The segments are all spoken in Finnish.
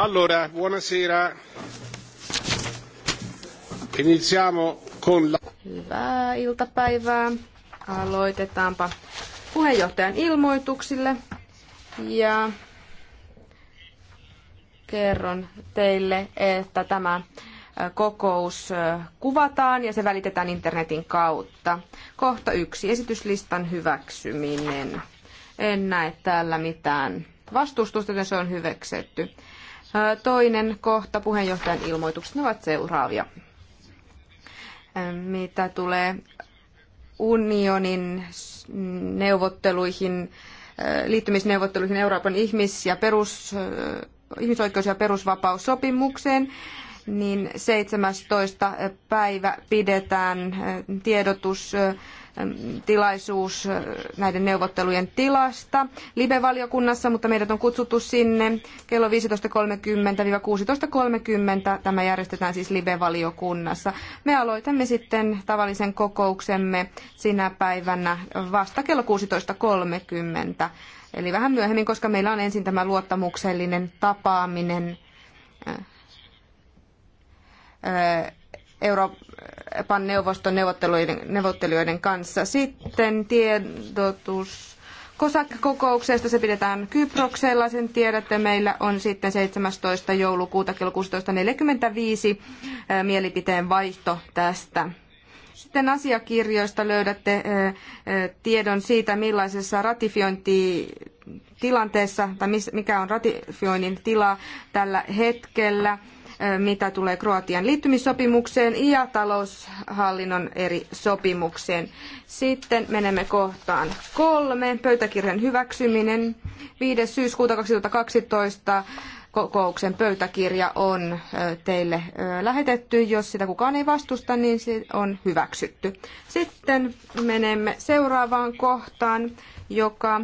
Allora, buonasera. Iniziamo con la... Hyvää iltapäivää. Aloitetaanpa puheenjohtajan ilmoituksille. Ja kerron teille, että tämä äh, kokous äh, kuvataan ja se välitetään internetin kautta. Kohta yksi, esityslistan hyväksyminen. En näe täällä mitään vastustusta, joten se on hyväksytty. Toinen kohta puheenjohtajan ilmoitukset ovat seuraavia. Mitä tulee unionin neuvotteluihin, liittymisneuvotteluihin Euroopan ihmis- ja perus, ihmisoikeus- ja perusvapaussopimukseen, niin 17. päivä pidetään tiedotus tilaisuus äh, näiden neuvottelujen tilasta Libe-valiokunnassa, mutta meidät on kutsuttu sinne kello 15.30-16.30. Tämä järjestetään siis Libe-valiokunnassa. Me aloitamme sitten tavallisen kokouksemme sinä päivänä vasta kello 16.30. Eli vähän myöhemmin, koska meillä on ensin tämä luottamuksellinen tapaaminen äh, Euroopan neuvoston neuvottelijoiden kanssa. Sitten tiedotus COSAC-kokouksesta. Se pidetään Kyproksella, sen tiedätte. Meillä on sitten 17. joulukuuta kello 16.45 eh, mielipiteen vaihto tästä. Sitten asiakirjoista löydätte eh, eh, tiedon siitä, millaisessa ratifiointitilanteessa tai mikä on ratifioinnin tila tällä hetkellä mitä tulee Kroatian liittymissopimukseen ja taloushallinnon eri sopimukseen. Sitten menemme kohtaan kolme, pöytäkirjan hyväksyminen. 5. syyskuuta 2012 kokouksen pöytäkirja on teille lähetetty. Jos sitä kukaan ei vastusta, niin se on hyväksytty. Sitten menemme seuraavaan kohtaan, joka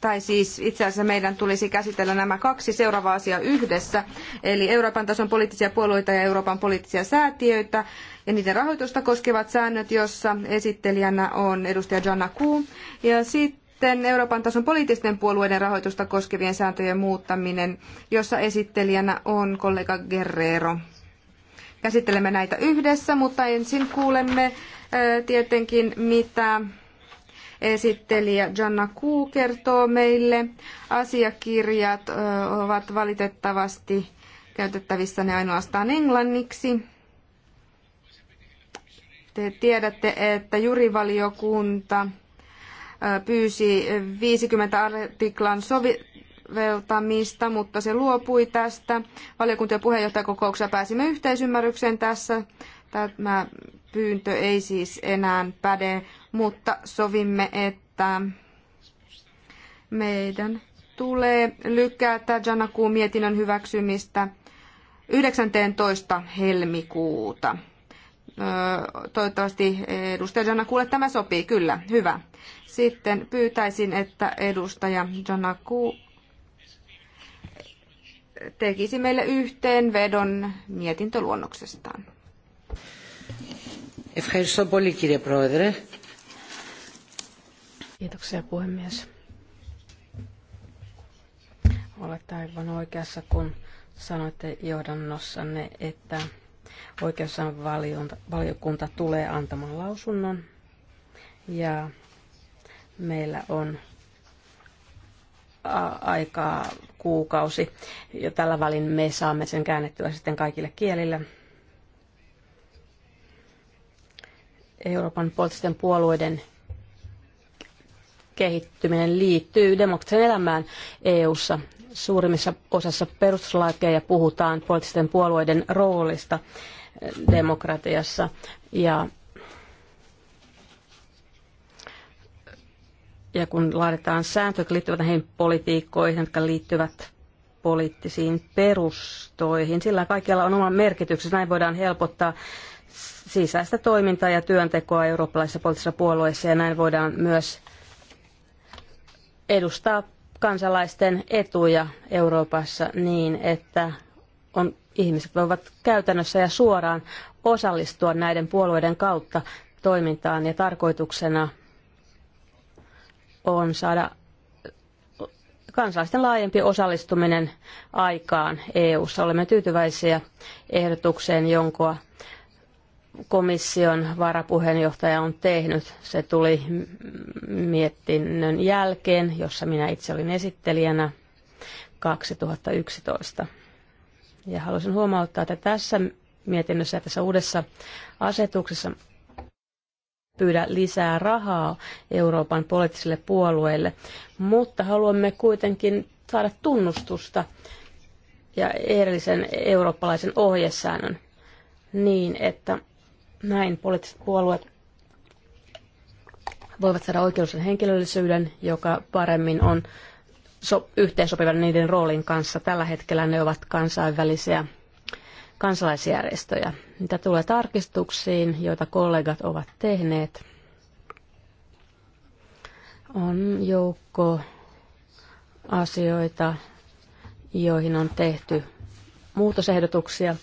tai siis itse asiassa meidän tulisi käsitellä nämä kaksi seuraavaa asiaa yhdessä, eli Euroopan tason poliittisia puolueita ja Euroopan poliittisia säätiöitä ja niiden rahoitusta koskevat säännöt, jossa esittelijänä on edustaja Janna Kuu. Ja sitten Euroopan tason poliittisten puolueiden rahoitusta koskevien sääntöjen muuttaminen, jossa esittelijänä on kollega Guerrero. Käsittelemme näitä yhdessä, mutta ensin kuulemme tietenkin, mitä esittelijä Janna Kuu kertoo meille. Asiakirjat ovat valitettavasti käytettävissä ne ainoastaan englanniksi. Te tiedätte, että jurivaliokunta pyysi 50 artiklan Veltamista, mutta se luopui tästä. Valiokuntien puheenjohtajakokouksessa pääsimme yhteisymmärrykseen tässä Tämä pyyntö ei siis enää päde, mutta sovimme, että meidän tulee lykätä Janakuun mietinnön hyväksymistä 19. helmikuuta. Toivottavasti edustaja Janakuulle tämä sopii, kyllä, hyvä. Sitten pyytäisin, että edustaja Janaku tekisi meille yhteenvedon mietintöluonnoksestaan. Ευχαριστώ πολύ κύριε Πρόεδρε. Kiitoksia puhemies. Olette aivan oikeassa, kun sanoitte johdannossanne, että oikeusan valiokunta tulee antamaan lausunnon ja meillä on aikaa kuukausi ja tällä välin me saamme sen käännettyä sitten kaikille kielillä Euroopan poliittisten puolueiden kehittyminen liittyy demokratian elämään EU:ssa. Suurimmissa osassa perustuslakeja puhutaan poliittisten puolueiden roolista demokratiassa ja ja kun laaditaan sääntöjä, jotka liittyvät näihin politiikkoihin, jotka liittyvät poliittisiin perustoihin, sillä kaikilla on oma merkityksensä. Näin voidaan helpottaa sisäistä toimintaa ja työntekoa eurooppalaisissa poliittisissa puolueissa ja näin voidaan myös edustaa kansalaisten etuja Euroopassa niin, että on, ihmiset voivat käytännössä ja suoraan osallistua näiden puolueiden kautta toimintaan ja tarkoituksena on saada kansalaisten laajempi osallistuminen aikaan EU:ssa. Olemme tyytyväisiä ehdotukseen, jonka komission varapuheenjohtaja on tehnyt. Se tuli mietinnön jälkeen, jossa minä itse olin esittelijänä 2011. Ja haluaisin huomauttaa, että tässä mietinnössä ja tässä uudessa asetuksessa pyydä lisää rahaa Euroopan poliittisille puolueille, mutta haluamme kuitenkin saada tunnustusta ja erillisen eurooppalaisen ohjesäännön niin, että näin poliittiset puolueet voivat saada oikeudellisen henkilöllisyyden, joka paremmin on so- yhteensopivan niiden roolin kanssa. Tällä hetkellä ne ovat kansainvälisiä kansalaisjärjestöjä. Mitä tulee tarkistuksiin, joita kollegat ovat tehneet, on joukko asioita, joihin on tehty muutosehdotuksia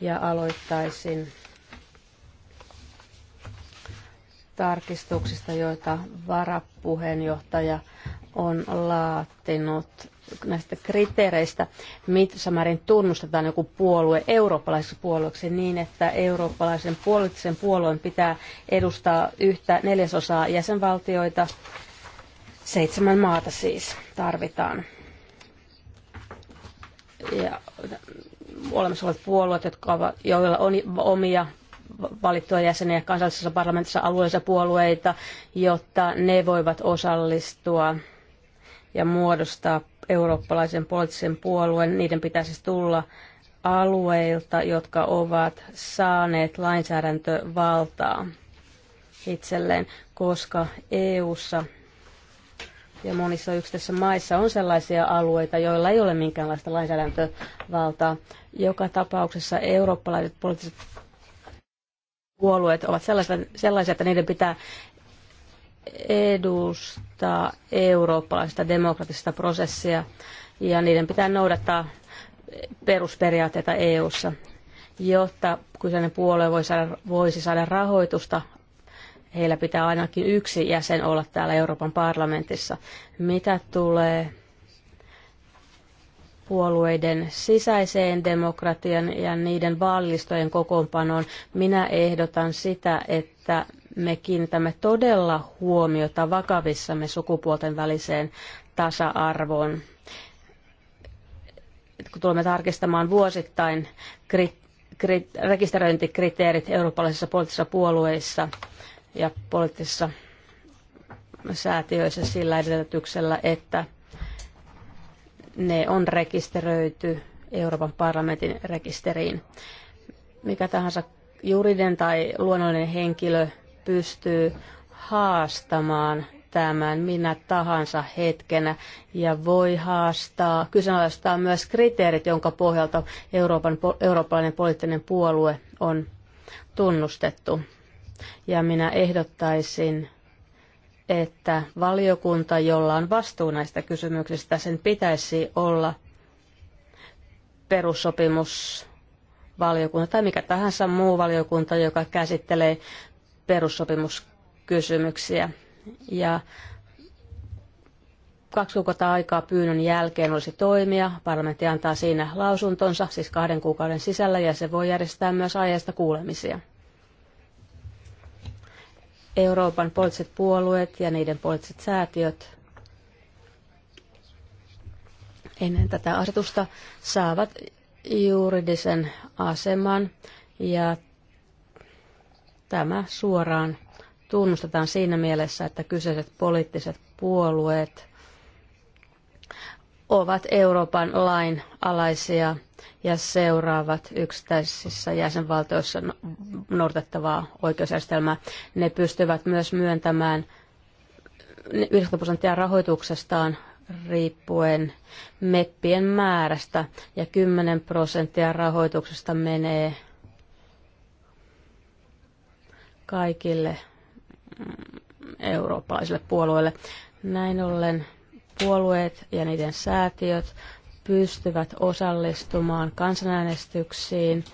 ja aloittaisin tarkistuksista, joita varapuheenjohtaja on laatinut näistä kriteereistä, missä määrin tunnustetaan joku puolue eurooppalaiseksi puolueeksi niin, että eurooppalaisen poliittisen puolueen pitää edustaa yhtä neljäsosaa jäsenvaltioita. Seitsemän maata siis tarvitaan. Ja olemassa olevat puolueet, jotka ovat, joilla on omia valittua jäseniä kansallisessa parlamentissa alueellisia puolueita, jotta ne voivat osallistua ja muodostaa eurooppalaisen poliittisen puolueen. Niiden pitäisi siis tulla alueilta, jotka ovat saaneet lainsäädäntövaltaa itselleen, koska EU:ssa ja monissa yksittäisissä maissa on sellaisia alueita, joilla ei ole minkäänlaista lainsäädäntövaltaa. Joka tapauksessa eurooppalaiset poliittiset puolueet ovat sellaisia, sellaisia että niiden pitää edustaa eurooppalaista demokratista prosessia ja niiden pitää noudattaa perusperiaatteita EU:ssa, jotta kyseinen puolue voi saada, voisi saada rahoitusta. Heillä pitää ainakin yksi jäsen olla täällä Euroopan parlamentissa. Mitä tulee puolueiden sisäiseen demokratian ja niiden vaalistojen kokoonpanoon, minä ehdotan sitä, että me kiinnitämme todella huomiota vakavissamme sukupuolten väliseen tasa-arvoon. Kun tulemme tarkistamaan vuosittain kri- kri- rekisteröintikriteerit eurooppalaisissa poliittisissa puolueissa ja poliittisissa säätiöissä sillä edellytyksellä, että ne on rekisteröity Euroopan parlamentin rekisteriin. Mikä tahansa juridinen tai luonnollinen henkilö pystyy haastamaan tämän minä tahansa hetkenä ja voi haastaa, kyseenalaistaa myös kriteerit, jonka pohjalta Euroopan, eurooppalainen poliittinen puolue on tunnustettu. Ja minä ehdottaisin että valiokunta, jolla on vastuu näistä kysymyksistä, sen pitäisi olla perussopimusvaliokunta tai mikä tahansa muu valiokunta, joka käsittelee perussopimuskysymyksiä. Ja kaksi kuukautta aikaa pyynnön jälkeen olisi toimia. Parlamentti antaa siinä lausuntonsa, siis kahden kuukauden sisällä, ja se voi järjestää myös aiheesta kuulemisia. Euroopan poliittiset puolueet ja niiden poliittiset säätiöt ennen tätä asetusta saavat juridisen aseman ja tämä suoraan tunnustetaan siinä mielessä, että kyseiset poliittiset puolueet ovat Euroopan lain alaisia ja seuraavat yksittäisissä jäsenvaltioissa no- noudatettavaa oikeusjärjestelmää. Ne pystyvät myös myöntämään 90 prosenttia rahoituksestaan riippuen meppien määrästä ja 10 prosenttia rahoituksesta menee kaikille eurooppalaisille puolueille. Näin ollen puolueet ja niiden säätiöt pystyvät osallistumaan kansanäänestyksiin,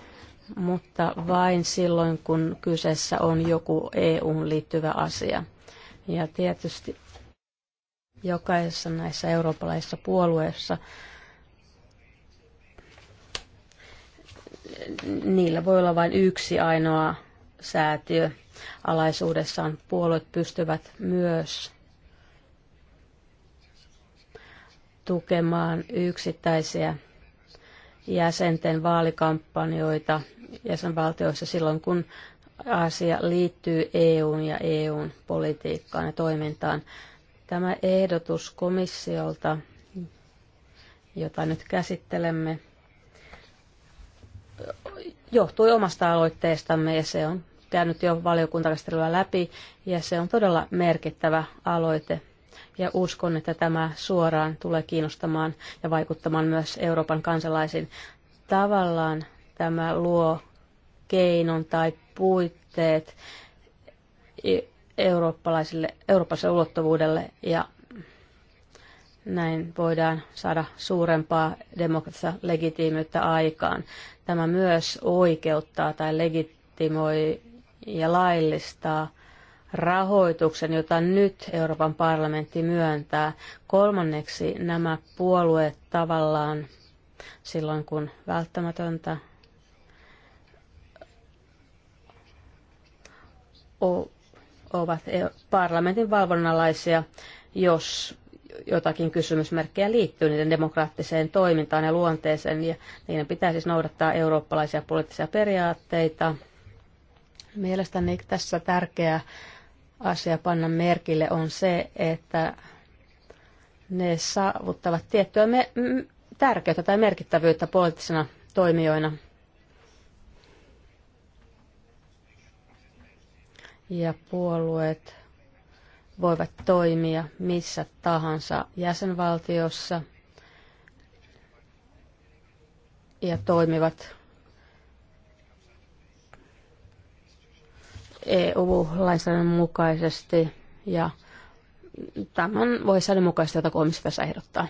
mutta vain silloin, kun kyseessä on joku EUn liittyvä asia. Ja tietysti jokaisessa näissä eurooppalaisissa puolueissa niillä voi olla vain yksi ainoa säätiö alaisuudessaan. Puolueet pystyvät myös tukemaan yksittäisiä jäsenten vaalikampanjoita jäsenvaltioissa silloin, kun asia liittyy EUn ja EUn politiikkaan ja toimintaan. Tämä ehdotus komissiolta, jota nyt käsittelemme, johtui omasta aloitteestamme ja se on käynyt jo valiokuntakäsittelyä läpi ja se on todella merkittävä aloite ja uskon, että tämä suoraan tulee kiinnostamaan ja vaikuttamaan myös Euroopan kansalaisiin. Tavallaan tämä luo keinon tai puitteet e- eurooppalaiselle, eurooppalaiselle ulottuvuudelle ja näin voidaan saada suurempaa demokratista legitiimiyttä aikaan. Tämä myös oikeuttaa tai legitimoi ja laillistaa rahoituksen, jota nyt Euroopan parlamentti myöntää. Kolmanneksi nämä puolueet tavallaan silloin, kun välttämätöntä ovat e, parlamentin valvonnalaisia, jos jotakin kysymysmerkkejä liittyy niiden demokraattiseen toimintaan ja luonteeseen, ja niiden pitää siis noudattaa eurooppalaisia poliittisia periaatteita. Mielestäni tässä tärkeää asia panna merkille on se, että ne saavuttavat tiettyä me- tärkeyttä tai merkittävyyttä poliittisina toimijoina. Ja puolueet voivat toimia missä tahansa jäsenvaltiossa ja toimivat EU-lainsäädännön mukaisesti ja tämän voi säädön mukaisesti, jota komissio ehdottaa.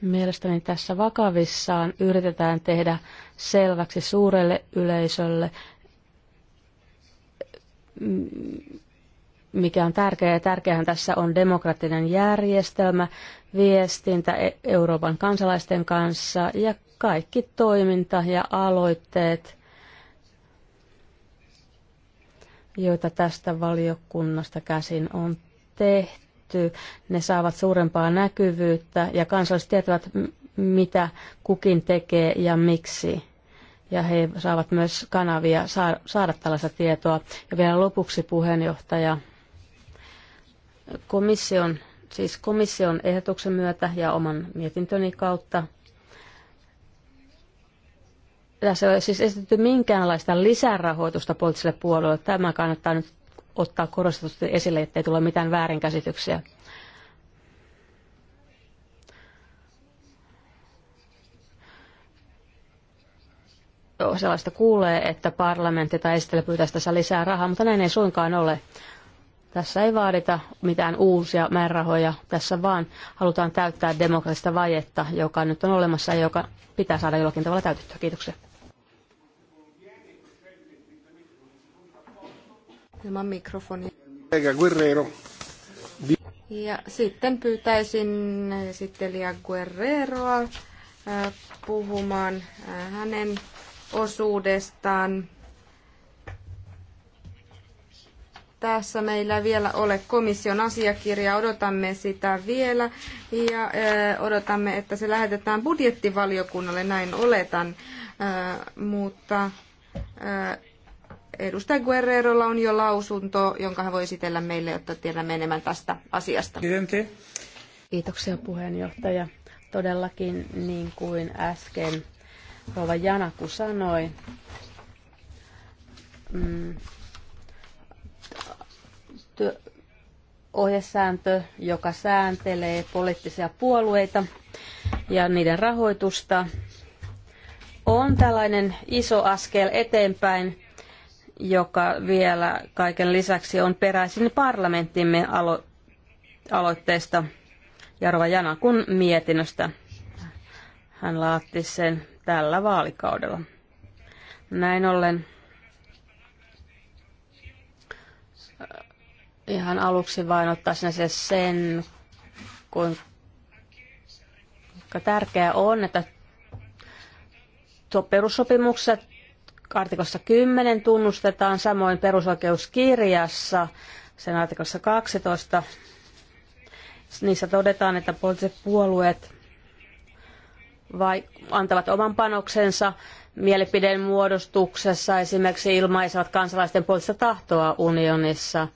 Mielestäni tässä vakavissaan yritetään tehdä selväksi suurelle yleisölle, mikä on tärkeää. tärkeähän tässä on demokraattinen järjestelmä, viestintä e- Euroopan kansalaisten kanssa ja kaikki toiminta ja aloitteet, joita tästä valiokunnasta käsin on tehty, ne saavat suurempaa näkyvyyttä ja kansalaiset tietävät, mitä kukin tekee ja miksi. Ja he saavat myös kanavia saada tällaista tietoa. Ja vielä lopuksi puheenjohtaja komission siis komission ehdotuksen myötä ja oman mietintöni kautta. Tässä ei ole siis esitetty minkäänlaista lisärahoitusta poliittiselle puolueelle. Tämä kannattaa nyt ottaa korostetusti esille, ettei tule mitään väärinkäsityksiä. sellaista kuulee, että parlamentti tai esittely pyytäisi tässä lisää rahaa, mutta näin ei suinkaan ole. Tässä ei vaadita mitään uusia määrärahoja, tässä vaan halutaan täyttää demokraattista vajetta, joka nyt on olemassa ja joka pitää saada jollakin tavalla täytettyä. Kiitoksia. Ilman mikrofoni. Guerrero. Ja sitten pyytäisin esittelijä Guerreroa äh, puhumaan äh, hänen osuudestaan Tässä meillä vielä ole komission asiakirjaa, odotamme sitä vielä ja odotamme, että se lähetetään budjettivaliokunnalle, näin oletan, mutta edustaja Guerrerolla on jo lausunto, jonka hän voi esitellä meille, jotta tiedämme enemmän tästä asiasta. Kiitoksia puheenjohtaja. Todellakin niin kuin äsken Rova Janaku sanoi, mm, työ, ohjesääntö, joka sääntelee poliittisia puolueita ja niiden rahoitusta, on tällainen iso askel eteenpäin, joka vielä kaiken lisäksi on peräisin parlamenttimme alo- aloitteesta Jarva Janakun mietinnöstä. Hän laatti sen tällä vaalikaudella. Näin ollen Ihan aluksi vain ottaisin se sen, kuinka tärkeää on, että tuo perussopimuksessa artikossa 10 tunnustetaan, samoin perusoikeuskirjassa sen artikossa 12. Niissä todetaan, että poliittiset puolueet vai, antavat oman panoksensa mielipideen muodostuksessa, esimerkiksi ilmaisevat kansalaisten poliittista tahtoa unionissa –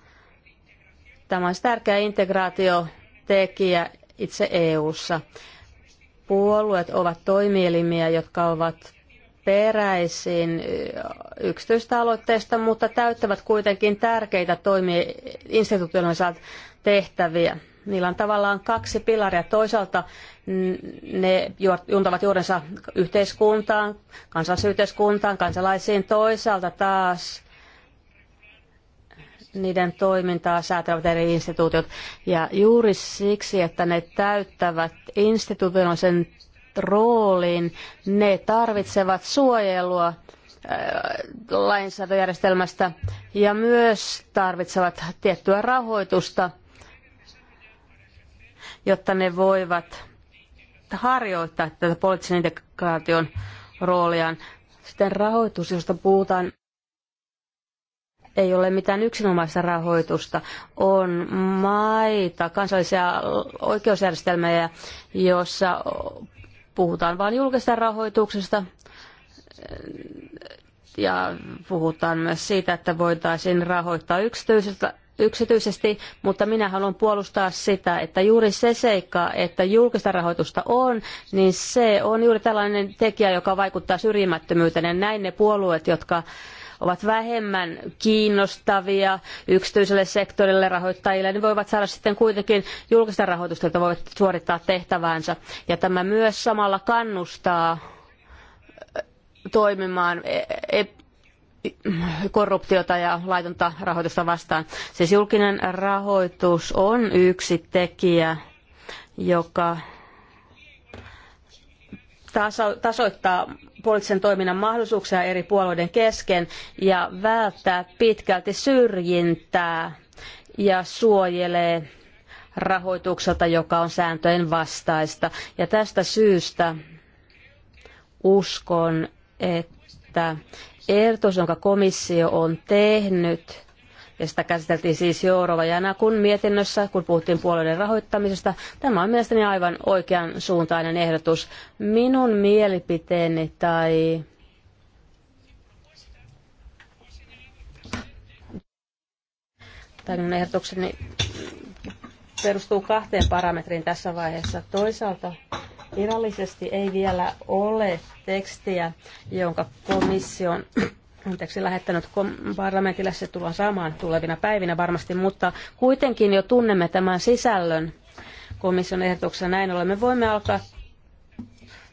Tämä on tärkeä integraatiotekijä itse EU:ssa. Puolueet ovat toimielimiä, jotka ovat peräisin yksityistä aloitteista, mutta täyttävät kuitenkin tärkeitä toimia institutionaalisia tehtäviä. Niillä on tavallaan kaksi pilaria. Toisaalta ne juntavat juurensa yhteiskuntaan, kansallisyhteiskuntaan, kansalaisiin. Toisaalta taas niiden toimintaa säätelevät eri instituutiot. Ja juuri siksi, että ne täyttävät institutionaalisen roolin, ne tarvitsevat suojelua äh, lainsäädäntöjärjestelmästä ja myös tarvitsevat tiettyä rahoitusta, jotta ne voivat harjoittaa tätä poliittisen integraation rooliaan. Sitten rahoitus, josta puhutaan ei ole mitään yksinomaista rahoitusta. On maita, kansallisia oikeusjärjestelmiä, joissa puhutaan vain julkisesta rahoituksesta ja puhutaan myös siitä, että voitaisiin rahoittaa yksityisestä yksityisesti, mutta minä haluan puolustaa sitä, että juuri se seikka, että julkista rahoitusta on, niin se on juuri tällainen tekijä, joka vaikuttaa syrjimättömyyteen. Ja näin ne puolueet, jotka ovat vähemmän kiinnostavia yksityiselle sektorille rahoittajille, niin voivat saada sitten kuitenkin julkista rahoitusta, jota voivat suorittaa tehtäväänsä. Ja tämä myös samalla kannustaa toimimaan e, e, korruptiota ja laitonta rahoitusta vastaan. Siis julkinen rahoitus on yksi tekijä, joka tasoittaa poliittisen toiminnan mahdollisuuksia eri puolueiden kesken ja välttää pitkälti syrjintää ja suojelee rahoitukselta, joka on sääntöjen vastaista. Ja tästä syystä uskon, että ehdotus, jonka komissio on tehnyt, ja sitä käsiteltiin siis Jourova kun mietinnössä, kun puhuttiin puolueiden rahoittamisesta. Tämä on mielestäni aivan oikean suuntainen ehdotus. Minun mielipiteeni tai tai minun ehdotukseni perustuu kahteen parametriin tässä vaiheessa. Toisaalta virallisesti ei vielä ole tekstiä, jonka komission anteeksi, lähettänyt parlamentille, se tullaan saamaan tulevina päivinä varmasti, mutta kuitenkin jo tunnemme tämän sisällön komission ehdotuksessa. Näin ollen me voimme alkaa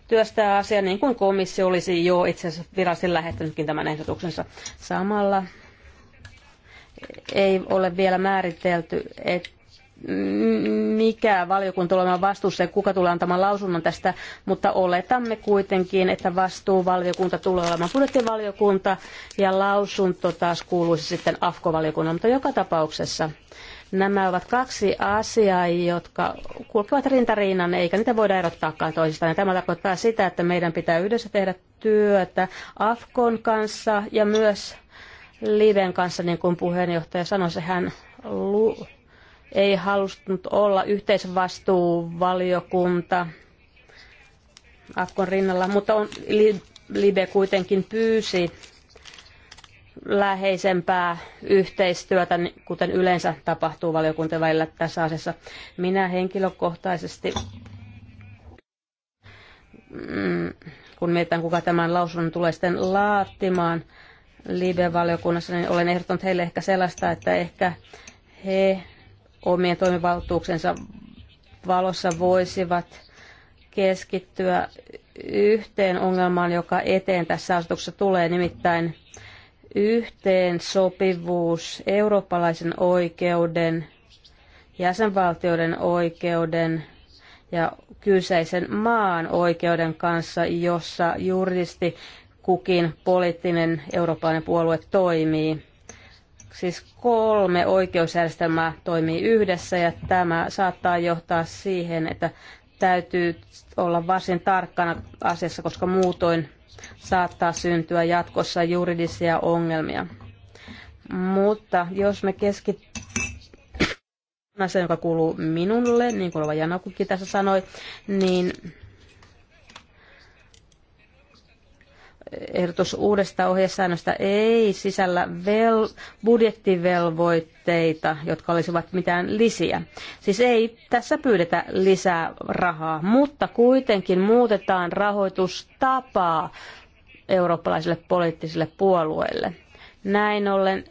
työstää asiaa niin kuin komissio olisi jo itse asiassa virallisesti lähettänytkin tämän ehdotuksensa. Samalla ei ole vielä määritelty, että mikä valiokunta tulee olemaan vastuussa ja kuka tulee antamaan lausunnon tästä, mutta oletamme kuitenkin, että vastuuvaliokunta tulee olemaan budjettivaliokunta ja lausunto taas kuuluisi sitten AFKO-valiokunnan, mutta joka tapauksessa nämä ovat kaksi asiaa, jotka kulkevat rintarinnan, eikä niitä voida erottaakaan toisistaan. Ja tämä tarkoittaa sitä, että meidän pitää yhdessä tehdä työtä Afkon kanssa ja myös Liven kanssa, niin kuin puheenjohtaja sanoi, sehän lu- ei halunnut olla yhteisvastuuvaliokunta Afkon rinnalla, mutta on, Libe kuitenkin pyysi läheisempää yhteistyötä, niin kuten yleensä tapahtuu valiokuntien välillä tässä asiassa. Minä henkilökohtaisesti, mm, kun mietitään kuka tämän lausunnon tulee sitten laatimaan Libe-valiokunnassa, niin olen ehdottanut heille ehkä sellaista, että ehkä he omien toimivaltuuksensa valossa voisivat keskittyä yhteen ongelmaan, joka eteen tässä asetuksessa tulee, nimittäin yhteen sopivuus eurooppalaisen oikeuden, jäsenvaltioiden oikeuden ja kyseisen maan oikeuden kanssa, jossa juristi kukin poliittinen eurooppalainen puolue toimii. Siis kolme oikeusjärjestelmää toimii yhdessä ja tämä saattaa johtaa siihen, että täytyy olla varsin tarkkana asiassa, koska muutoin saattaa syntyä jatkossa juridisia ongelmia. Mutta jos me keskitymme sen, joka kuuluu minulle, niin kuin Janakukin tässä sanoi, niin ehdotus uudesta ohjesäännöstä ei sisällä vel- budjettivelvoitteita, jotka olisivat mitään lisiä. Siis ei tässä pyydetä lisää rahaa, mutta kuitenkin muutetaan rahoitustapaa eurooppalaisille poliittisille puolueille. Näin ollen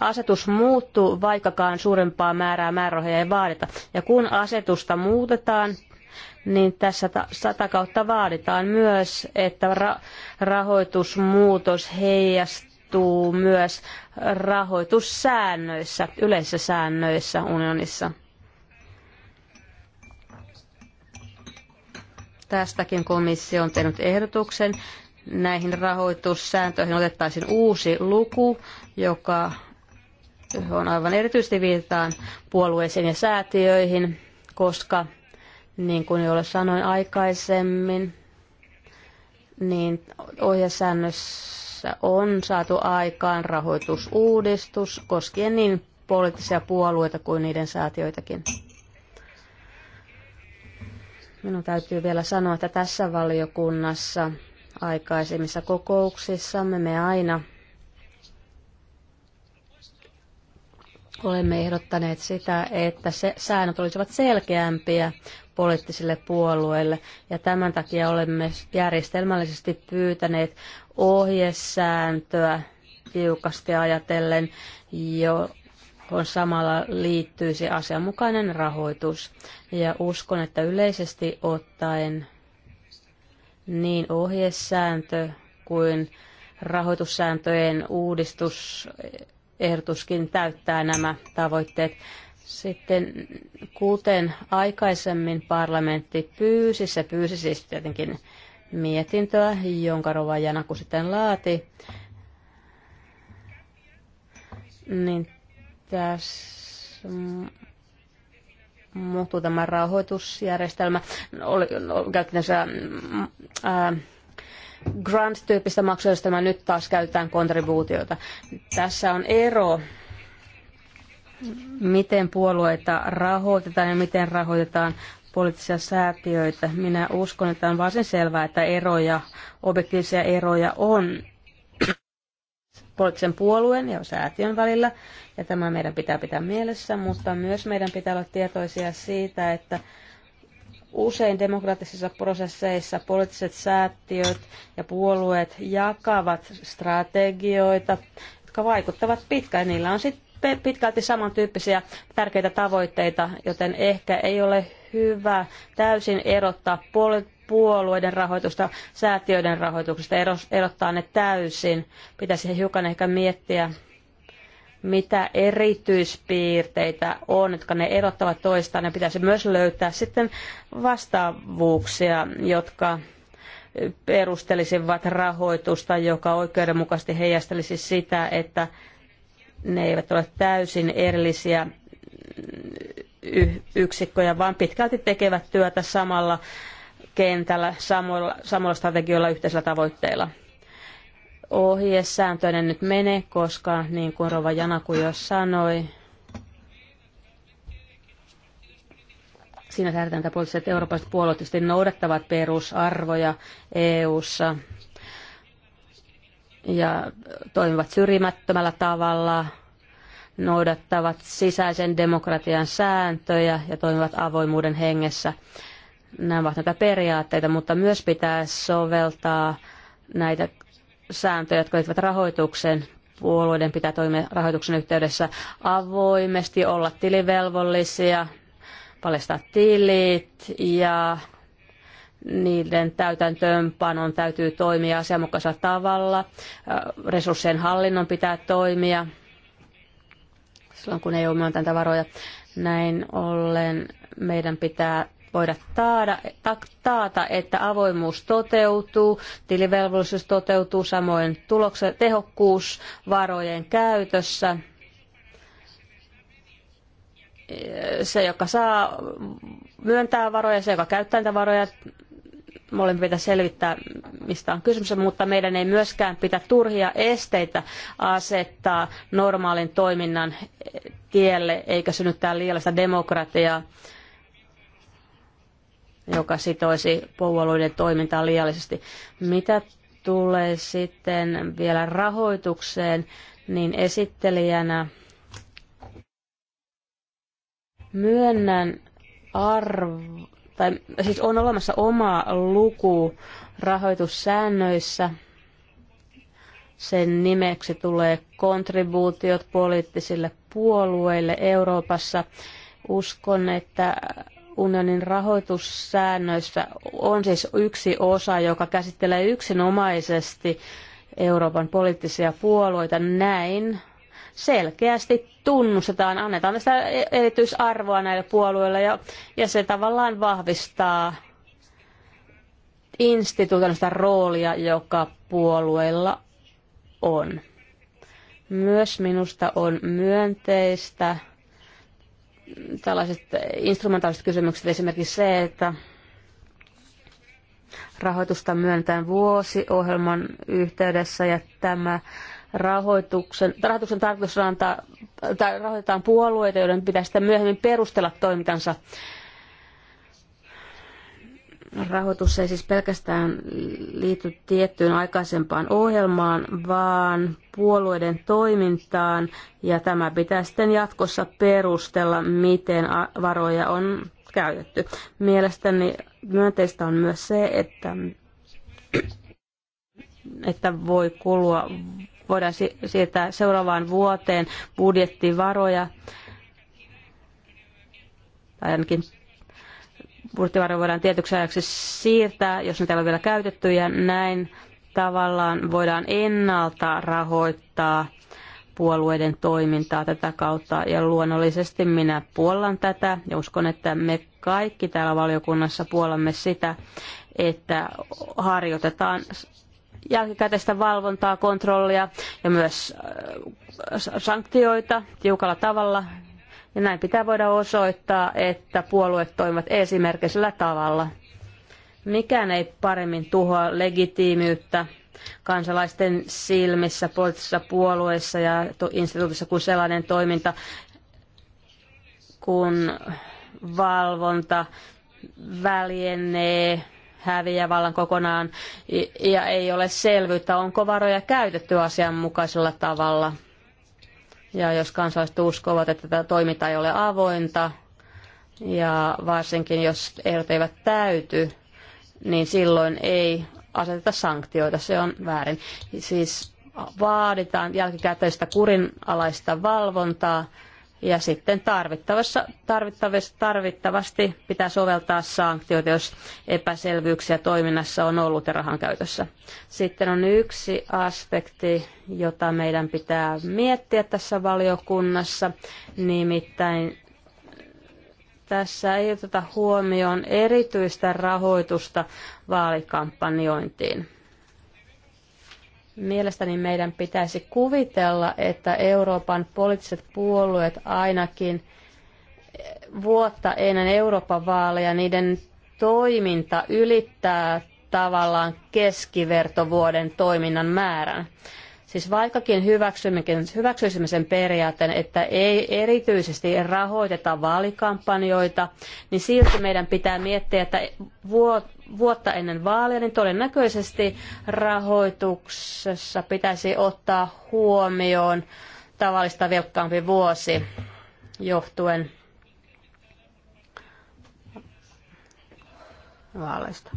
asetus muuttuu, vaikkakaan suurempaa määrää määrärahoja ei vaadita. Ja kun asetusta muutetaan, niin tässä sata kautta vaaditaan myös, että ra- rahoitusmuutos heijastuu myös rahoitussäännöissä, yleisissä säännöissä unionissa. Tästäkin komissio on tehnyt ehdotuksen. Näihin rahoitussääntöihin otettaisiin uusi luku, joka on aivan erityisesti viitataan puolueisiin ja säätiöihin, koska niin kuin jo sanoin aikaisemmin, niin ohjesäännössä on saatu aikaan rahoitusuudistus koskien niin poliittisia puolueita kuin niiden säätiöitäkin. Minun täytyy vielä sanoa, että tässä valiokunnassa aikaisemmissa kokouksissamme me aina olemme ehdottaneet sitä, että se, säännöt olisivat selkeämpiä poliittisille puolueille. Ja tämän takia olemme järjestelmällisesti pyytäneet ohjesääntöä tiukasti ajatellen, johon samalla liittyisi asianmukainen rahoitus. Ja uskon, että yleisesti ottaen niin ohjesääntö kuin rahoitussääntöjen uudistusehdotuskin täyttää nämä tavoitteet. Sitten kuten aikaisemmin parlamentti pyysi, se pyysi siis tietenkin mietintöä, jonka Rova Janaku sitten laati, niin tässä muuttuu tämä rahoitusjärjestelmä. Oli, oli, se, mm, grant-tyyppistä maksujärjestelmää, nyt taas käytetään kontribuutioita. Tässä on ero miten puolueita rahoitetaan ja miten rahoitetaan poliittisia säätiöitä. Minä uskon, että on varsin selvää, että eroja, objektiivisia eroja on poliittisen puolueen ja säätiön välillä, ja tämä meidän pitää pitää mielessä, mutta myös meidän pitää olla tietoisia siitä, että usein demokraattisissa prosesseissa poliittiset säätiöt ja puolueet jakavat strategioita, jotka vaikuttavat pitkään. Niillä on sitten pitkälti samantyyppisiä tärkeitä tavoitteita, joten ehkä ei ole hyvä täysin erottaa puolueiden rahoitusta säätiöiden rahoituksesta, erottaa ne täysin. Pitäisi hiukan ehkä miettiä, mitä erityispiirteitä on, jotka ne erottavat toistaan. Ne pitäisi myös löytää sitten vastaavuuksia, jotka perustelisivat rahoitusta, joka oikeudenmukaisesti heijastelisi sitä, että ne eivät ole täysin erillisiä yksikköjä, vaan pitkälti tekevät työtä samalla kentällä, samoilla, samoilla strategioilla, yhteisillä tavoitteilla. Ohjesääntöinen nyt mene, koska niin kuin Rova Janaku jo sanoi, siinä säädetään, että poliittiset eurooppalaiset puolueet noudattavat perusarvoja EU-ssa – ja toimivat syrjimättömällä tavalla, noudattavat sisäisen demokratian sääntöjä ja toimivat avoimuuden hengessä. Nämä ovat näitä periaatteita, mutta myös pitää soveltaa näitä sääntöjä, jotka liittyvät rahoitukseen. Puolueiden pitää toimia rahoituksen yhteydessä avoimesti, olla tilivelvollisia, paljastaa tilit ja niiden täytäntöönpanon täytyy toimia asianmukaisella tavalla, resurssien hallinnon pitää toimia silloin, kun ei ole myöntänyt varoja. Näin ollen meidän pitää voida taada, taata, että avoimuus toteutuu, tilivelvollisuus toteutuu, samoin tulokset, tehokkuus varojen käytössä. Se, joka saa myöntää varoja, se, joka käyttää niitä varoja, Molemmat pitää selvittää, mistä on kysymys, mutta meidän ei myöskään pidä turhia esteitä asettaa normaalin toiminnan tielle, eikä synnyttää liiallista demokratiaa, joka sitoisi puolueiden toimintaa liiallisesti. Mitä tulee sitten vielä rahoitukseen, niin esittelijänä myönnän arvo tai siis on olemassa oma luku rahoitussäännöissä. Sen nimeksi tulee kontribuutiot poliittisille puolueille Euroopassa. Uskon, että unionin rahoitussäännöissä on siis yksi osa, joka käsittelee yksinomaisesti Euroopan poliittisia puolueita. Näin selkeästi tunnustetaan, annetaan tästä erityisarvoa näille puolueille ja, ja se tavallaan vahvistaa instituutioista roolia, joka puolueilla on. Myös minusta on myönteistä tällaiset instrumentaaliset kysymykset, esimerkiksi se, että rahoitusta myöntään vuosiohjelman yhteydessä ja tämä rahoituksen, rahoituksen tarkoitus antaa, tai rahoitetaan puolueita, joiden pitää sitten myöhemmin perustella toimintansa. Rahoitus ei siis pelkästään liity tiettyyn aikaisempaan ohjelmaan, vaan puolueiden toimintaan, ja tämä pitää sitten jatkossa perustella, miten varoja on käytetty. Mielestäni myönteistä on myös se, että, että voi kulua voidaan siirtää seuraavaan vuoteen budjettivaroja, tai ainakin budjettivaroja voidaan tietyksi ajaksi siirtää, jos niitä ei ole vielä käytetty, ja näin tavallaan voidaan ennalta rahoittaa puolueiden toimintaa tätä kautta. Ja luonnollisesti minä puollan tätä ja uskon, että me kaikki täällä valiokunnassa puolamme sitä, että harjoitetaan jälkikäteistä valvontaa, kontrollia ja myös äh, sanktioita tiukalla tavalla. Ja näin pitää voida osoittaa, että puolueet toimivat esimerkisellä tavalla. Mikään ei paremmin tuhoa legitiimiyttä kansalaisten silmissä, poliittisissa puolueissa ja instituutissa kuin sellainen toiminta, kun valvonta väljenee häviää vallan kokonaan ja ei ole selvyyttä, onko varoja käytetty asianmukaisella tavalla. Ja jos kansalaiset uskovat, että tämä toiminta ei ole avointa, ja varsinkin jos ehdot eivät täyty, niin silloin ei aseteta sanktioita, se on väärin. Siis vaaditaan jälkikäteistä kurinalaista valvontaa, ja sitten tarvittavassa, tarvittavasti, tarvittavasti pitää soveltaa sanktioita, jos epäselvyyksiä toiminnassa on ollut ja rahan käytössä. Sitten on yksi aspekti, jota meidän pitää miettiä tässä valiokunnassa, nimittäin tässä ei oteta huomioon erityistä rahoitusta vaalikampanjointiin. Mielestäni meidän pitäisi kuvitella, että Euroopan poliittiset puolueet ainakin vuotta ennen Euroopan vaaleja niiden toiminta ylittää tavallaan keskivertovuoden toiminnan määrän. Siis vaikkakin hyväksyisimme sen periaatteen, että ei erityisesti rahoiteta vaalikampanjoita, niin silti meidän pitää miettiä, että vuotta ennen vaaleja, niin todennäköisesti rahoituksessa pitäisi ottaa huomioon tavallista vilkkaampi vuosi johtuen vaaleista.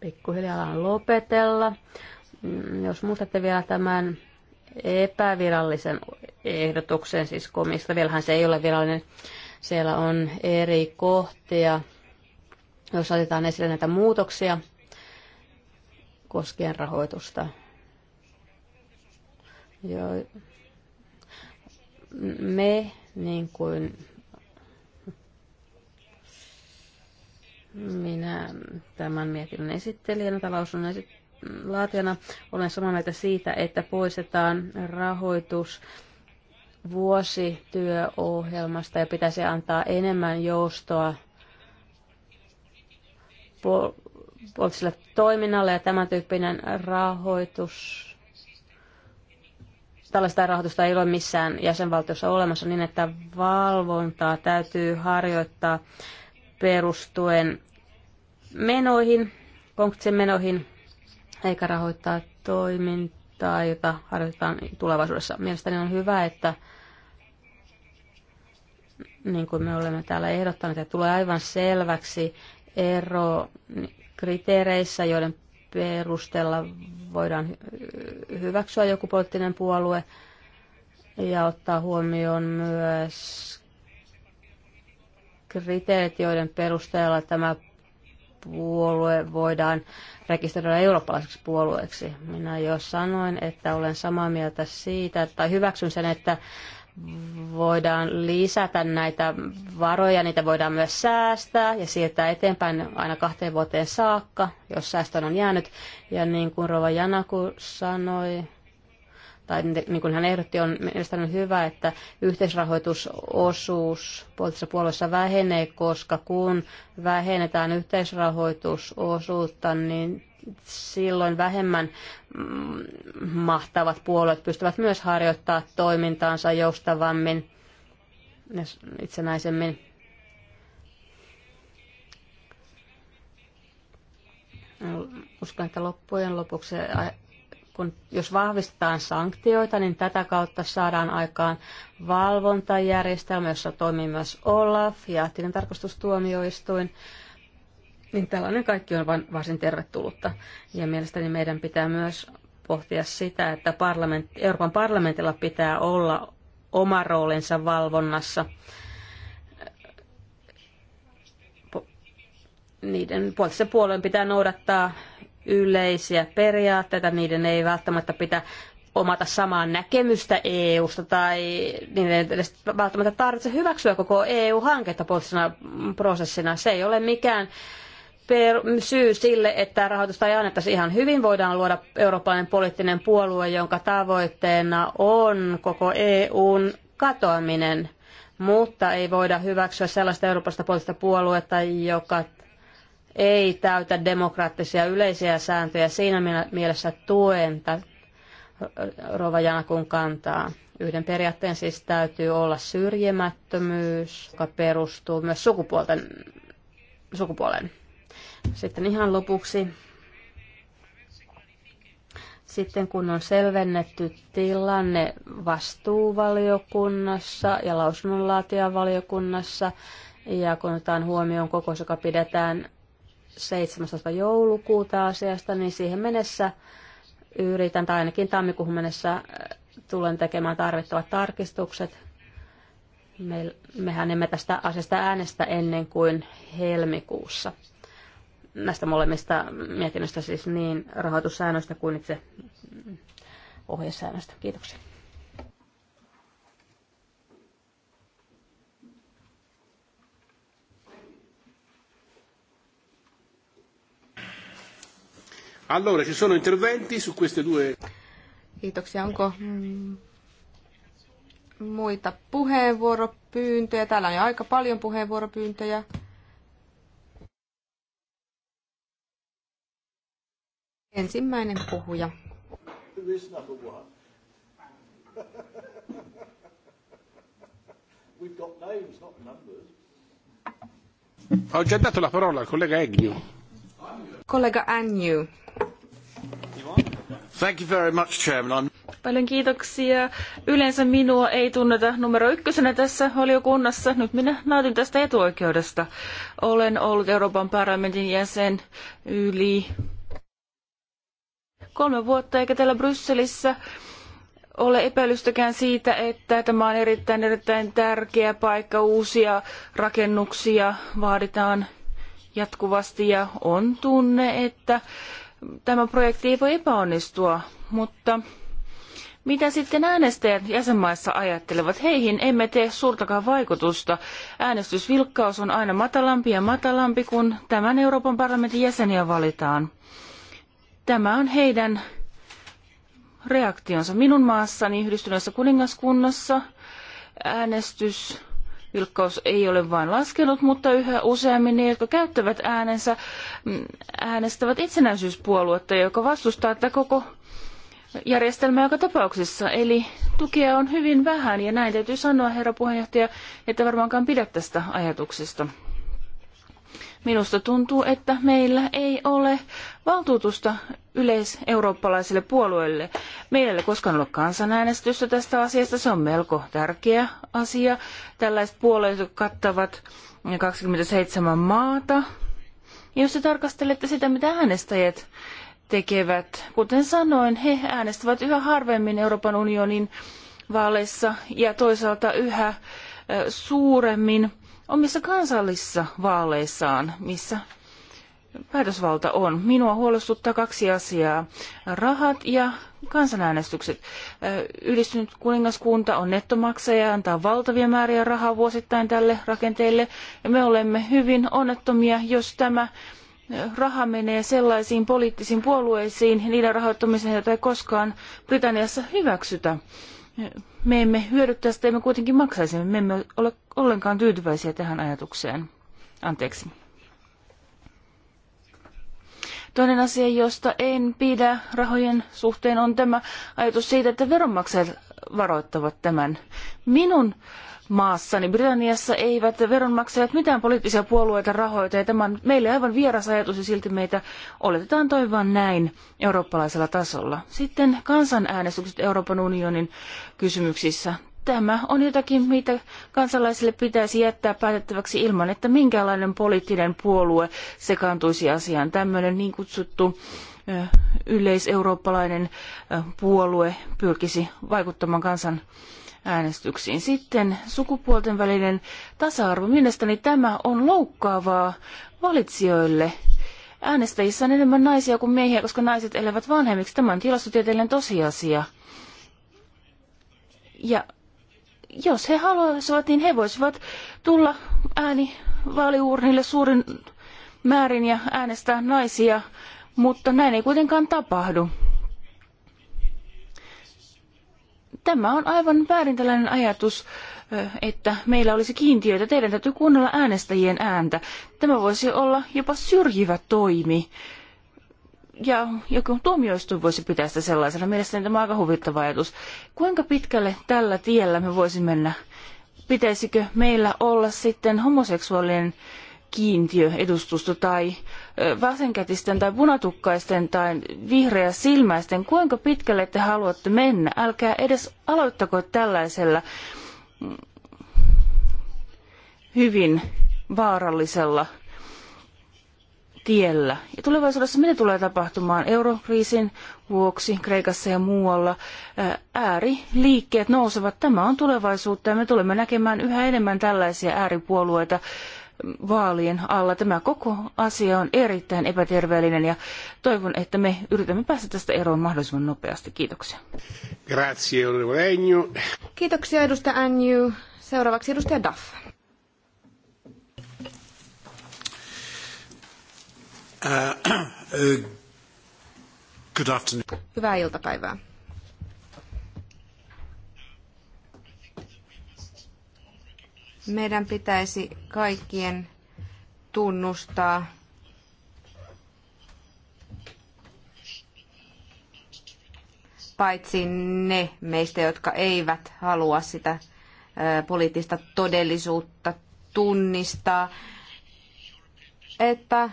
pikkuhiljaa lopetella. Mm, jos muistatte vielä tämän epävirallisen ehdotuksen, siis komista, vielähän se ei ole virallinen, siellä on eri kohtia, jos otetaan esille näitä muutoksia koskien rahoitusta. Joo. Me, niin kuin Minä tämän mietinnön esittelijänä, talousunnon laatijana olen samaa mieltä siitä, että poistetaan rahoitus vuosityöohjelmasta ja pitäisi antaa enemmän joustoa poliittiselle toiminnalle ja tämän tyyppinen rahoitus, tällaista rahoitusta ei ole missään jäsenvaltiossa olemassa niin, että valvontaa täytyy harjoittaa perustuen menoihin, konkreettisiin menoihin, eikä rahoittaa toimintaa, jota harjoitetaan tulevaisuudessa. Mielestäni on hyvä, että niin kuin me olemme täällä ehdottaneet, että tulee aivan selväksi ero kriteereissä, joiden perusteella voidaan hyväksyä joku poliittinen puolue ja ottaa huomioon myös kriteerit, joiden perusteella tämä puolue voidaan rekisteröidä eurooppalaiseksi puolueeksi. Minä jo sanoin, että olen samaa mieltä siitä, tai hyväksyn sen, että voidaan lisätä näitä varoja, niitä voidaan myös säästää ja siirtää eteenpäin aina kahteen vuoteen saakka, jos säästön on jäänyt. Ja niin kuin Rova Janaku sanoi, tai niin kuin hän ehdotti, on mielestäni hyvä, että yhteisrahoitusosuus poliittisessa puolueessa vähenee, koska kun vähennetään yhteisrahoitusosuutta, niin silloin vähemmän mm, mahtavat puolueet pystyvät myös harjoittaa toimintaansa joustavammin ja itsenäisemmin. Uskon, että loppujen lopuksi kun, jos vahvistetaan sanktioita, niin tätä kautta saadaan aikaan valvontajärjestelmä, jossa toimii myös OLAF ja tilintarkastustuomioistuin. Niin tällainen kaikki on varsin tervetullutta. Ja mielestäni meidän pitää myös pohtia sitä, että parlament, Euroopan parlamentilla pitää olla oma roolinsa valvonnassa niiden puolesta puolen pitää noudattaa yleisiä periaatteita, niiden ei välttämättä pitää omata samaa näkemystä EU-sta tai niin ei edes välttämättä tarvitse hyväksyä koko EU-hanketta poliittisena prosessina. Se ei ole mikään per- syy sille, että rahoitusta ei annettaisi ihan hyvin. Voidaan luoda eurooppalainen poliittinen puolue, jonka tavoitteena on koko EUn katoaminen, mutta ei voida hyväksyä sellaista eurooppalaista poliittista puoluetta, joka ei täytä demokraattisia yleisiä sääntöjä. Siinä mielessä tuen Rova Janakun kantaa. Yhden periaatteen siis täytyy olla syrjimättömyys, joka perustuu myös sukupuolten, sukupuolen. Sitten ihan lopuksi, sitten kun on selvennetty tilanne vastuuvaliokunnassa ja lausunnonlaatijavaliokunnassa, ja kun otetaan huomioon kokous, joka pidetään 17. joulukuuta asiasta, niin siihen mennessä yritän, tai ainakin tammikuuhun mennessä äh, tulen tekemään tarvittavat tarkistukset. Me, mehän emme tästä asiasta äänestä ennen kuin helmikuussa. Näistä molemmista mietinnöistä siis niin rahoitussäännöistä kuin itse ohjesäännöstä. Kiitoksia. Allora, ci sono interventi su queste due... Kiitoksia. Onko mm, muita puheenvuoropyyntöjä? Täällä on jo aika paljon puheenvuoropyyntöjä. Ensimmäinen puhuja. Ho già dato la parola al collega Egnio. Kollega Annew. Thank you very much, Chairman. I'm... Paljon kiitoksia. Yleensä minua ei tunneta numero ykkösenä tässä valiokunnassa. Nyt minä nautin tästä etuoikeudesta. Olen ollut Euroopan parlamentin jäsen yli kolme vuotta, eikä täällä Brysselissä ole epäilystäkään siitä, että tämä on erittäin, erittäin tärkeä paikka. Uusia rakennuksia vaaditaan jatkuvasti ja on tunne, että tämä projekti ei voi epäonnistua, mutta mitä sitten äänestäjät jäsenmaissa ajattelevat? Heihin emme tee suurtakaan vaikutusta. Äänestysvilkkaus on aina matalampi ja matalampi, kun tämän Euroopan parlamentin jäseniä valitaan. Tämä on heidän reaktionsa. Minun maassani yhdistyneessä kuningaskunnassa äänestys vilkkaus ei ole vain laskenut, mutta yhä useammin ne, jotka käyttävät äänensä, mm, äänestävät itsenäisyyspuoluetta, joka vastustaa tätä koko järjestelmää joka tapauksessa. Eli tukea on hyvin vähän ja näin täytyy sanoa, herra puheenjohtaja, että varmaankaan pidä tästä ajatuksesta. Minusta tuntuu, että meillä ei ole valtuutusta yleiseurooppalaisille puolueille. Meillä ei ole koskaan ollut kansanäänestystä tästä asiasta. Se on melko tärkeä asia. Tällaiset puolueet kattavat 27 maata. Ja jos te tarkastelette sitä, mitä äänestäjät tekevät, kuten sanoin, he äänestävät yhä harvemmin Euroopan unionin vaaleissa ja toisaalta yhä suuremmin omissa kansallisissa vaaleissaan, missä päätösvalta on. Minua huolestuttaa kaksi asiaa. Rahat ja kansanäänestykset. Yhdistynyt kuningaskunta on nettomaksaja ja antaa valtavia määriä rahaa vuosittain tälle rakenteelle. Ja me olemme hyvin onnettomia, jos tämä raha menee sellaisiin poliittisiin puolueisiin ja niiden rahoittamiseen, joita ei koskaan Britanniassa hyväksytä me emme hyödy tästä, emme kuitenkin maksaisimme. Me emme ole ollenkaan tyytyväisiä tähän ajatukseen. Anteeksi. Toinen asia, josta en pidä rahojen suhteen, on tämä ajatus siitä, että veronmaksajat varoittavat tämän. Minun maassa niin Britanniassa eivät veronmaksajat mitään poliittisia puolueita rahoita ja tämä on meille aivan vieras ajatus ja silti meitä oletetaan toivon näin eurooppalaisella tasolla. Sitten kansanäänestykset Euroopan unionin kysymyksissä. Tämä on jotakin, mitä kansalaisille pitäisi jättää päätettäväksi ilman, että minkäänlainen poliittinen puolue sekaantuisi asiaan. Tämmöinen niin kutsuttu yleiseurooppalainen puolue pyrkisi vaikuttamaan kansan äänestyksiin. Sitten sukupuolten välinen tasa-arvo. Mielestäni tämä on loukkaavaa valitsijoille. Äänestäjissä on enemmän naisia kuin miehiä, koska naiset elävät vanhemmiksi. Tämä on tilastotieteellinen tosiasia. Ja jos he haluaisivat, niin he voisivat tulla ääni vaaliuurnille suurin määrin ja äänestää naisia, mutta näin ei kuitenkaan tapahdu. Tämä on aivan väärin tällainen ajatus, että meillä olisi kiintiöitä. Teidän täytyy kuunnella äänestäjien ääntä. Tämä voisi olla jopa syrjivä toimi. Ja joku tuomioistuin voisi pitää sitä sellaisena. Mielestäni tämä on aika huvittava ajatus. Kuinka pitkälle tällä tiellä me voisimme mennä? Pitäisikö meillä olla sitten homoseksuaalinen kiintiö tai vasenkätisten tai punatukkaisten tai vihreäsilmäisten, kuinka pitkälle te haluatte mennä? Älkää edes aloittako tällaisella mm, hyvin vaarallisella tiellä. Ja tulevaisuudessa mitä tulee tapahtumaan eurokriisin vuoksi Kreikassa ja muualla? Ääriliikkeet nousevat. Tämä on tulevaisuutta ja me tulemme näkemään yhä enemmän tällaisia ääripuolueita vaalien alla. Tämä koko asia on erittäin epäterveellinen ja toivon, että me yritämme päästä tästä eroon mahdollisimman nopeasti. Kiitoksia. Grazie, Regno. Kiitoksia, edustaja Anju. Seuraavaksi edustaja Duff. Uh, uh, good afternoon. Hyvää iltapäivää. Meidän pitäisi kaikkien tunnustaa paitsi ne meistä, jotka eivät halua sitä poliittista todellisuutta tunnistaa, että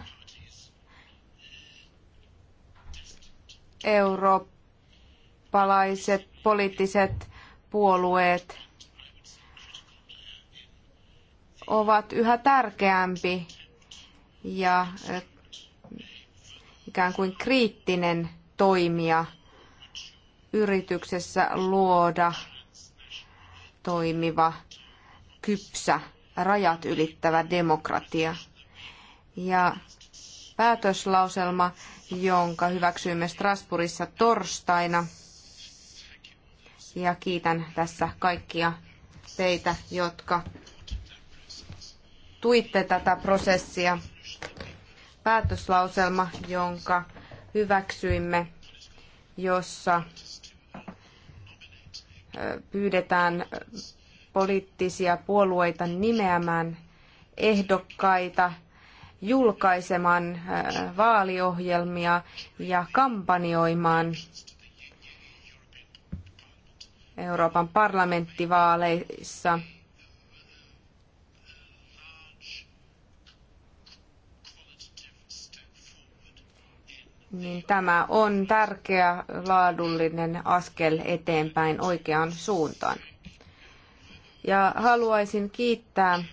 eurooppalaiset poliittiset puolueet ovat yhä tärkeämpi ja ikään kuin kriittinen toimija yrityksessä luoda toimiva, kypsä, rajat ylittävä demokratia. Ja päätöslauselma, jonka hyväksyimme Strasbourgissa torstaina. Ja kiitän tässä kaikkia teitä, jotka tuitte tätä prosessia. Päätöslauselma, jonka hyväksyimme, jossa pyydetään poliittisia puolueita nimeämään ehdokkaita, julkaisemaan vaaliohjelmia ja kampanjoimaan Euroopan parlamenttivaaleissa – niin tämä on tärkeä laadullinen askel eteenpäin oikeaan suuntaan. Ja haluaisin kiittää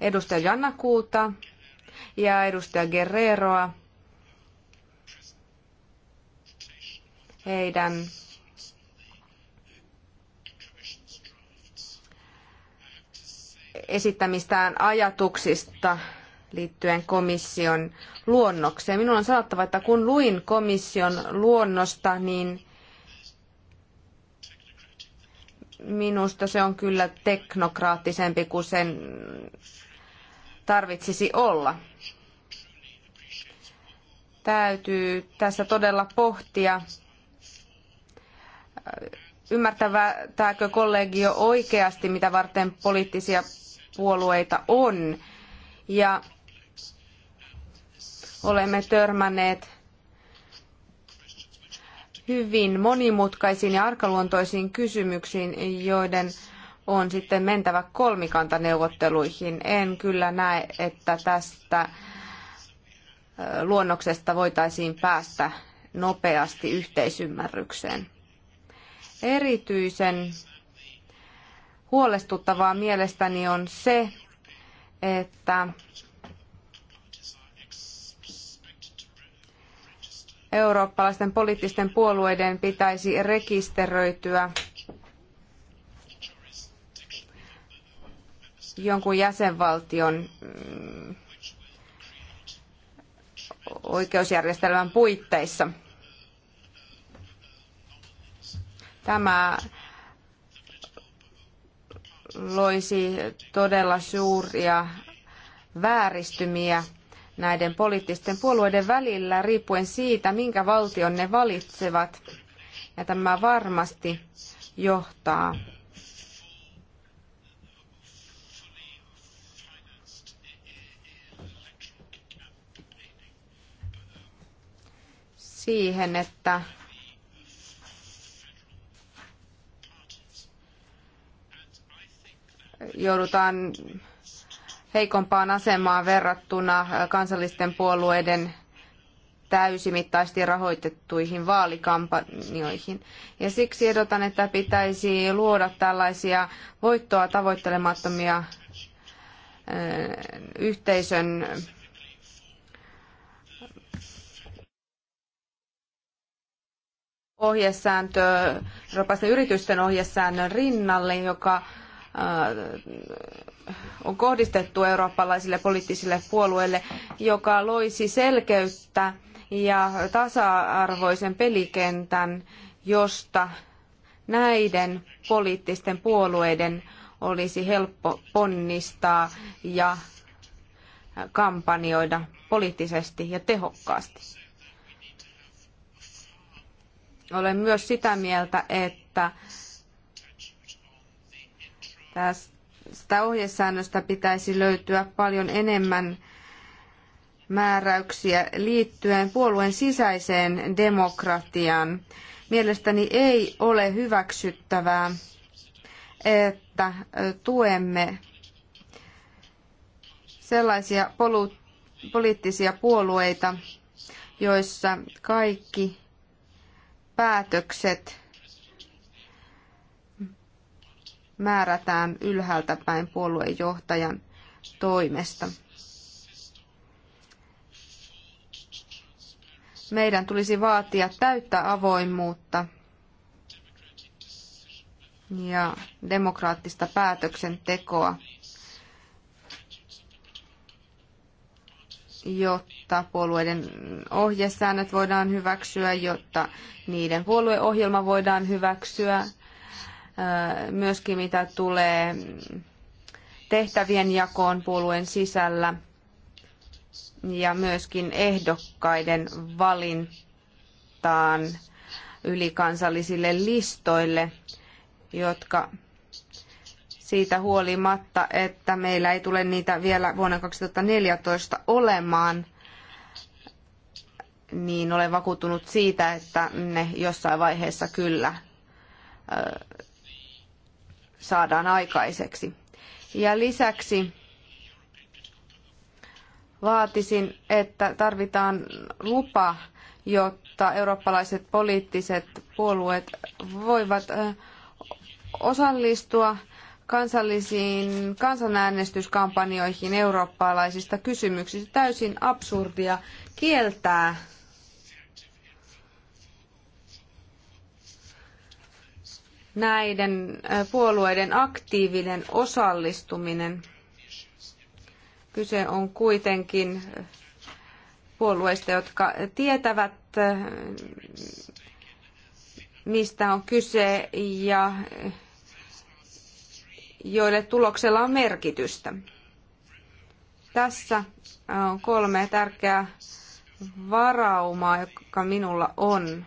edustaja Jannakuuta ja edustaja Guerreroa heidän esittämistään ajatuksista liittyen komission luonnokseen. Minun on sanottava, että kun luin komission luonnosta, niin minusta se on kyllä teknokraattisempi kuin sen tarvitsisi olla. Täytyy tässä todella pohtia, ymmärtävätääkö kollegio oikeasti, mitä varten poliittisia puolueita on. Ja olemme törmänneet hyvin monimutkaisiin ja arkaluontoisiin kysymyksiin, joiden on sitten mentävä kolmikantaneuvotteluihin. En kyllä näe, että tästä luonnoksesta voitaisiin päästä nopeasti yhteisymmärrykseen. Erityisen huolestuttavaa mielestäni on se, että eurooppalaisten poliittisten puolueiden pitäisi rekisteröityä jonkun jäsenvaltion mm, oikeusjärjestelmän puitteissa. Tämä loisi todella suuria vääristymiä näiden poliittisten puolueiden välillä riippuen siitä, minkä valtion ne valitsevat. Ja tämä varmasti johtaa siihen, että joudutaan heikompaan asemaan verrattuna kansallisten puolueiden täysimittaisesti rahoitettuihin vaalikampanjoihin. Ja siksi ehdotan, että pitäisi luoda tällaisia voittoa tavoittelemattomia yhteisön ohjesääntö, Euroopan yritysten ohjesäännön rinnalle, joka on kohdistettu eurooppalaisille poliittisille puolueille, joka loisi selkeyttä ja tasa-arvoisen pelikentän, josta näiden poliittisten puolueiden olisi helppo ponnistaa ja kampanjoida poliittisesti ja tehokkaasti. Olen myös sitä mieltä, että tässä sitä ohjesäännöstä pitäisi löytyä paljon enemmän määräyksiä liittyen puolueen sisäiseen demokratiaan. Mielestäni ei ole hyväksyttävää, että tuemme sellaisia poliittisia puolueita, joissa kaikki päätökset määrätään ylhäältä päin puoluejohtajan toimesta. Meidän tulisi vaatia täyttä avoimuutta ja demokraattista päätöksentekoa, jotta puolueiden ohjesäännöt voidaan hyväksyä, jotta niiden puolueohjelma voidaan hyväksyä myöskin mitä tulee tehtävien jakoon puolueen sisällä ja myöskin ehdokkaiden valintaan ylikansallisille listoille, jotka siitä huolimatta, että meillä ei tule niitä vielä vuonna 2014 olemaan, niin olen vakuuttunut siitä, että ne jossain vaiheessa kyllä saadaan aikaiseksi. Ja lisäksi vaatisin, että tarvitaan lupa, jotta eurooppalaiset poliittiset puolueet voivat osallistua kansallisiin kansanäänestyskampanjoihin eurooppalaisista kysymyksistä. Täysin absurdia kieltää näiden puolueiden aktiivinen osallistuminen. Kyse on kuitenkin puolueista, jotka tietävät, mistä on kyse ja joille tuloksella on merkitystä. Tässä on kolme tärkeää varaumaa, joka minulla on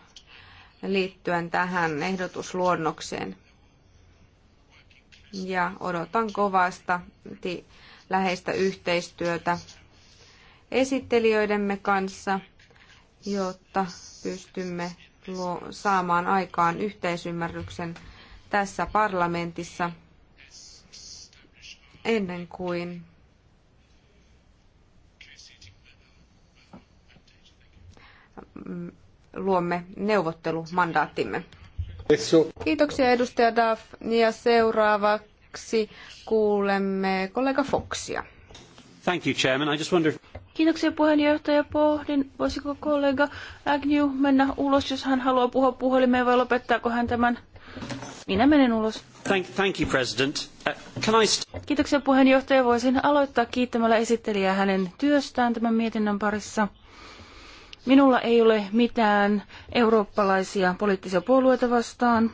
liittyen tähän ehdotusluonnokseen. Ja odotan kovasta läheistä yhteistyötä esittelijöidemme kanssa, jotta pystymme saamaan aikaan yhteisymmärryksen tässä parlamentissa ennen kuin luomme neuvottelumandaattimme. Kiitoksia edustaja Duff. Ja seuraavaksi kuulemme kollega Foxia. Thank you, Chairman. I just wonder... Kiitoksia puheenjohtaja. Pohdin, voisiko kollega Agnew mennä ulos, jos hän haluaa puhua puhelimeen vai lopettaako hän tämän? Minä menen ulos. Thank, thank you, President. Uh, can I Kiitoksia puheenjohtaja. Voisin aloittaa kiittämällä esittelijää hänen työstään tämän mietinnön parissa. Minulla ei ole mitään eurooppalaisia poliittisia puolueita vastaan.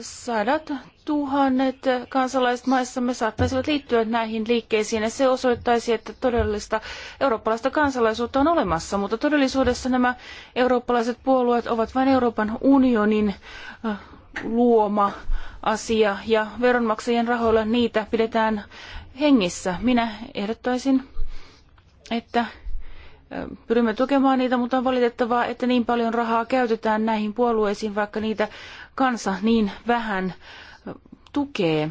Sadat tuhannet kansalaiset maissamme saattaisivat liittyä näihin liikkeisiin ja se osoittaisi, että todellista eurooppalaista kansalaisuutta on olemassa, mutta todellisuudessa nämä eurooppalaiset puolueet ovat vain Euroopan unionin luoma asia ja veronmaksajien rahoilla niitä pidetään hengissä. Minä ehdottaisin, että pyrimme tukemaan niitä, mutta on valitettavaa, että niin paljon rahaa käytetään näihin puolueisiin, vaikka niitä kansa niin vähän tukee.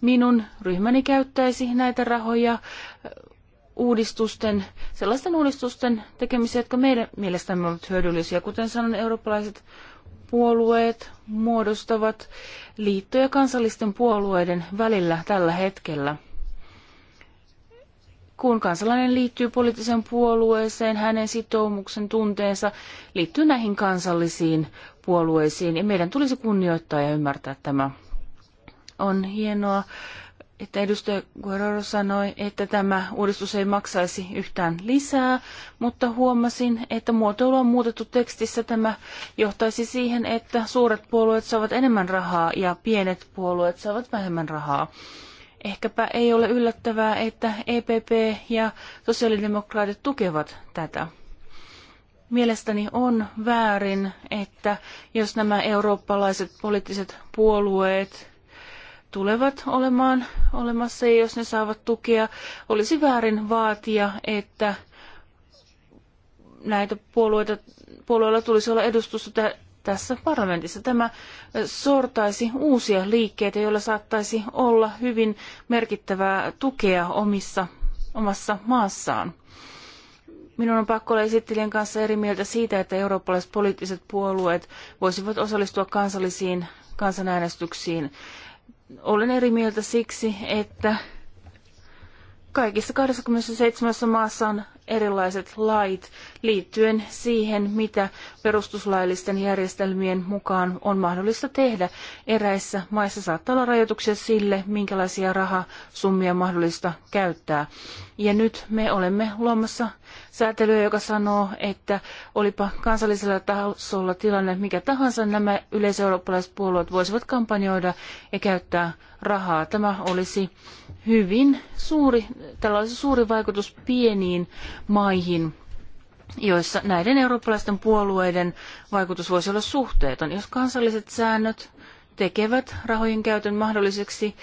Minun ryhmäni käyttäisi näitä rahoja uudistusten, sellaisten uudistusten tekemiseen, jotka meidän mielestämme ovat hyödyllisiä. Kuten sanon, eurooppalaiset puolueet muodostavat liittoja kansallisten puolueiden välillä tällä hetkellä kun kansalainen liittyy poliittiseen puolueeseen, hänen sitoumuksen tunteensa liittyy näihin kansallisiin puolueisiin. Ja meidän tulisi kunnioittaa ja ymmärtää tämä. On hienoa, että edustaja Guerrero sanoi, että tämä uudistus ei maksaisi yhtään lisää, mutta huomasin, että muotoilu on muutettu tekstissä. Tämä johtaisi siihen, että suuret puolueet saavat enemmän rahaa ja pienet puolueet saavat vähemmän rahaa. Ehkäpä ei ole yllättävää, että EPP ja sosiaalidemokraatit tukevat tätä. Mielestäni on väärin, että jos nämä eurooppalaiset poliittiset puolueet tulevat olemaan olemassa ja jos ne saavat tukea, olisi väärin vaatia, että näitä puolueita, puolueilla tulisi olla edustusta tässä parlamentissa. Tämä sortaisi uusia liikkeitä, joilla saattaisi olla hyvin merkittävää tukea omissa, omassa maassaan. Minun on pakko olla esittelijän kanssa eri mieltä siitä, että eurooppalaiset poliittiset puolueet voisivat osallistua kansallisiin kansanäänestyksiin. Olen eri mieltä siksi, että Kaikissa 27 maassa on erilaiset lait liittyen siihen, mitä perustuslaillisten järjestelmien mukaan on mahdollista tehdä. Eräissä maissa saattaa olla rajoituksia sille, minkälaisia rahasummia on mahdollista käyttää. Ja nyt me olemme luomassa säätelyä, joka sanoo, että olipa kansallisella tasolla tilanne mikä tahansa, nämä yleiseurooppalaiset puolueet voisivat kampanjoida ja käyttää rahaa. Tämä olisi hyvin suuri, tällä olisi suuri vaikutus pieniin maihin, joissa näiden eurooppalaisten puolueiden vaikutus voisi olla suhteeton. Jos kansalliset säännöt tekevät rahojen käytön mahdolliseksi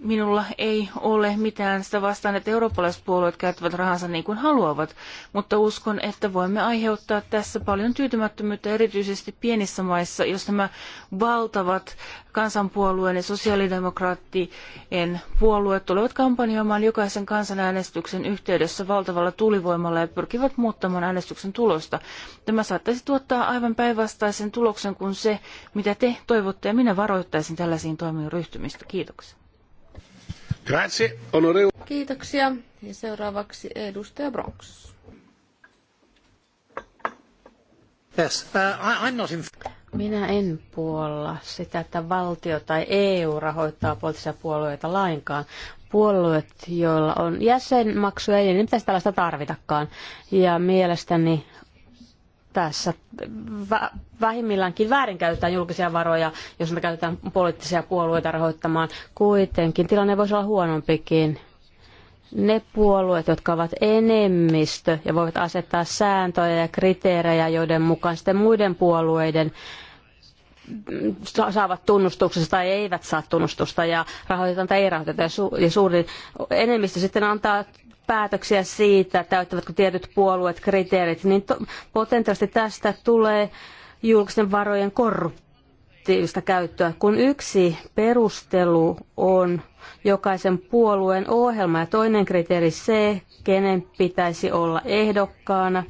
Minulla ei ole mitään sitä vastaan, että eurooppalaispuolueet käyttävät rahansa niin kuin haluavat, mutta uskon, että voimme aiheuttaa tässä paljon tyytymättömyyttä erityisesti pienissä maissa, jos nämä valtavat kansanpuolueen ja sosiaalidemokraattien puolueet tulevat kampanjoimaan jokaisen kansanäänestyksen yhteydessä valtavalla tulivoimalla ja pyrkivät muuttamaan äänestyksen tulosta. Tämä saattaisi tuottaa aivan päinvastaisen tuloksen kuin se, mitä te toivotte, ja minä varoittaisin tällaisiin toimiin ryhtymistä. Kiitoksia. Grazie, onorevole. Kiitoksia. Ja seuraavaksi edustaja Bronx. Yes, uh, I'm not in... Minä en puolla sitä, että valtio tai EU rahoittaa poliittisia puolueita lainkaan. Puolueet, joilla on jäsenmaksuja, ei niin pitäisi tällaista tarvitakaan. Ja mielestäni tässä vähimmilläänkin väärinkäytetään julkisia varoja, jos me käytetään poliittisia puolueita rahoittamaan. Kuitenkin tilanne voisi olla huonompikin. Ne puolueet, jotka ovat enemmistö ja voivat asettaa sääntöjä ja kriteerejä, joiden mukaan sitten muiden puolueiden saavat tunnustuksesta tai eivät saa tunnustusta ja rahoitetaan tai ei rahoiteta. Ja, su- ja suurin enemmistö sitten antaa päätöksiä siitä, täyttävätkö tietyt puolueet kriteerit, niin potentiaalisesti tästä tulee julkisten varojen korruptiivista käyttöä, kun yksi perustelu on jokaisen puolueen ohjelma ja toinen kriteeri se, kenen pitäisi olla ehdokkaana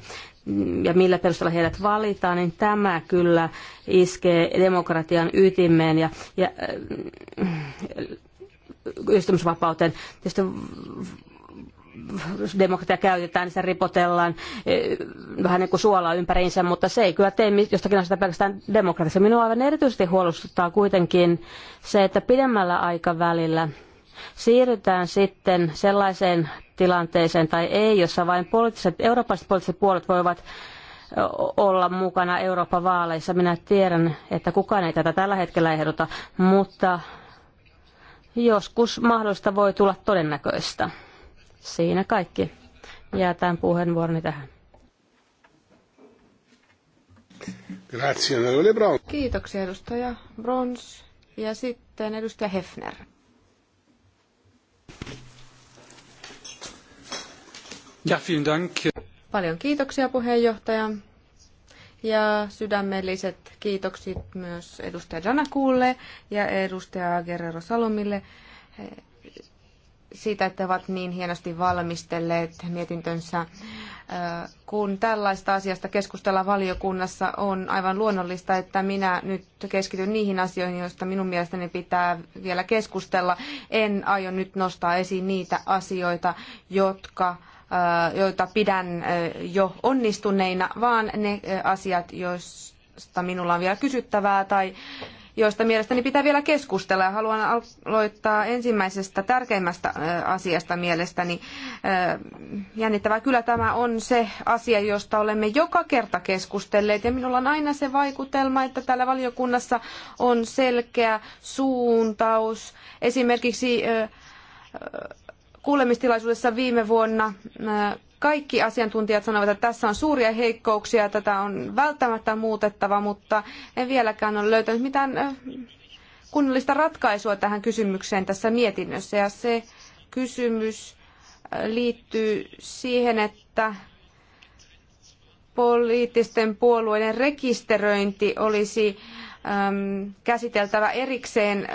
ja millä perusteella heidät valitaan, niin tämä kyllä iskee demokratian ytimeen ja, ja äh, yhdistysvapauteen. Tietysti demokratia käytetään, niin sitä ripotellaan e, vähän niin kuin suolaa ympäriinsä, mutta se ei kyllä tee jostakin asiasta pelkästään demokratia. Minua aivan erityisesti huolestuttaa kuitenkin se, että pidemmällä aikavälillä siirrytään sitten sellaiseen tilanteeseen tai ei, jossa vain poliittiset, eurooppalaiset poliittiset puolet voivat olla mukana Euroopan vaaleissa. Minä tiedän, että kukaan ei tätä tällä hetkellä ehdota, mutta joskus mahdollista voi tulla todennäköistä. Siinä kaikki. Jätän puheenvuoroni tähän. Grazie, Kiitoksia, edustaja Brons. Ja sitten edustaja Hefner. Ja, vielen dank. Paljon kiitoksia, puheenjohtaja. Ja sydämelliset kiitokset myös edustaja Janakuulle ja edustaja Guerrero Salomille siitä, että ovat niin hienosti valmistelleet mietintönsä. Kun tällaista asiasta keskustellaan valiokunnassa, on aivan luonnollista, että minä nyt keskityn niihin asioihin, joista minun mielestäni pitää vielä keskustella. En aio nyt nostaa esiin niitä asioita, jotka joita pidän jo onnistuneina, vaan ne asiat, joista minulla on vielä kysyttävää tai joista mielestäni pitää vielä keskustella. Ja haluan aloittaa ensimmäisestä tärkeimmästä asiasta mielestäni. Jännittävää kyllä tämä on se asia, josta olemme joka kerta keskustelleet. Ja minulla on aina se vaikutelma, että täällä valiokunnassa on selkeä suuntaus. Esimerkiksi kuulemistilaisuudessa viime vuonna kaikki asiantuntijat sanovat, että tässä on suuria heikkouksia, tätä on välttämättä muutettava, mutta en vieläkään ole löytänyt mitään äh, kunnollista ratkaisua tähän kysymykseen tässä mietinnössä. Ja se kysymys äh, liittyy siihen, että poliittisten puolueiden rekisteröinti olisi käsiteltävä erikseen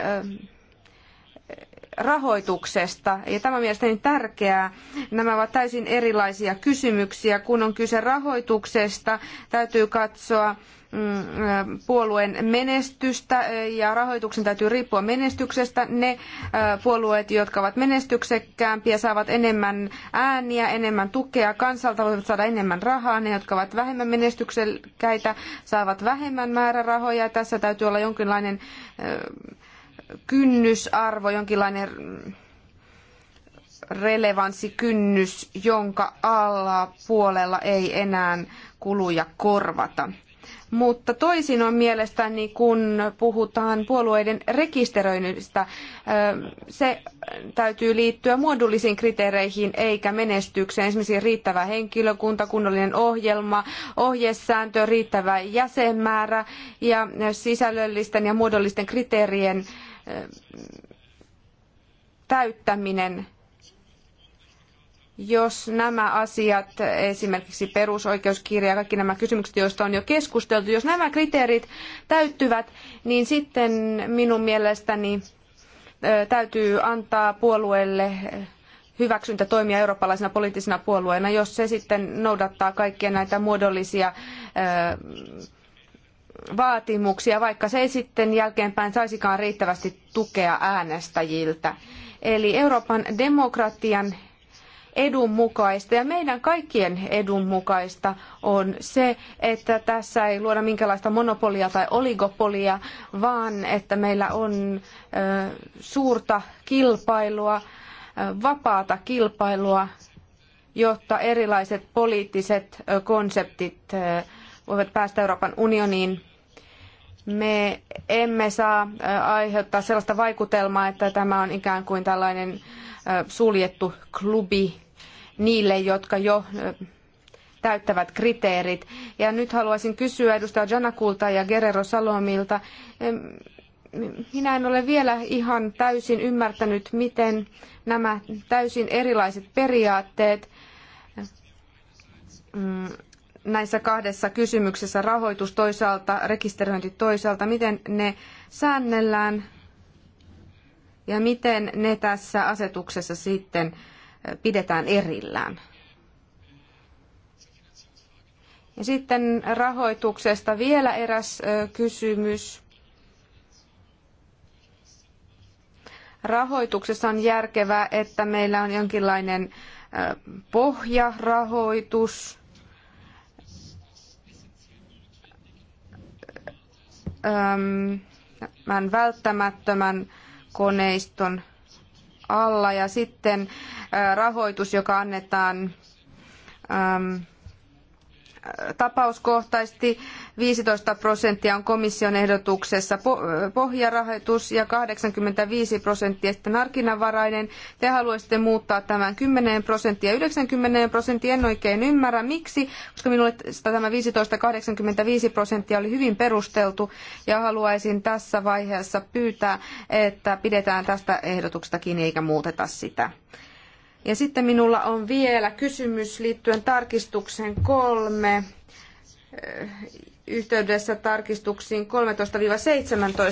rahoituksesta. Ja tämä on mielestäni tärkeää. Nämä ovat täysin erilaisia kysymyksiä. Kun on kyse rahoituksesta, täytyy katsoa mm, puolueen menestystä ja rahoituksen täytyy riippua menestyksestä. Ne puolueet, jotka ovat menestyksekkäämpiä, saavat enemmän ääniä, enemmän tukea kansalta, voivat saada enemmän rahaa. Ne, jotka ovat vähemmän menestyksekkäitä, saavat vähemmän määrärahoja. Tässä täytyy olla jonkinlainen kynnysarvo, jonkinlainen relevanssikynnys, jonka alla puolella ei enää kuluja korvata. Mutta toisin on mielestäni, kun puhutaan puolueiden rekisteröinnistä, se täytyy liittyä muodollisiin kriteereihin eikä menestykseen. Esimerkiksi riittävä henkilökunta, kunnollinen ohjelma, ohjesääntö, riittävä jäsenmäärä ja sisällöllisten ja muodollisten kriteerien täyttäminen jos nämä asiat, esimerkiksi perusoikeuskirja ja kaikki nämä kysymykset, joista on jo keskusteltu, jos nämä kriteerit täyttyvät, niin sitten minun mielestäni täytyy antaa puolueelle hyväksyntä toimia eurooppalaisena poliittisena puolueena, jos se sitten noudattaa kaikkia näitä muodollisia vaatimuksia, vaikka se ei sitten jälkeenpäin saisikaan riittävästi tukea äänestäjiltä. Eli Euroopan demokratian edun mukaista ja meidän kaikkien edun mukaista on se, että tässä ei luoda minkälaista monopolia tai oligopolia, vaan että meillä on suurta kilpailua, vapaata kilpailua, jotta erilaiset poliittiset konseptit voivat päästä Euroopan unioniin me emme saa aiheuttaa sellaista vaikutelmaa, että tämä on ikään kuin tällainen suljettu klubi niille, jotka jo täyttävät kriteerit. Ja nyt haluaisin kysyä edustaja Janakulta ja Gerero Salomilta. Minä en ole vielä ihan täysin ymmärtänyt, miten nämä täysin erilaiset periaatteet mm, näissä kahdessa kysymyksessä, rahoitus toisaalta, rekisteröinti toisaalta, miten ne säännellään ja miten ne tässä asetuksessa sitten pidetään erillään. Ja sitten rahoituksesta vielä eräs kysymys. Rahoituksessa on järkevää, että meillä on jonkinlainen pohjarahoitus tämän välttämättömän koneiston alla ja sitten rahoitus, joka annetaan tapauskohtaisesti 15 prosenttia on komission ehdotuksessa pohjarahoitus ja 85 prosenttia sitten harkinnanvarainen. Te haluaisitte muuttaa tämän 10 prosenttia 90 prosenttia. En oikein ymmärrä miksi, koska minulle tämä 15-85 prosenttia oli hyvin perusteltu ja haluaisin tässä vaiheessa pyytää, että pidetään tästä ehdotuksesta kiinni eikä muuteta sitä. Ja sitten minulla on vielä kysymys liittyen tarkistukseen kolme yhteydessä tarkistuksiin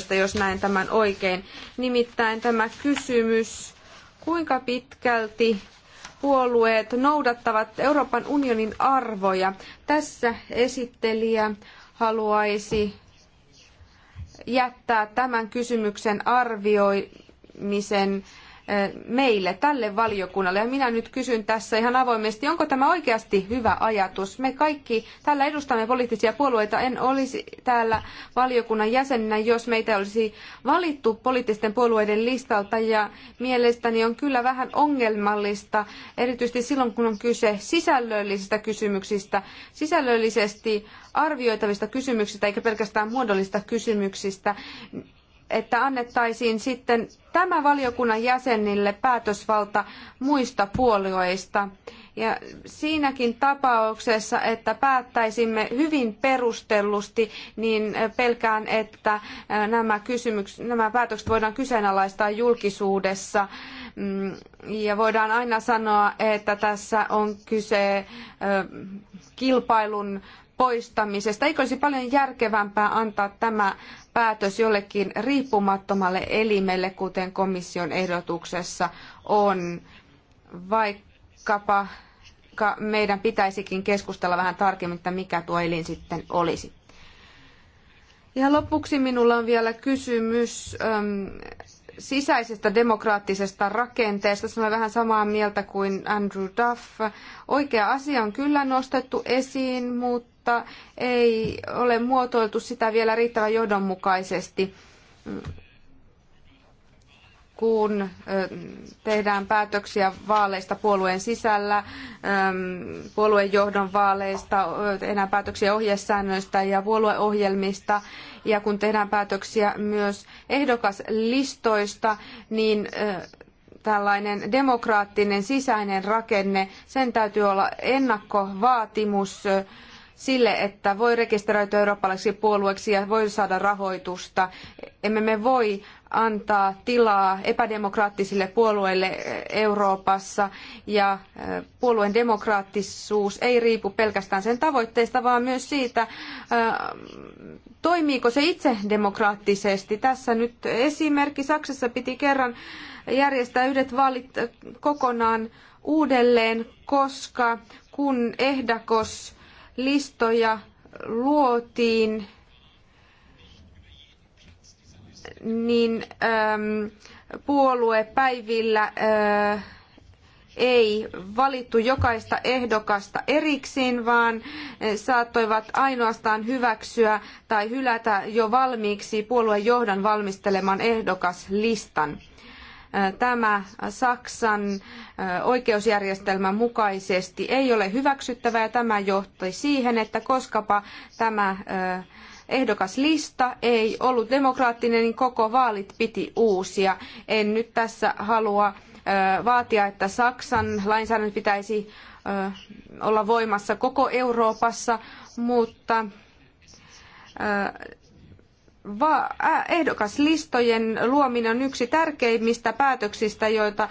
13-17, jos näen tämän oikein. Nimittäin tämä kysymys, kuinka pitkälti puolueet noudattavat Euroopan unionin arvoja. Tässä esittelijä haluaisi jättää tämän kysymyksen arvioimisen meille, tälle valiokunnalle. Ja minä nyt kysyn tässä ihan avoimesti, onko tämä oikeasti hyvä ajatus? Me kaikki täällä edustamme poliittisia puolueita. En olisi täällä valiokunnan jäsenenä, jos meitä olisi valittu poliittisten puolueiden listalta. Ja mielestäni on kyllä vähän ongelmallista, erityisesti silloin kun on kyse sisällöllisistä kysymyksistä, sisällöllisesti arvioitavista kysymyksistä eikä pelkästään muodollisista kysymyksistä että annettaisiin sitten tämän valiokunnan jäsenille päätösvalta muista puolueista. Ja siinäkin tapauksessa, että päättäisimme hyvin perustellusti, niin pelkään, että nämä, kysymyks- nämä päätökset voidaan kyseenalaistaa julkisuudessa. Mm, ja voidaan aina sanoa, että tässä on kyse kilpailun poistamisesta. Eikö olisi paljon järkevämpää antaa tämä päätös jollekin riippumattomalle elimelle, kuten komission ehdotuksessa on, vaikkapa meidän pitäisikin keskustella vähän tarkemmin, että mikä tuo elin sitten olisi. Ja lopuksi minulla on vielä kysymys ähm, sisäisestä demokraattisesta rakenteesta. Se on vähän samaa mieltä kuin Andrew Duff. Oikea asia on kyllä nostettu esiin, mutta mutta ei ole muotoiltu sitä vielä riittävän johdonmukaisesti, kun tehdään päätöksiä vaaleista puolueen sisällä, puolueen johdon vaaleista, tehdään päätöksiä ohjesäännöistä ja puolueohjelmista ja kun tehdään päätöksiä myös ehdokaslistoista, niin tällainen demokraattinen sisäinen rakenne, sen täytyy olla ennakkovaatimus sille, että voi rekisteröityä eurooppalaiseksi puolueeksi ja voi saada rahoitusta. Emme me voi antaa tilaa epädemokraattisille puolueille Euroopassa ja puolueen demokraattisuus ei riipu pelkästään sen tavoitteista, vaan myös siitä, toimiiko se itse demokraattisesti. Tässä nyt esimerkki Saksassa piti kerran järjestää yhdet vaalit kokonaan uudelleen, koska kun ehdakas listoja luotiin, niin ähm, puoluepäivillä äh, ei valittu jokaista ehdokasta erikseen, vaan äh, saattoivat ainoastaan hyväksyä tai hylätä jo valmiiksi puoluejohdon valmisteleman ehdokaslistan. Tämä Saksan oikeusjärjestelmän mukaisesti ei ole hyväksyttävää ja tämä johti siihen, että koskapa tämä ehdokaslista ei ollut demokraattinen, niin koko vaalit piti uusia. En nyt tässä halua vaatia, että Saksan lainsäädäntö pitäisi olla voimassa koko Euroopassa, mutta ehdokaslistojen luominen on yksi tärkeimmistä päätöksistä, joita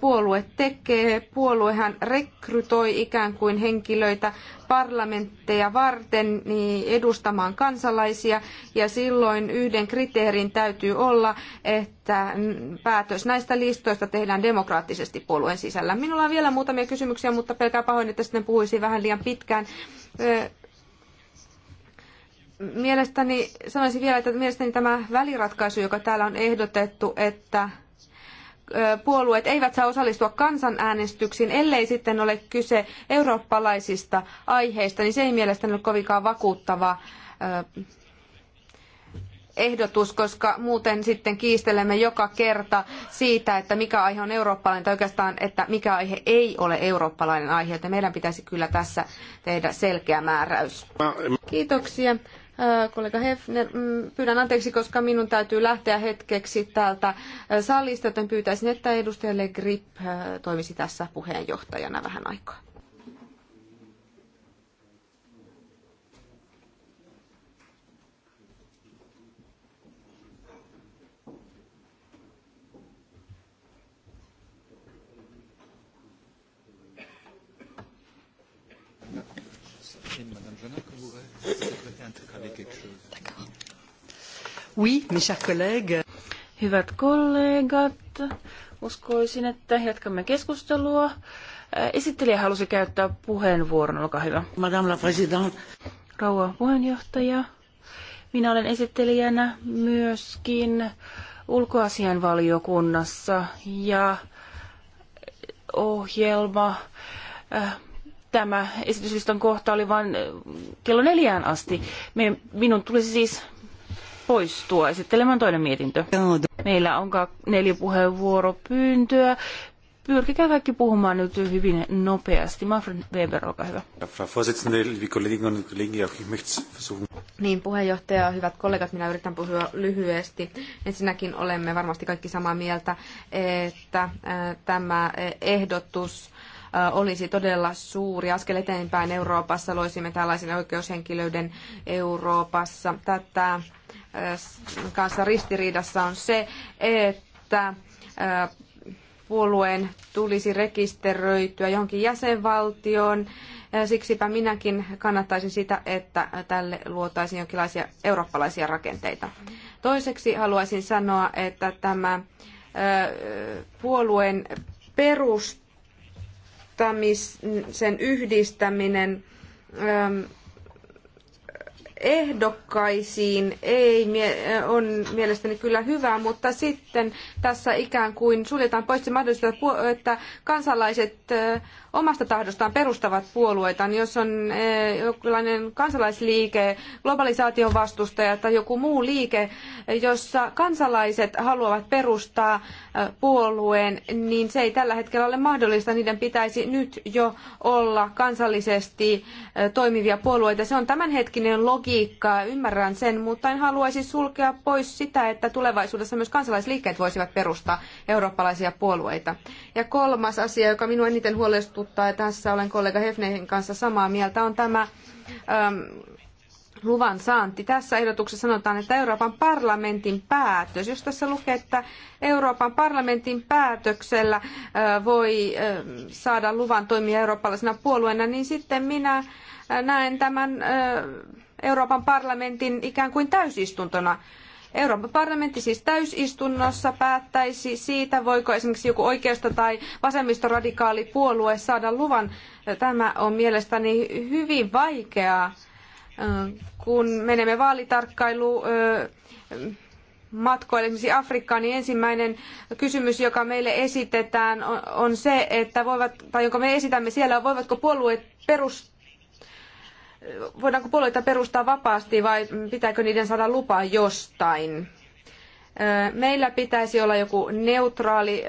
puolue tekee. Puoluehan rekrytoi ikään kuin henkilöitä parlamentteja varten niin edustamaan kansalaisia ja silloin yhden kriteerin täytyy olla, että päätös näistä listoista tehdään demokraattisesti puolueen sisällä. Minulla on vielä muutamia kysymyksiä, mutta pelkää pahoin, että sitten puhuisin vähän liian pitkään Mielestäni, sanoisin vielä, että mielestäni tämä väliratkaisu, joka täällä on ehdotettu, että puolueet eivät saa osallistua kansanäänestyksiin, ellei sitten ole kyse eurooppalaisista aiheista, niin se ei mielestäni ole kovinkaan vakuuttava ehdotus, koska muuten sitten kiistelemme joka kerta siitä, että mikä aihe on eurooppalainen tai oikeastaan, että mikä aihe ei ole eurooppalainen aihe, joten meidän pitäisi kyllä tässä tehdä selkeä määräys. Kiitoksia. Äh, kollega Hefner. Mm, pyydän anteeksi, koska minun täytyy lähteä hetkeksi täältä äh, salista, joten pyytäisin, että edustajalle Grip äh, toimisi tässä puheenjohtajana vähän aikaa. Oui, mes chers collègues. Hyvät kollegat, uskoisin, että jatkamme keskustelua. Äh, esittelijä halusi käyttää puheenvuoron, olkaa hyvä. Madame la Présidente. Rouva puheenjohtaja, minä olen esittelijänä myöskin ulkoasianvaliokunnassa ja ohjelma äh, tämä esityslistan kohta oli vain äh, kello neljään asti. Me, minun tulisi siis poistua esittelemään toinen mietintö. Meillä on neljä puheenvuoropyyntöä. Pyrkikää kaikki puhumaan nyt hyvin nopeasti. Manfred Weber, olkaa hyvä. Niin, puheenjohtaja, hyvät kollegat, minä yritän puhua lyhyesti. Ensinnäkin olemme varmasti kaikki samaa mieltä, että tämä ehdotus olisi todella suuri askel eteenpäin Euroopassa. Loisimme tällaisen oikeushenkilöiden Euroopassa. Tätä Äh, kanssa ristiriidassa on se, että äh, puolueen tulisi rekisteröityä johonkin jäsenvaltioon. Äh, siksipä minäkin kannattaisin sitä, että tälle luotaisiin jonkinlaisia eurooppalaisia rakenteita. Toiseksi haluaisin sanoa, että tämä puolueen perustamisen yhdistäminen ähm, ehdokkaisiin ei, äh, on mielestäni kyllä hyvä, mutta sitten tässä ikään kuin suljetaan pois se mahdollisuus, että kansalaiset äh, omasta tahdostaan perustavat puolueita. Niin jos on äh, jonkinlainen kansalaisliike, globalisaation vastustaja tai joku muu liike, jossa kansalaiset haluavat perustaa puolueen, niin se ei tällä hetkellä ole mahdollista. Niiden pitäisi nyt jo olla kansallisesti toimivia puolueita. Se on tämänhetkinen logiikka logiikkaa, ymmärrän sen, mutta en haluaisi sulkea pois sitä, että tulevaisuudessa myös kansalaisliikkeet voisivat perustaa eurooppalaisia puolueita. Ja kolmas asia, joka minua eniten huolestuttaa, ja tässä olen kollega Hefnehin kanssa samaa mieltä, on tämä ähm, luvan saanti. Tässä ehdotuksessa sanotaan, että Euroopan parlamentin päätös, jos tässä lukee, että Euroopan parlamentin päätöksellä äh, voi äh, saada luvan toimia eurooppalaisena puolueena, niin sitten minä äh, näen tämän Euroopan parlamentin ikään kuin täysistuntona. Euroopan parlamentti siis täysistunnossa päättäisi siitä, voiko esimerkiksi joku oikeisto- tai vasemmistoradikaali puolue saada luvan. Tämä on mielestäni hyvin vaikeaa, kun menemme vaalitarkkailuun matkoille esimerkiksi Afrikkaan, niin ensimmäinen kysymys, joka meille esitetään, on, se, että voivat, tai jonka me esitämme siellä, on voivatko puolueet perustaa voidaanko puolueita perustaa vapaasti vai pitääkö niiden saada lupa jostain? Meillä pitäisi olla joku neutraali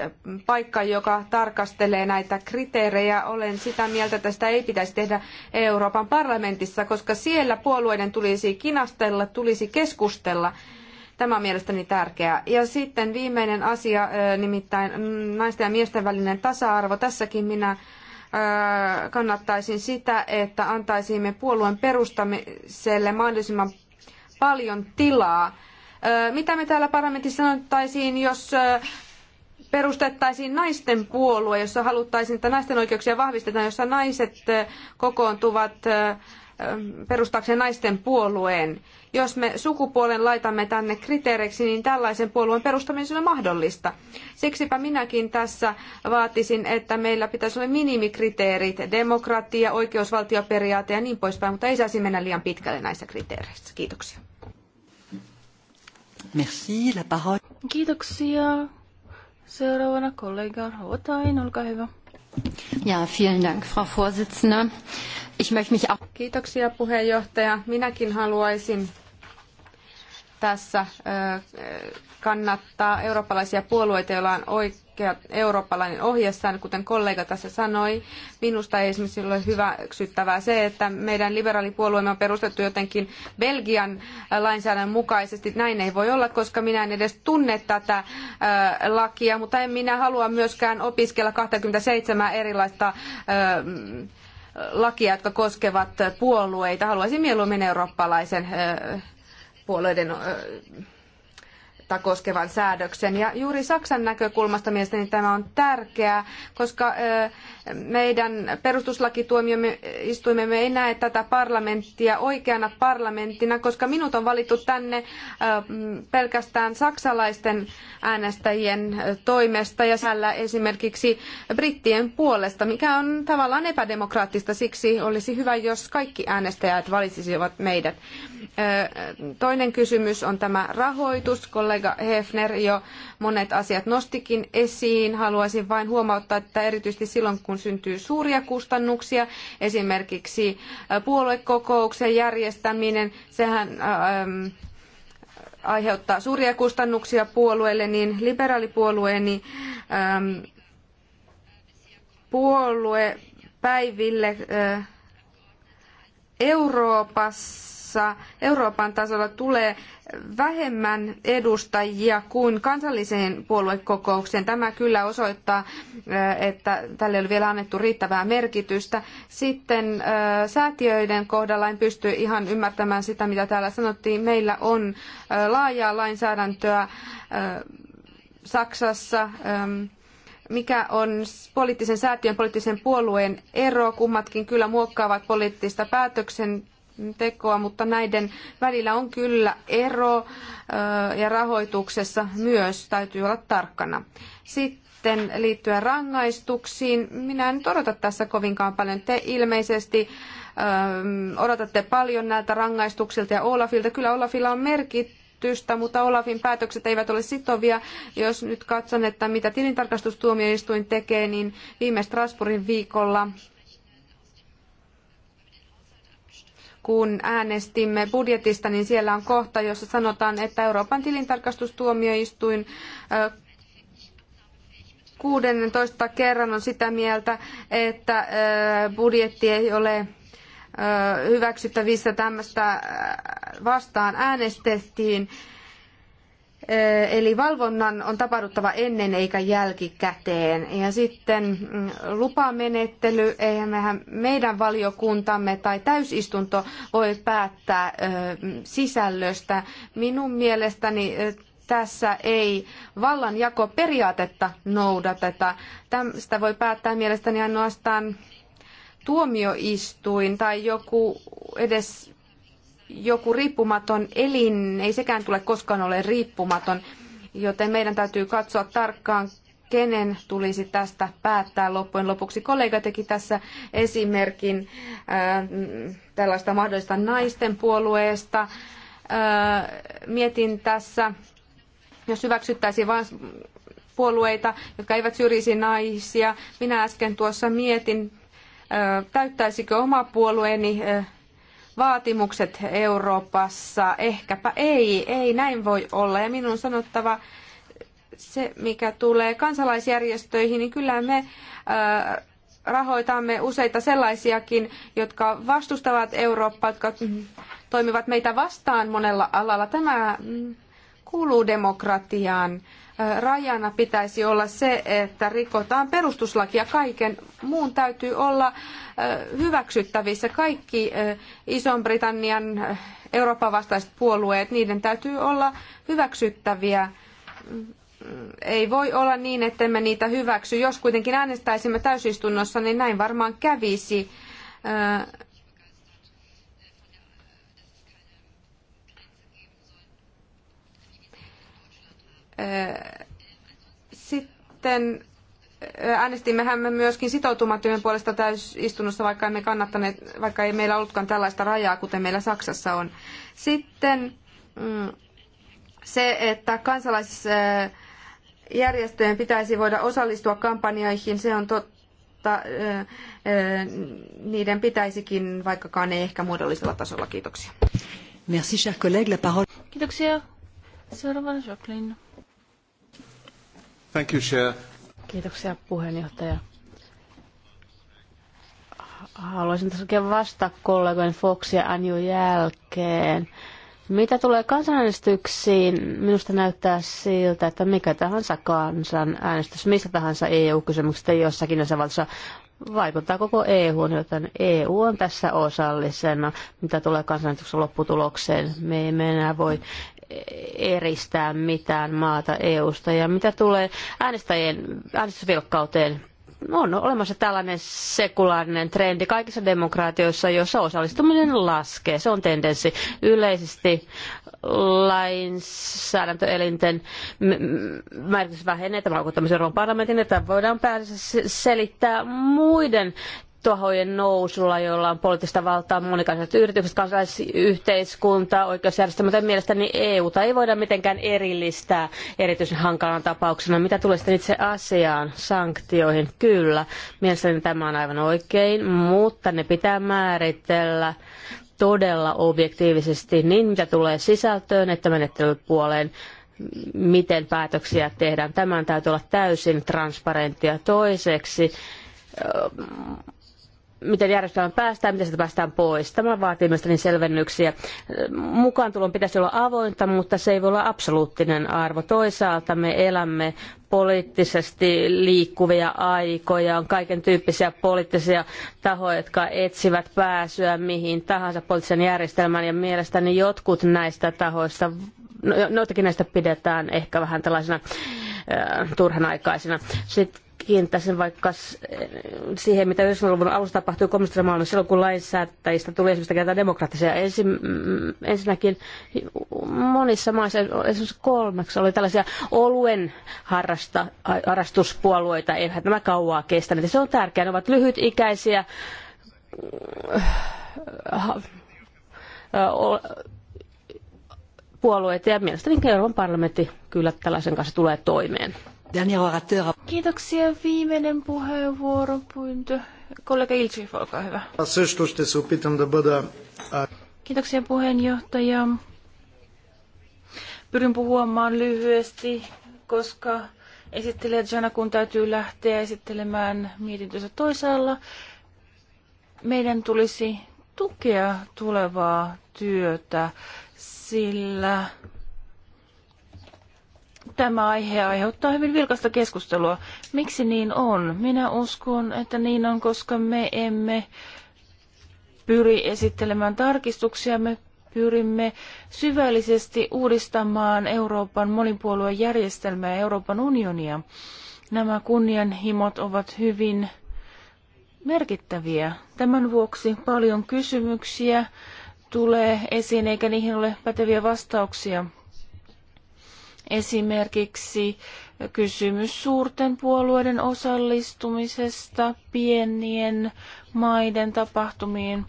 paikka, joka tarkastelee näitä kriteerejä. Olen sitä mieltä, että sitä ei pitäisi tehdä Euroopan parlamentissa, koska siellä puolueiden tulisi kinastella, tulisi keskustella. Tämä on mielestäni tärkeää. Ja sitten viimeinen asia, nimittäin naisten ja miesten välinen tasa-arvo. Tässäkin minä kannattaisin sitä, että antaisimme puolueen perustamiselle mahdollisimman paljon tilaa. Mitä me täällä parlamentissa sanottaisiin, jos perustettaisiin naisten puolue, jossa haluttaisiin, että naisten oikeuksia vahvistetaan, jossa naiset kokoontuvat perustaakseen naisten puolueen. Jos me sukupuolen laitamme tänne kriteereiksi, niin tällaisen puolueen perustaminen on mahdollista. Siksipä minäkin tässä vaatisin, että meillä pitäisi olla minimikriteerit, demokratia, oikeusvaltioperiaate ja niin poispäin, mutta ei saisi mennä liian pitkälle näissä kriteereissä. Kiitoksia. Merci, la parole. Kiitoksia. Seuraavana kollega Hotain, olkaa hyvä. Ja, vielen Dank, Frau Vorsitzende. Kiitoksia puheenjohtaja. Minäkin haluaisin tässä kannattaa eurooppalaisia puolueita, joilla on oikea eurooppalainen ohjesään, kuten kollega tässä sanoi. Minusta ei esimerkiksi ole hyväksyttävää se, että meidän liberaalipuolueemme on perustettu jotenkin Belgian lainsäädännön mukaisesti. Näin ei voi olla, koska minä en edes tunne tätä lakia, mutta en minä halua myöskään opiskella 27 erilaista lakia, jotka koskevat puolueita. Haluaisin mieluummin eurooppalaisen puolueiden vuotta koskevan säädöksen. Ja juuri Saksan näkökulmasta mielestäni tämä on tärkeää, koska meidän perustuslakituomioistuimemme ei näe tätä parlamenttia oikeana parlamenttina, koska minut on valittu tänne pelkästään saksalaisten äänestäjien toimesta ja siellä esimerkiksi brittien puolesta, mikä on tavallaan epädemokraattista. Siksi olisi hyvä, jos kaikki äänestäjät valitsisivat meidät. Toinen kysymys on tämä rahoitus. Kollega Kollega Hefner jo monet asiat nostikin esiin. Haluaisin vain huomauttaa, että erityisesti silloin kun syntyy suuria kustannuksia, esimerkiksi äh, puoluekokouksen järjestäminen, sehän äh, ähm, aiheuttaa suuria kustannuksia puolueelle, niin liberaalipuolueeni ähm, puoluepäiville äh, Euroopassa kanssa Euroopan tasolla tulee vähemmän edustajia kuin kansalliseen puoluekokoukseen. Tämä kyllä osoittaa, eh, että tälle ei ole vielä annettu riittävää merkitystä. Sitten eh, säätiöiden kohdalla en pysty ihan ymmärtämään sitä, mitä täällä sanottiin. Meillä on eh, laajaa lainsäädäntöä Saksassa mikä on poliittisen säätiön, poliittisen puolueen ero. Kummatkin kyllä muokkaavat poliittista päätöksen tekoa, mutta näiden välillä on kyllä ero ja rahoituksessa myös täytyy olla tarkkana. Sitten liittyen rangaistuksiin, minä en odota tässä kovinkaan paljon. Te ilmeisesti odotatte paljon näiltä rangaistuksilta ja Olafilta. Kyllä Olafilla on Tystä, mutta Olafin päätökset eivät ole sitovia. Jos nyt katson, että mitä tilintarkastustuomioistuin tekee, niin viime Strasbourgin viikolla kun äänestimme budjetista, niin siellä on kohta, jossa sanotaan, että Euroopan tilintarkastustuomioistuin 16 kerran on sitä mieltä, että budjetti ei ole hyväksyttävissä tämmöistä vastaan äänestettiin Eli valvonnan on tapahduttava ennen eikä jälkikäteen. Ja sitten mm, lupamenettely, eihän mehän, meidän valiokuntamme tai täysistunto voi päättää sisällöstä. Minun mielestäni tässä ei vallanjakoperiaatetta noudateta. Tästä voi päättää mielestäni ainoastaan tuomioistuin tai joku edes joku riippumaton elin ei sekään tule koskaan ole riippumaton, joten meidän täytyy katsoa tarkkaan, kenen tulisi tästä päättää loppujen lopuksi. Kollega teki tässä esimerkin ää, äh, tällaista mahdollista naisten puolueesta. Äh, mietin tässä, jos hyväksyttäisiin vain puolueita, jotka eivät syrjisi naisia. Minä äsken tuossa mietin, äh, täyttäisikö oma puolueeni vaatimukset Euroopassa. Ehkäpä ei, ei näin voi olla. Ja minun on sanottava se, mikä tulee kansalaisjärjestöihin, niin kyllä me äh, rahoitamme useita sellaisiakin, jotka vastustavat Eurooppaa, jotka toimivat meitä vastaan monella alalla. Tämä mm, kuuluu demokratiaan rajana pitäisi olla se, että rikotaan perustuslakia. Kaiken muun täytyy olla hyväksyttävissä. Kaikki Ison-Britannian Euroopan vastaiset puolueet, niiden täytyy olla hyväksyttäviä. Ei voi olla niin, ettemme niitä hyväksy. Jos kuitenkin äänestäisimme täysistunnossa, niin näin varmaan kävisi. Sitten äänestimmehän me myöskin sitoutumattomien puolesta täysistunnossa, vaikka emme kannattaneet, vaikka ei meillä ollutkaan tällaista rajaa, kuten meillä Saksassa on. Sitten mm, se, että kansalaisjärjestöjen pitäisi voida osallistua kampanjoihin, se on totta. Niiden pitäisikin, vaikkakaan ei ehkä muodollisella tasolla. Kiitoksia. Merci, cher collègue. La parole. Kiitoksia. Jacqueline. Thank you, Chair. Kiitoksia puheenjohtaja. Haluaisin tässä oikein vastata kollegojen Fox ja Anju jälkeen. Mitä tulee kansanäänestyksiin, minusta näyttää siltä, että mikä tahansa kansanäänestys, missä tahansa EU-kysymyksestä jossakin osavaltiossa vaikuttaa koko EU, joten EU on tässä osallisena, mitä tulee kansanäänestyksen lopputulokseen. Me emme enää voi eristää mitään maata EUsta. Ja mitä tulee äänestäjien äänestysvilkkauteen, on olemassa tällainen sekulaarinen trendi kaikissa demokraatioissa, jossa osallistuminen laskee. Se on tendenssi yleisesti lainsäädäntöelinten merkitys vähenee. Tämä on tämmöisen Euroopan parlamentin, että voidaan päästä selittää muiden tahojen nousulla, joilla on poliittista valtaa, monikansalliset yritykset, kansalaisyhteiskunta, oikeusjärjestelmä, mielestäni ta ei voida mitenkään erillistää erityisen hankalan tapauksena. Mitä tulee sitten itse asiaan, sanktioihin? Kyllä, mielestäni tämä on aivan oikein, mutta ne pitää määritellä todella objektiivisesti niin, mitä tulee sisältöön, että menettelypuoleen miten päätöksiä tehdään. Tämän täytyy olla täysin transparenttia. Toiseksi miten järjestelmään päästään, miten sitä päästään pois. Tämä vaatii niin selvennyksiä. Mukaantulon pitäisi olla avointa, mutta se ei voi olla absoluuttinen arvo. Toisaalta me elämme poliittisesti liikkuvia aikoja, on kaiken tyyppisiä poliittisia tahoja, jotka etsivät pääsyä mihin tahansa poliittisen järjestelmään, ja mielestäni jotkut näistä tahoista, no, joitakin näistä pidetään ehkä vähän tällaisena äh, turhanaikaisina. Sitten kiinnittäisin vaikka siihen, mitä 90-luvun alussa tapahtui kommunistisessa maailmassa silloin, kun lainsäätäjistä tuli ensimmäistä kertaa demokraattisia. Ensin, mm, ensinnäkin monissa maissa, esimerkiksi kolmeksi, oli tällaisia oluen harrasta, harrastuspuolueita. Eihän nämä kauaa kestäneet. Se on tärkeää. Ne ovat lyhytikäisiä äh, puolueita ja mielestäni Euroopan parlamentti kyllä tällaisen kanssa tulee toimeen. Kiitoksia. Viimeinen puheenvuoropyyntö. Kollega Ilchief, olkaa hyvä. Kiitoksia puheenjohtaja. Pyrin puhumaan lyhyesti, koska esittelijä Jana kun täytyy lähteä esittelemään mietintönsä toisaalla. Meidän tulisi tukea tulevaa työtä, sillä tämä aihe aiheuttaa hyvin vilkasta keskustelua. Miksi niin on? Minä uskon, että niin on, koska me emme pyri esittelemään tarkistuksia, me pyrimme syvällisesti uudistamaan Euroopan monipuoluejärjestelmää ja Euroopan unionia. Nämä kunnianhimot ovat hyvin merkittäviä. Tämän vuoksi paljon kysymyksiä tulee esiin, eikä niihin ole päteviä vastauksia. Esimerkiksi kysymys suurten puolueiden osallistumisesta pienien maiden tapahtumiin.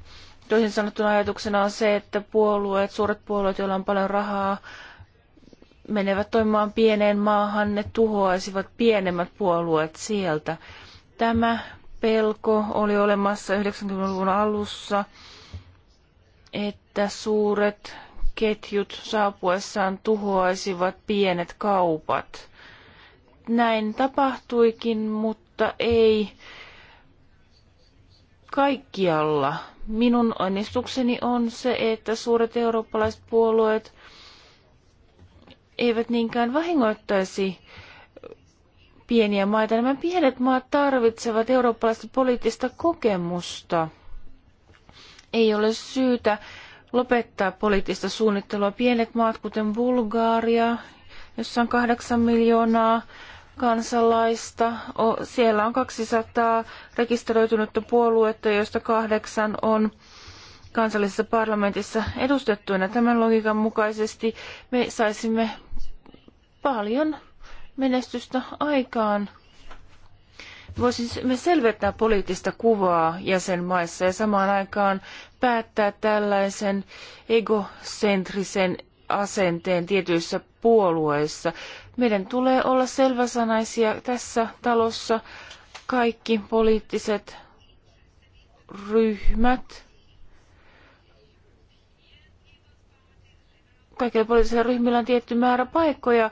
Toisin sanottuna ajatuksena on se, että puolueet, suuret puolueet, joilla on paljon rahaa, menevät toimimaan pieneen maahan, ne tuhoaisivat pienemmät puolueet sieltä. Tämä pelko oli olemassa 90-luvun alussa, että suuret ketjut saapuessaan tuhoaisivat pienet kaupat. Näin tapahtuikin, mutta ei kaikkialla. Minun onnistukseni on se, että suuret eurooppalaiset puolueet eivät niinkään vahingoittaisi pieniä maita. Nämä pienet maat tarvitsevat eurooppalaista poliittista kokemusta. Ei ole syytä lopettaa poliittista suunnittelua. Pienet maat, kuten Bulgaria, jossa on kahdeksan miljoonaa kansalaista, siellä on 200 rekisteröitynyttä puoluetta, joista kahdeksan on kansallisessa parlamentissa edustettuina. Tämän logiikan mukaisesti me saisimme paljon menestystä aikaan voisimme selventää poliittista kuvaa jäsenmaissa ja samaan aikaan päättää tällaisen egocentrisen asenteen tietyissä puolueissa. Meidän tulee olla selväsanaisia tässä talossa kaikki poliittiset ryhmät kaikilla poliittisilla ryhmillä on tietty määrä paikkoja.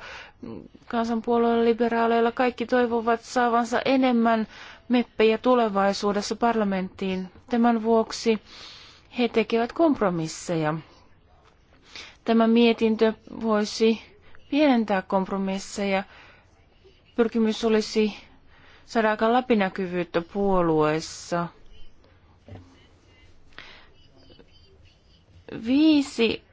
Kansanpuolueilla, liberaaleilla kaikki toivovat saavansa enemmän meppejä tulevaisuudessa parlamenttiin. Tämän vuoksi he tekevät kompromisseja. Tämä mietintö voisi pienentää kompromisseja. Pyrkimys olisi saada aika läpinäkyvyyttä puolueessa. Viisi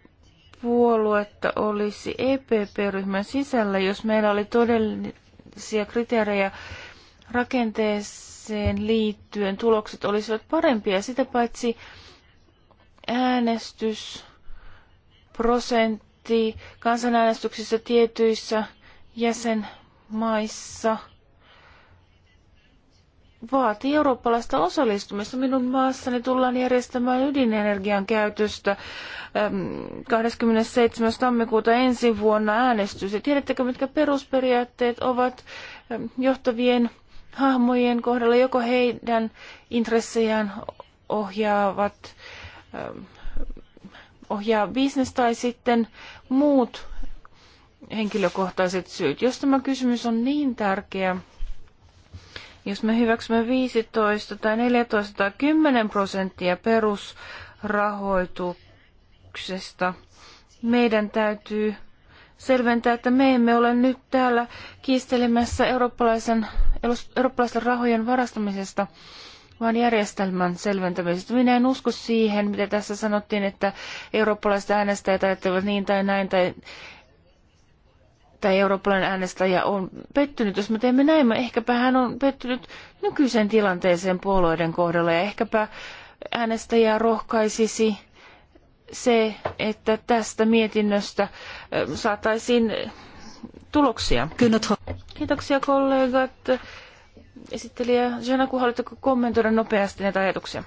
puoluetta olisi EPP-ryhmän sisällä, jos meillä oli todellisia kriteerejä rakenteeseen liittyen, tulokset olisivat parempia. Sitä paitsi äänestysprosentti kansanäänestyksissä tietyissä jäsenmaissa – vaatii eurooppalaista osallistumista. Minun maassani tullaan järjestämään ydinenergian käytöstä 27. tammikuuta ensi vuonna äänestys. Ja tiedättekö, mitkä perusperiaatteet ovat johtavien hahmojen kohdalla? Joko heidän intressejään ohjaavat ohjaa bisnes tai sitten muut henkilökohtaiset syyt. Jos tämä kysymys on niin tärkeä, jos me hyväksymme 15 tai 14 tai 10 prosenttia perusrahoituksesta, meidän täytyy selventää, että me emme ole nyt täällä kiistelemässä eurooppalaisen, eurooppalaisen rahojen varastamisesta, vaan järjestelmän selventämisestä. Minä en usko siihen, mitä tässä sanottiin, että eurooppalaiset äänestäjät ajattelevat niin tai näin, tai tai eurooppalainen äänestäjä on pettynyt. Jos me teemme näin, mutta ehkäpä hän on pettynyt nykyiseen tilanteeseen puolueiden kohdalla ja ehkäpä äänestäjää rohkaisisi se, että tästä mietinnöstä saataisiin tuloksia. Kiitoksia kollegat. Esittelijä Jana, kun haluatteko kommentoida nopeasti näitä ajatuksia?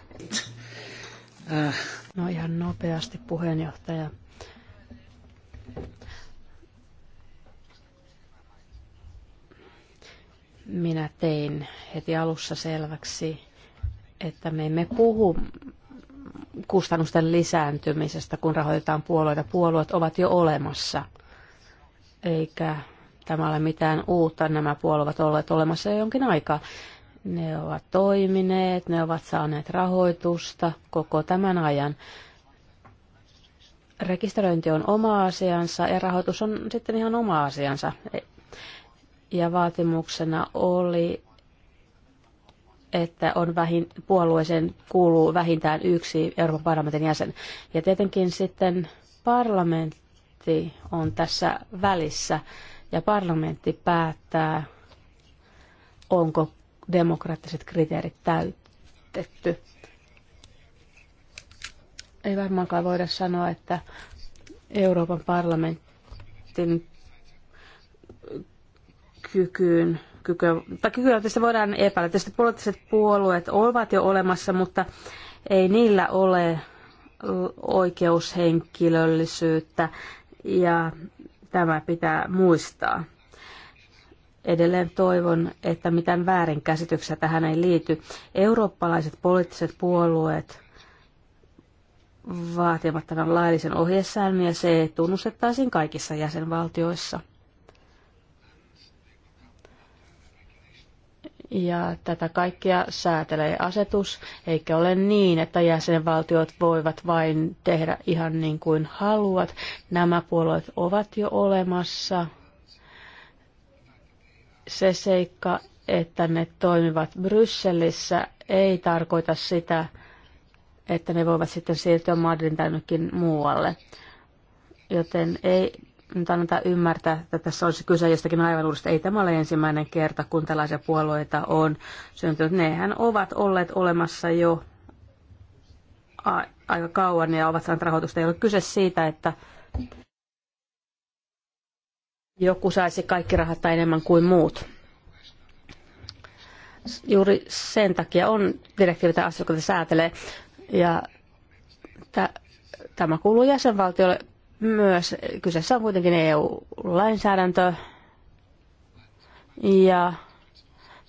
Äh. No ihan nopeasti puheenjohtaja. Minä tein heti alussa selväksi, että me emme puhu kustannusten lisääntymisestä, kun rahoitetaan puolueita. Puolueet ovat jo olemassa, eikä tämä ole mitään uutta. Nämä puolueet ovat olleet olemassa jo jonkin aikaa. Ne ovat toimineet, ne ovat saaneet rahoitusta koko tämän ajan. Rekisteröinti on oma asiansa ja rahoitus on sitten ihan oma asiansa ja vaatimuksena oli, että on vähin, puolueeseen kuuluu vähintään yksi Euroopan parlamentin jäsen. Ja tietenkin sitten parlamentti on tässä välissä ja parlamentti päättää, onko demokraattiset kriteerit täytetty. Ei varmaankaan voida sanoa, että Euroopan parlamentin kykyyn, kykyä, tai kykyä tästä voidaan epäillä. Tietysti poliittiset puolueet ovat jo olemassa, mutta ei niillä ole oikeushenkilöllisyyttä ja tämä pitää muistaa. Edelleen toivon, että mitään väärinkäsityksiä tähän ei liity. Eurooppalaiset poliittiset puolueet vaatimattavan laillisen ohjesäännön ja se tunnustettaisiin kaikissa jäsenvaltioissa. Ja tätä kaikkea säätelee asetus, eikä ole niin, että jäsenvaltiot voivat vain tehdä ihan niin kuin haluat. Nämä puolueet ovat jo olemassa. Se seikka, että ne toimivat Brysselissä, ei tarkoita sitä, että ne voivat sitten siirtyä Madridin tai muualle. Joten ei nyt annetaan ymmärtää, että tässä olisi kyse jostakin aivan uudesta. Ei tämä ole ensimmäinen kerta, kun tällaisia puolueita on syntynyt. Nehän ovat olleet olemassa jo aika kauan ja ovat saaneet rahoitusta. Ei ole kyse siitä, että joku saisi kaikki rahat tai enemmän kuin muut. Juuri sen takia on direktiivi tai asia, joka säätelee. Ja tämä kuuluu jäsenvaltiolle myös kyseessä on kuitenkin EU-lainsäädäntö ja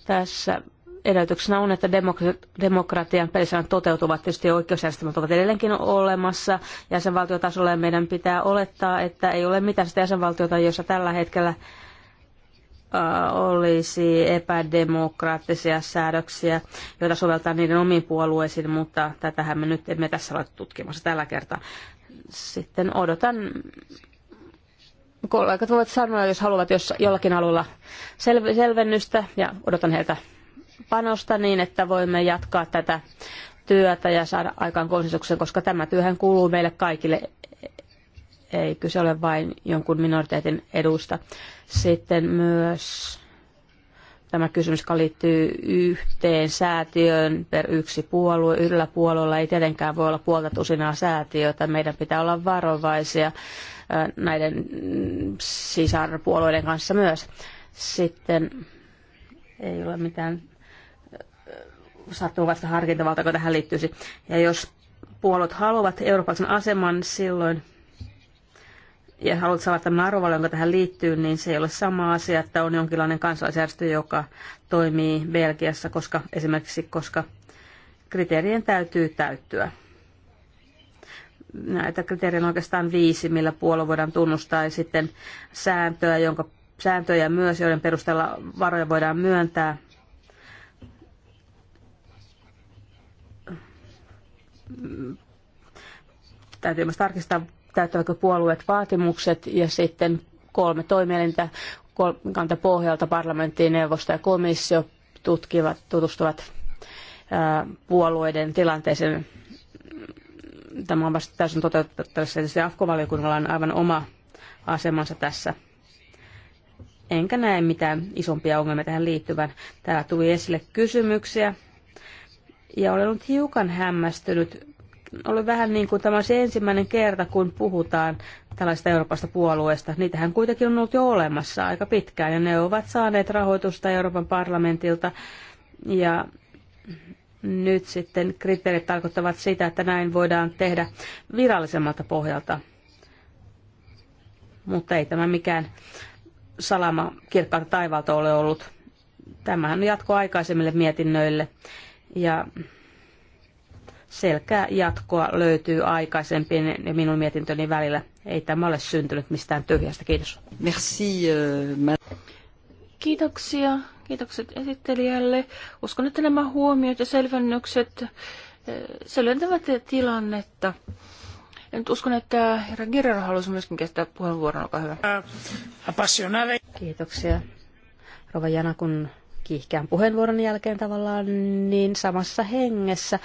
tässä edellytyksenä on, että demokratian pelisäännöt toteutuvat. Tietysti oikeusjärjestelmät ovat edelleenkin olemassa jäsenvaltiotasolla ja meidän pitää olettaa, että ei ole mitään sitä jäsenvaltiota, jossa tällä hetkellä olisi epädemokraattisia säädöksiä, joita soveltaa niiden omiin puolueisiin, mutta tätähän me nyt emme tässä ole tutkimassa tällä kertaa sitten odotan kollegat voivat sanoa, jos haluavat jos jollakin alueella sel- selvennystä ja odotan heiltä panosta niin, että voimme jatkaa tätä työtä ja saada aikaan konsensuksen, koska tämä työhän kuuluu meille kaikille. Ei kyse ole vain jonkun minoriteetin edusta. Sitten myös Tämä kysymys, joka liittyy yhteen säätiöön per yksi puolue, yhdellä puolueella ei tietenkään voi olla puolta tusinaa säätiötä. Meidän pitää olla varovaisia näiden mm, sisarpuolueiden kanssa myös. Sitten ei ole mitään sattuvasta harkintavaltaa, kun tähän liittyisi. Ja jos puolueet haluavat Euroopan aseman, silloin ja haluat saada tämän arvovallan, joka tähän liittyy, niin se ei ole sama asia, että on jonkinlainen kansalaisjärjestö, joka toimii Belgiassa, koska esimerkiksi koska kriteerien täytyy täyttyä. Näitä kriteerejä on oikeastaan viisi, millä puolue voidaan tunnustaa ja sitten sääntöä, jonka, sääntöjä myös, joiden perusteella varoja voidaan myöntää. Täytyy myös tarkistaa täyttävätkö puolueet vaatimukset ja sitten kolme toimielintä kanta pohjalta parlamenttiin, neuvosto ja komissio tutkivat, tutustuvat ää, puolueiden tilanteeseen. Tämä on vasta täysin toteutettavissa. Tietysti AFKO-valiokunnalla on aivan oma asemansa tässä. Enkä näe mitään isompia ongelmia tähän liittyvän. Täällä tuli esille kysymyksiä. Ja olen ollut hiukan hämmästynyt ollut vähän niin kuin tämä se ensimmäinen kerta, kun puhutaan tällaista Euroopasta puolueesta. Niitähän kuitenkin on ollut jo olemassa aika pitkään ja ne ovat saaneet rahoitusta Euroopan parlamentilta ja nyt sitten kriteerit tarkoittavat sitä, että näin voidaan tehdä virallisemmalta pohjalta. Mutta ei tämä mikään salama kirkkaalta taivaalta ole ollut. Tämähän on jatko aikaisemmille mietinnöille. Ja selkää jatkoa löytyy aikaisempien ja minun mietintöni välillä. Ei tämä ole syntynyt mistään tyhjästä. Kiitos. Merci, äh, Kiitoksia. Kiitokset esittelijälle. Uskon, että nämä huomiot ja selvennykset äh, selventävät tilannetta. Ja nyt uskon, että herra Girero haluaisi myöskin kestää puheenvuoron. Olkaa hyvä. Kiitoksia. Rova Jana, kun kiihkeän puheenvuoron jälkeen tavallaan, niin samassa hengessä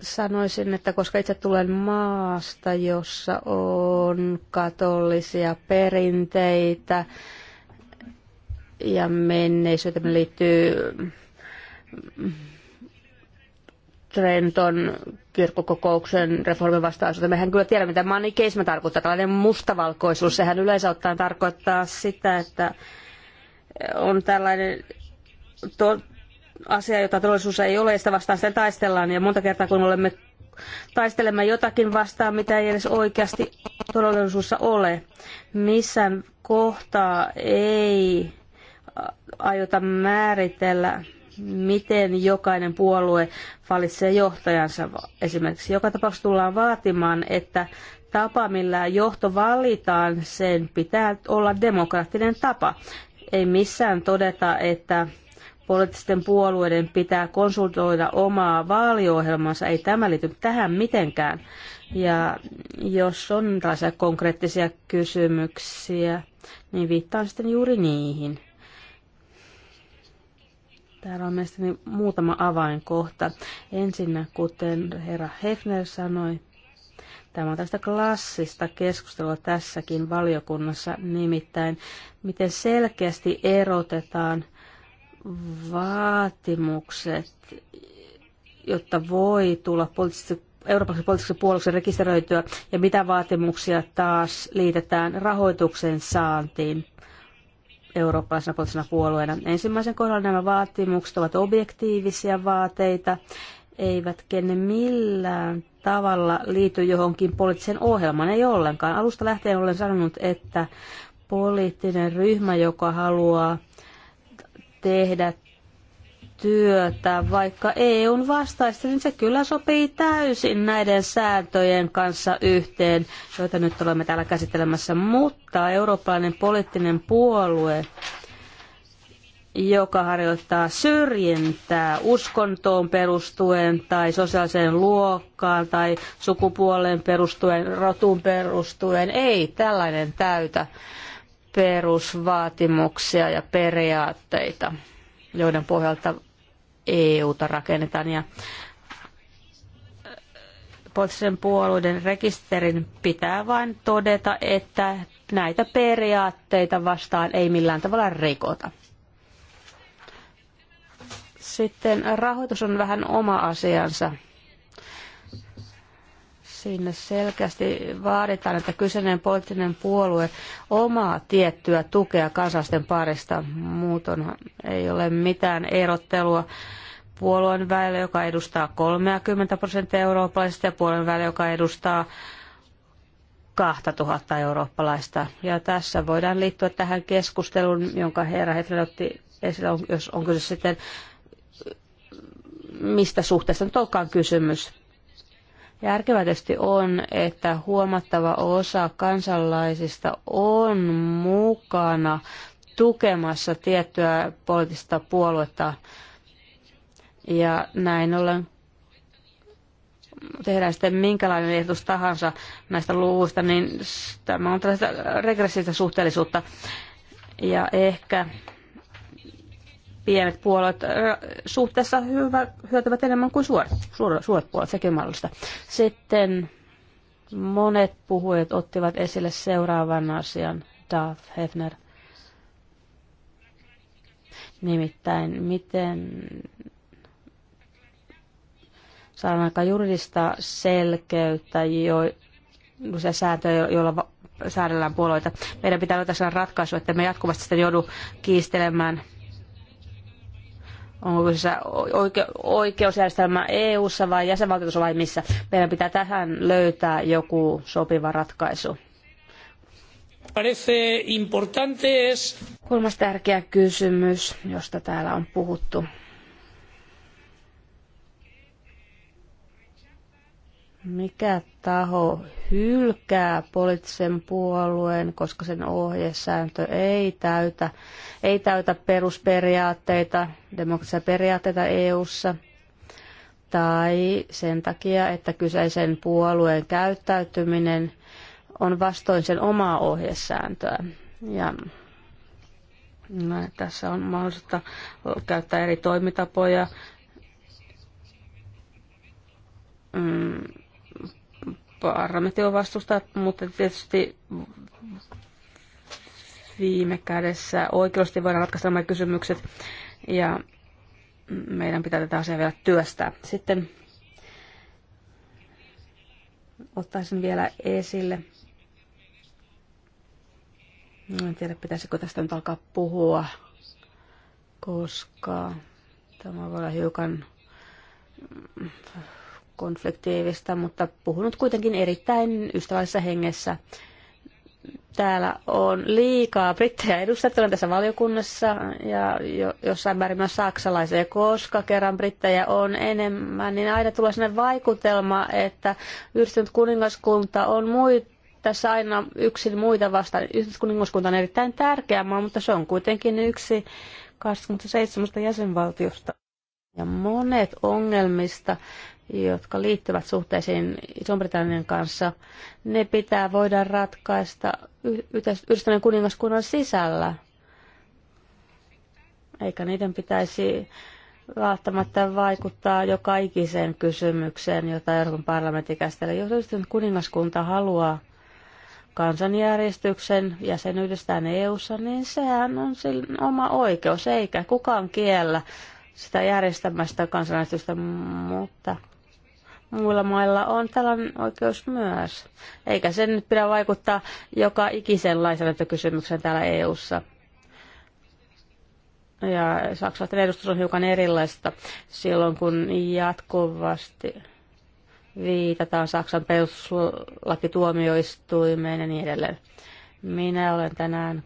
sanoisin, että koska itse tulen maasta, jossa on katolisia perinteitä ja menneisyyteen liittyy Trenton kirkkokokouksen reformin vastaisuuteen. Mehän kyllä tiedämme, mitä manikeismi tarkoittaa. Tällainen mustavalkoisuus, sehän yleensä ottaen tarkoittaa sitä, että on tällainen to- asia, jota todellisuus ei ole, ja sitä vastaan sitä taistellaan. Ja monta kertaa, kun olemme taistelemme jotakin vastaan, mitä ei edes oikeasti todellisuudessa ole. Missään kohtaa ei aiota määritellä, miten jokainen puolue valitsee johtajansa. Esimerkiksi joka tapauksessa tullaan vaatimaan, että tapa, millä johto valitaan, sen pitää olla demokraattinen tapa. Ei missään todeta, että poliittisten puolueiden pitää konsultoida omaa vaaliohjelmansa. Ei tämä liity tähän mitenkään. Ja jos on tällaisia konkreettisia kysymyksiä, niin viittaan sitten juuri niihin. Täällä on mielestäni muutama avainkohta. Ensinnä, kuten herra Hefner sanoi, Tämä on tästä klassista keskustelua tässäkin valiokunnassa, nimittäin miten selkeästi erotetaan vaatimukset, jotta voi tulla poliittisesti Euroopan poliittisen puoluksen rekisteröityä ja mitä vaatimuksia taas liitetään rahoituksen saantiin eurooppalaisena poliittisena puolueena. Ensimmäisen kohdalla nämä vaatimukset ovat objektiivisia vaateita, eivät ne millään tavalla liity johonkin poliittiseen ohjelmaan, ei ollenkaan. Alusta lähtien olen sanonut, että poliittinen ryhmä, joka haluaa tehdä työtä, vaikka EUn vastaista, niin se kyllä sopii täysin näiden sääntöjen kanssa yhteen, joita nyt olemme täällä käsittelemässä. Mutta eurooppalainen poliittinen puolue, joka harjoittaa syrjintää uskontoon perustuen tai sosiaaliseen luokkaan tai sukupuoleen perustuen, rotuun perustuen, ei tällainen täytä perusvaatimuksia ja periaatteita, joiden pohjalta EUta rakennetaan. Ja äh, poliittisen puolueiden rekisterin pitää vain todeta, että näitä periaatteita vastaan ei millään tavalla rikota. Sitten rahoitus on vähän oma asiansa. Siinä selkeästi vaaditaan, että kyseinen poliittinen puolue omaa tiettyä tukea kansalaisten parista. Muuton ei ole mitään erottelua puolueen välillä, joka edustaa 30 prosenttia eurooppalaisista ja puolueen välillä, joka edustaa 2000 eurooppalaista. Ja tässä voidaan liittyä tähän keskusteluun, jonka herra Hetler otti esille, jos on kyse sitten mistä suhteesta nyt olkaan kysymys. Järkevästi tietysti on, että huomattava osa kansalaisista on mukana tukemassa tiettyä poliittista puoluetta. Ja näin ollen tehdään sitten minkälainen ehdotus tahansa näistä luvuista, niin tämä on tällaista regressiivistä suhteellisuutta. Ja ehkä pienet puolet suhteessa hyvä, hyötyvät enemmän kuin suuret, suuret, suuret puolet, sekin mahdollista. Sitten monet puhujat ottivat esille seuraavan asian, Darth Hefner. Nimittäin, miten saadaan aika juridista selkeyttä, jo, se sääntö, jolla säädellään puolueita. Meidän pitää löytää sellainen ratkaisu, että me jatkuvasti sitten joudu kiistelemään – onko se oike- oikeusjärjestelmä EU-ssa vai jäsenvaltiossa vai missä. Meidän pitää tähän löytää joku sopiva ratkaisu. Kolmas tärkeä kysymys, josta täällä on puhuttu. mikä taho hylkää poliittisen puolueen, koska sen ohjesääntö ei täytä, ei täytä perusperiaatteita, demokraattisia periaatteita EU:ssa, tai sen takia, että kyseisen puolueen käyttäytyminen on vastoin sen omaa ohjesääntöä. Ja no, tässä on mahdollista käyttää eri toimitapoja. Mm, Parlamentti on vastusta, mutta tietysti viime kädessä oikeasti voidaan ratkaista nämä kysymykset ja meidän pitää tätä asiaa vielä työstää. Sitten ottaisin vielä esille. En tiedä, pitäisikö tästä nyt alkaa puhua, koska tämä voi olla hiukan konfliktiivista, mutta puhunut kuitenkin erittäin ystävällisessä hengessä. Täällä on liikaa brittejä edustettuna tässä valiokunnassa ja jo, jossain määrin myös saksalaisia. Koska kerran brittejä on enemmän, niin aina tulee sellainen vaikutelma, että yhdistynyt kuningaskunta on muita tässä aina yksin muita vastaan. kuningaskunta on erittäin tärkeä maa, mutta se on kuitenkin yksi 27 jäsenvaltiosta. Ja monet ongelmista, jotka liittyvät suhteisiin Iso-Britannian kanssa, ne pitää voida ratkaista yhdistyneen kuningaskunnan sisällä. Eikä niiden pitäisi välttämättä vaikuttaa joka ikiseen kysymykseen, jota Euroopan parlamentti käsittelee. Jos yhdistynyt kuningaskunta haluaa kansanjärjestyksen ja yhdistään EU-ssa, niin sehän on oma oikeus, eikä kukaan kiellä sitä järjestämästä kansanäänestystä, mutta muilla mailla on tällainen oikeus myös. Eikä sen nyt pidä vaikuttaa joka ikisen lainsäädäntökysymykseen täällä EU-ssa. Ja saksalaisten edustus on hiukan erilaista silloin, kun jatkuvasti viitataan Saksan perustuslakituomioistuimeen ja niin edelleen. Minä olen tänään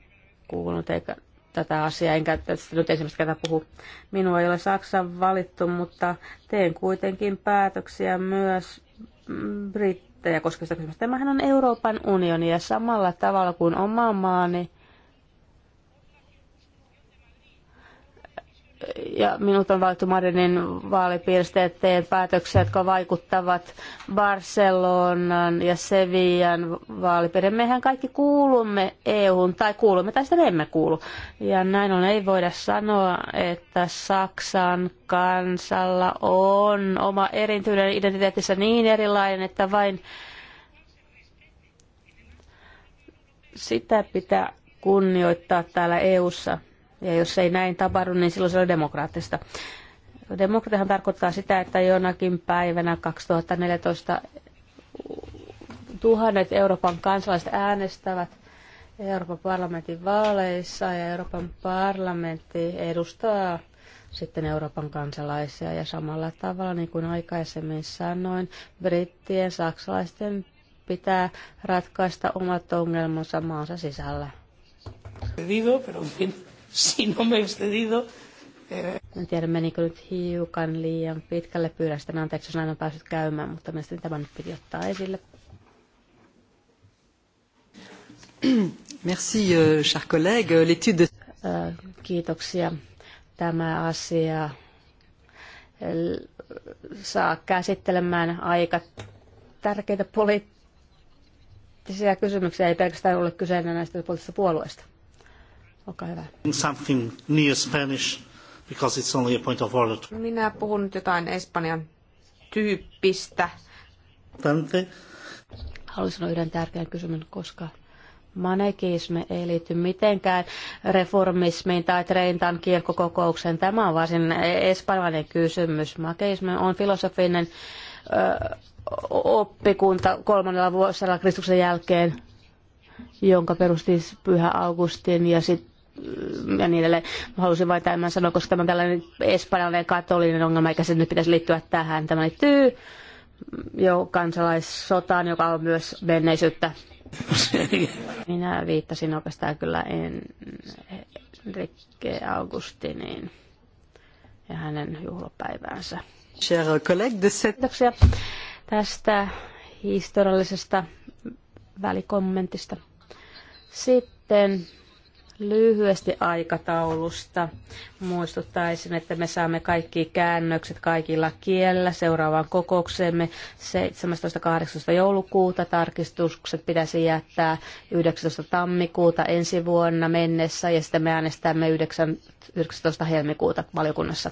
kuullut, eikä tätä asiaa, enkä tästä nyt ensimmäistä kertaa puhu. Minua ei ole Saksan valittu, mutta teen kuitenkin päätöksiä myös brittejä koskevista kysymyksistä. Tämähän on Euroopan unioni ja samalla tavalla kuin oma maani ja minut on valittu Madridin vaalipiiristä teen päätöksiä, jotka vaikuttavat Barcelonan ja Sevillan vaalipiirin. Mehän kaikki kuulumme EUhun, tai kuulumme tai sitten emme kuulu. Ja näin on, ei voida sanoa, että Saksan kansalla on oma erityinen identiteettissä niin erilainen, että vain sitä pitää kunnioittaa täällä EUssa. ssa ja jos ei näin tapahdu, niin silloin se on demokraattista. Demokratiahan tarkoittaa sitä, että jonakin päivänä 2014 tuhannet Euroopan kansalaiset äänestävät Euroopan parlamentin vaaleissa ja Euroopan parlamentti edustaa sitten Euroopan kansalaisia ja samalla tavalla, niin kuin aikaisemmin sanoin, brittien, saksalaisten pitää ratkaista omat ongelmansa maansa sisällä. Vivo, pero en fin. Sinumme no excedido. Eh, en tiedä, menikö nyt hiukan liian pitkälle. pyydästä. sitä anteeksi, jos näin on päässyt käymään, mutta mielestäni tämä nyt piti ottaa esille. Merci, euh, cher collègue. L'étude Kiitoksia. Tämä asia saa käsittelemään aika tärkeitä poliittisia kysymyksiä. Ei pelkästään ole kyse näistä poliittisista puolueista. Olkaa hyvä. Something near Spanish, because it's only a point of order. Minä puhun nyt jotain Espanjan tyyppistä. Tante. Haluaisin sanoa yhden tärkeän kysymyksen, koska manekismi ei liity mitenkään reformismiin tai Treintan kirkkokokoukseen. Tämä on varsin espanjalainen kysymys. Makeismi on filosofinen ö, oppikunta kolmannella vuosisadalla Kristuksen jälkeen, jonka perusti Pyhä Augustin ja sitten ja niin edelleen. Halusin vain tämän sanoa, koska tämä on tällainen espanjalainen katolinen ongelma, eikä se nyt pitäisi liittyä tähän. Tämä liittyy jo kansalaissotaan, joka on myös menneisyyttä. Minä viittasin oikeastaan kyllä Enrique Augustiniin ja hänen juhlapäiväänsä. Kiitoksia tästä historiallisesta välikommentista. Sitten Lyhyesti aikataulusta muistuttaisin, että me saamme kaikki käännökset kaikilla kielillä seuraavaan kokoukseemme 17.8. joulukuuta. Tarkistukset pitäisi jättää 19. tammikuuta ensi vuonna mennessä ja sitten me äänestämme 19. helmikuuta valiokunnassa.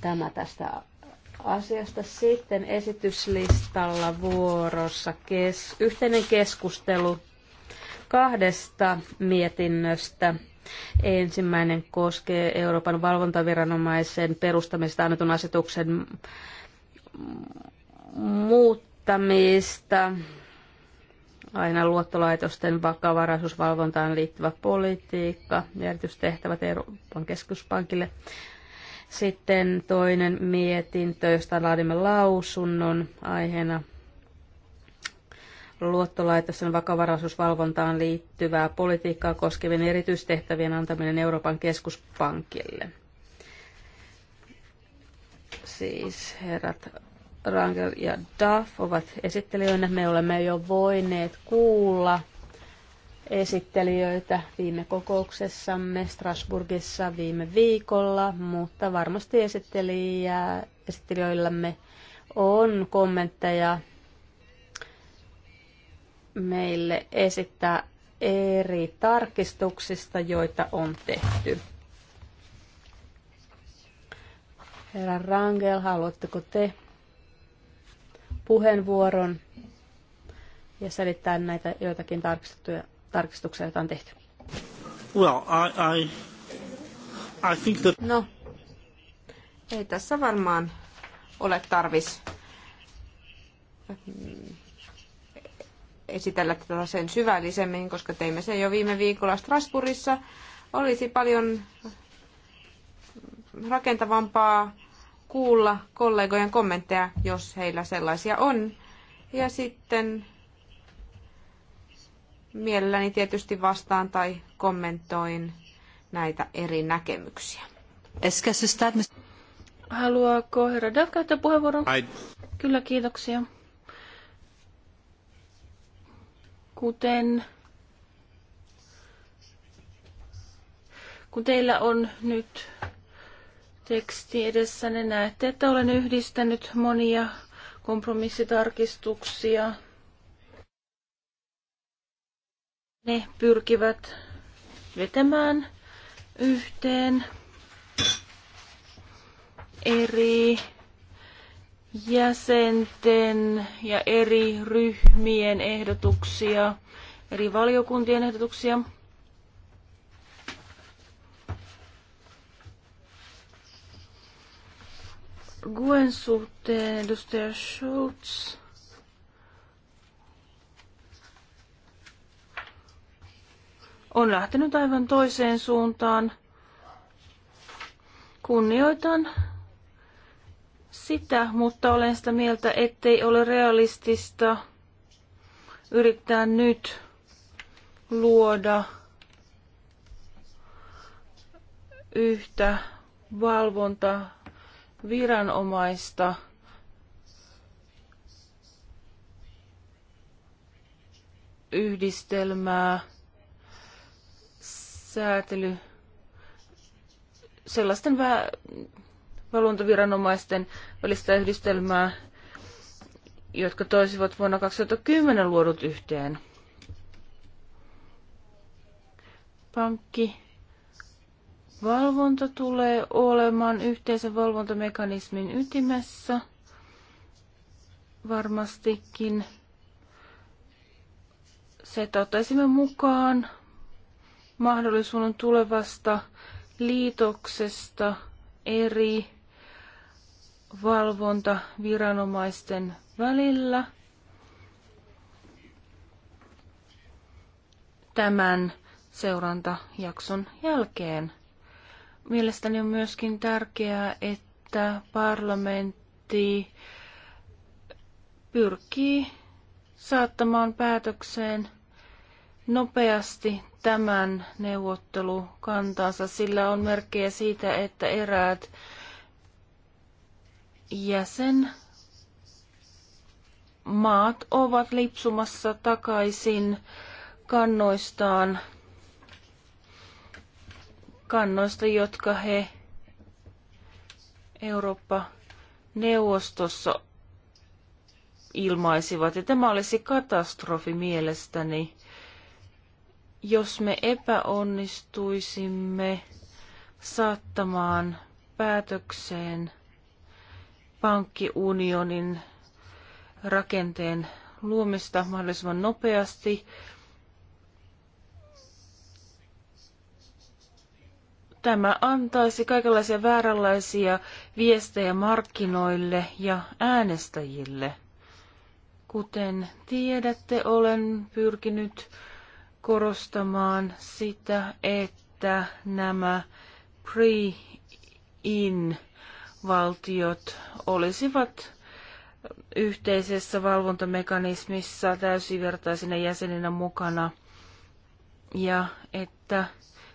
Tämä tästä asiasta sitten esityslistalla vuorossa kes- yhteinen keskustelu kahdesta mietinnöstä. Ensimmäinen koskee Euroopan valvontaviranomaisen perustamisesta annetun asetuksen muuttamista. Aina luottolaitosten vakavaraisuusvalvontaan liittyvä politiikka, järjestystehtävät Euroopan keskuspankille. Sitten toinen mietintö, josta laadimme lausunnon aiheena luottolaitosten vakavaraisuusvalvontaan liittyvää politiikkaa koskevien erityistehtävien antaminen Euroopan keskuspankille. Siis herrat Rangel ja Duff ovat esittelijöinä. Me olemme jo voineet kuulla esittelijöitä viime kokouksessamme Strasburgissa viime viikolla, mutta varmasti esittelijä, esittelijöillämme on kommentteja meille esittää eri tarkistuksista, joita on tehty. Herra Rangel, haluatteko te puheenvuoron ja selittää näitä joitakin tarkistettuja tarkistuksia, joita on tehty? Well, I, I, I think that... No, ei tässä varmaan ole tarvis esitellä tätä sen syvällisemmin, koska teimme sen jo viime viikolla Strasbourgissa. Olisi paljon rakentavampaa kuulla kollegojen kommentteja, jos heillä sellaisia on. Ja sitten mielelläni tietysti vastaan tai kommentoin näitä eri näkemyksiä. Haluaako herra Duff puheenvuoron? Kyllä, kiitoksia. kuten kun teillä on nyt teksti edessä, niin näette, että olen yhdistänyt monia kompromissitarkistuksia. Ne pyrkivät vetämään yhteen eri jäsenten ja eri ryhmien ehdotuksia, eri valiokuntien ehdotuksia. Guen suhteen edustaja Schultz. On lähtenyt aivan toiseen suuntaan. Kunnioitan sitä, mutta olen sitä mieltä, ettei ole realistista yrittää nyt luoda yhtä valvonta viranomaista yhdistelmää säätely sellaisten vä- valvontaviranomaisten välistä yhdistelmää, jotka toisivat vuonna 2010 luodut yhteen. Pankki Valvonta tulee olemaan yhteisen valvontamekanismin ytimessä varmastikin. Se, että ottaisimme mukaan mahdollisuuden tulevasta liitoksesta eri valvonta viranomaisten välillä tämän seurantajakson jälkeen. Mielestäni on myöskin tärkeää, että parlamentti pyrkii saattamaan päätökseen nopeasti tämän neuvottelukantansa, sillä on merkkejä siitä, että eräät jäsen maat ovat lipsumassa takaisin kannoistaan, kannoista, jotka he Eurooppa-neuvostossa ilmaisivat. Ja tämä olisi katastrofi mielestäni, jos me epäonnistuisimme saattamaan päätökseen – pankkiunionin rakenteen luomista mahdollisimman nopeasti. Tämä antaisi kaikenlaisia vääränlaisia viestejä markkinoille ja äänestäjille. Kuten tiedätte, olen pyrkinyt korostamaan sitä, että nämä pre-in valtiot olisivat yhteisessä valvontamekanismissa täysivertaisina jäseninä mukana ja että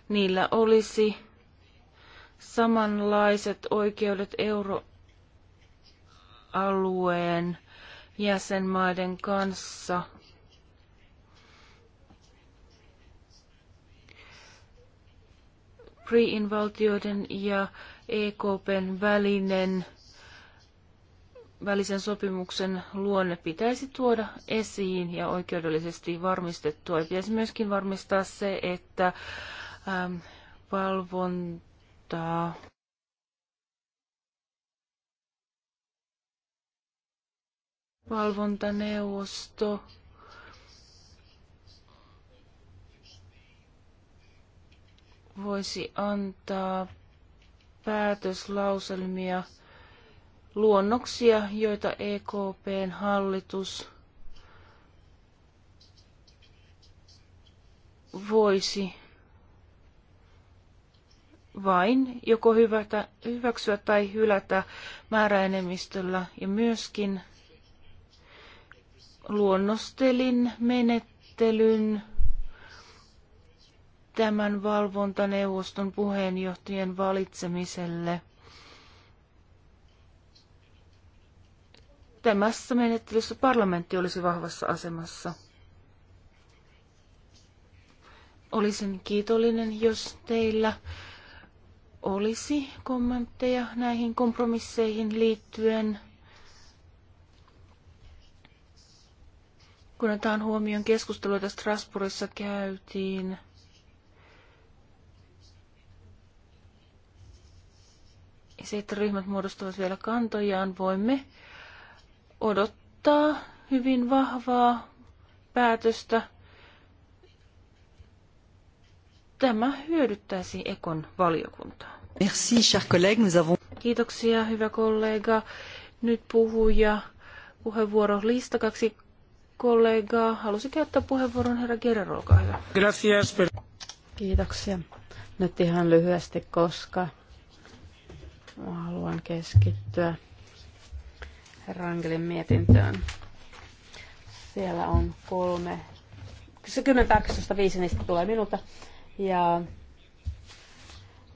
niillä olisi samanlaiset oikeudet euroalueen jäsenmaiden kanssa. Pre-invaltioiden ja EKPn välinen välisen sopimuksen luonne pitäisi tuoda esiin ja oikeudellisesti varmistettua. Ja pitäisi myöskin varmistaa se, että ähm, valvontaa valvontaneuvosto voisi antaa päätöslauselmia, luonnoksia, joita EKPn hallitus voisi vain joko hyvätä, hyväksyä tai hylätä määräenemmistöllä ja myöskin luonnostelin menettelyn tämän valvontaneuvoston puheenjohtajien valitsemiselle. Tämässä menettelyssä parlamentti olisi vahvassa asemassa. Olisin kiitollinen, jos teillä olisi kommentteja näihin kompromisseihin liittyen. Kun otetaan huomioon keskustelua, jota Strasbourgissa käytiin – se, että ryhmät muodostavat vielä kantojaan, voimme odottaa hyvin vahvaa päätöstä. Tämä hyödyttäisi Ekon valiokuntaa. Merci, cher collègue. Nous avons... Kiitoksia, hyvä kollega. Nyt puhuja puheenvuoro lista kaksi kollegaa. Halusi käyttää puheenvuoron herra Guerrero, olkaa hyvä. Gracias. Kiitoksia. Nyt ihan lyhyesti, koska haluan keskittyä Rangelin mietintöön. Siellä on kolme, se kymmenen tarkistusta, viisi niistä tulee minulta. Ja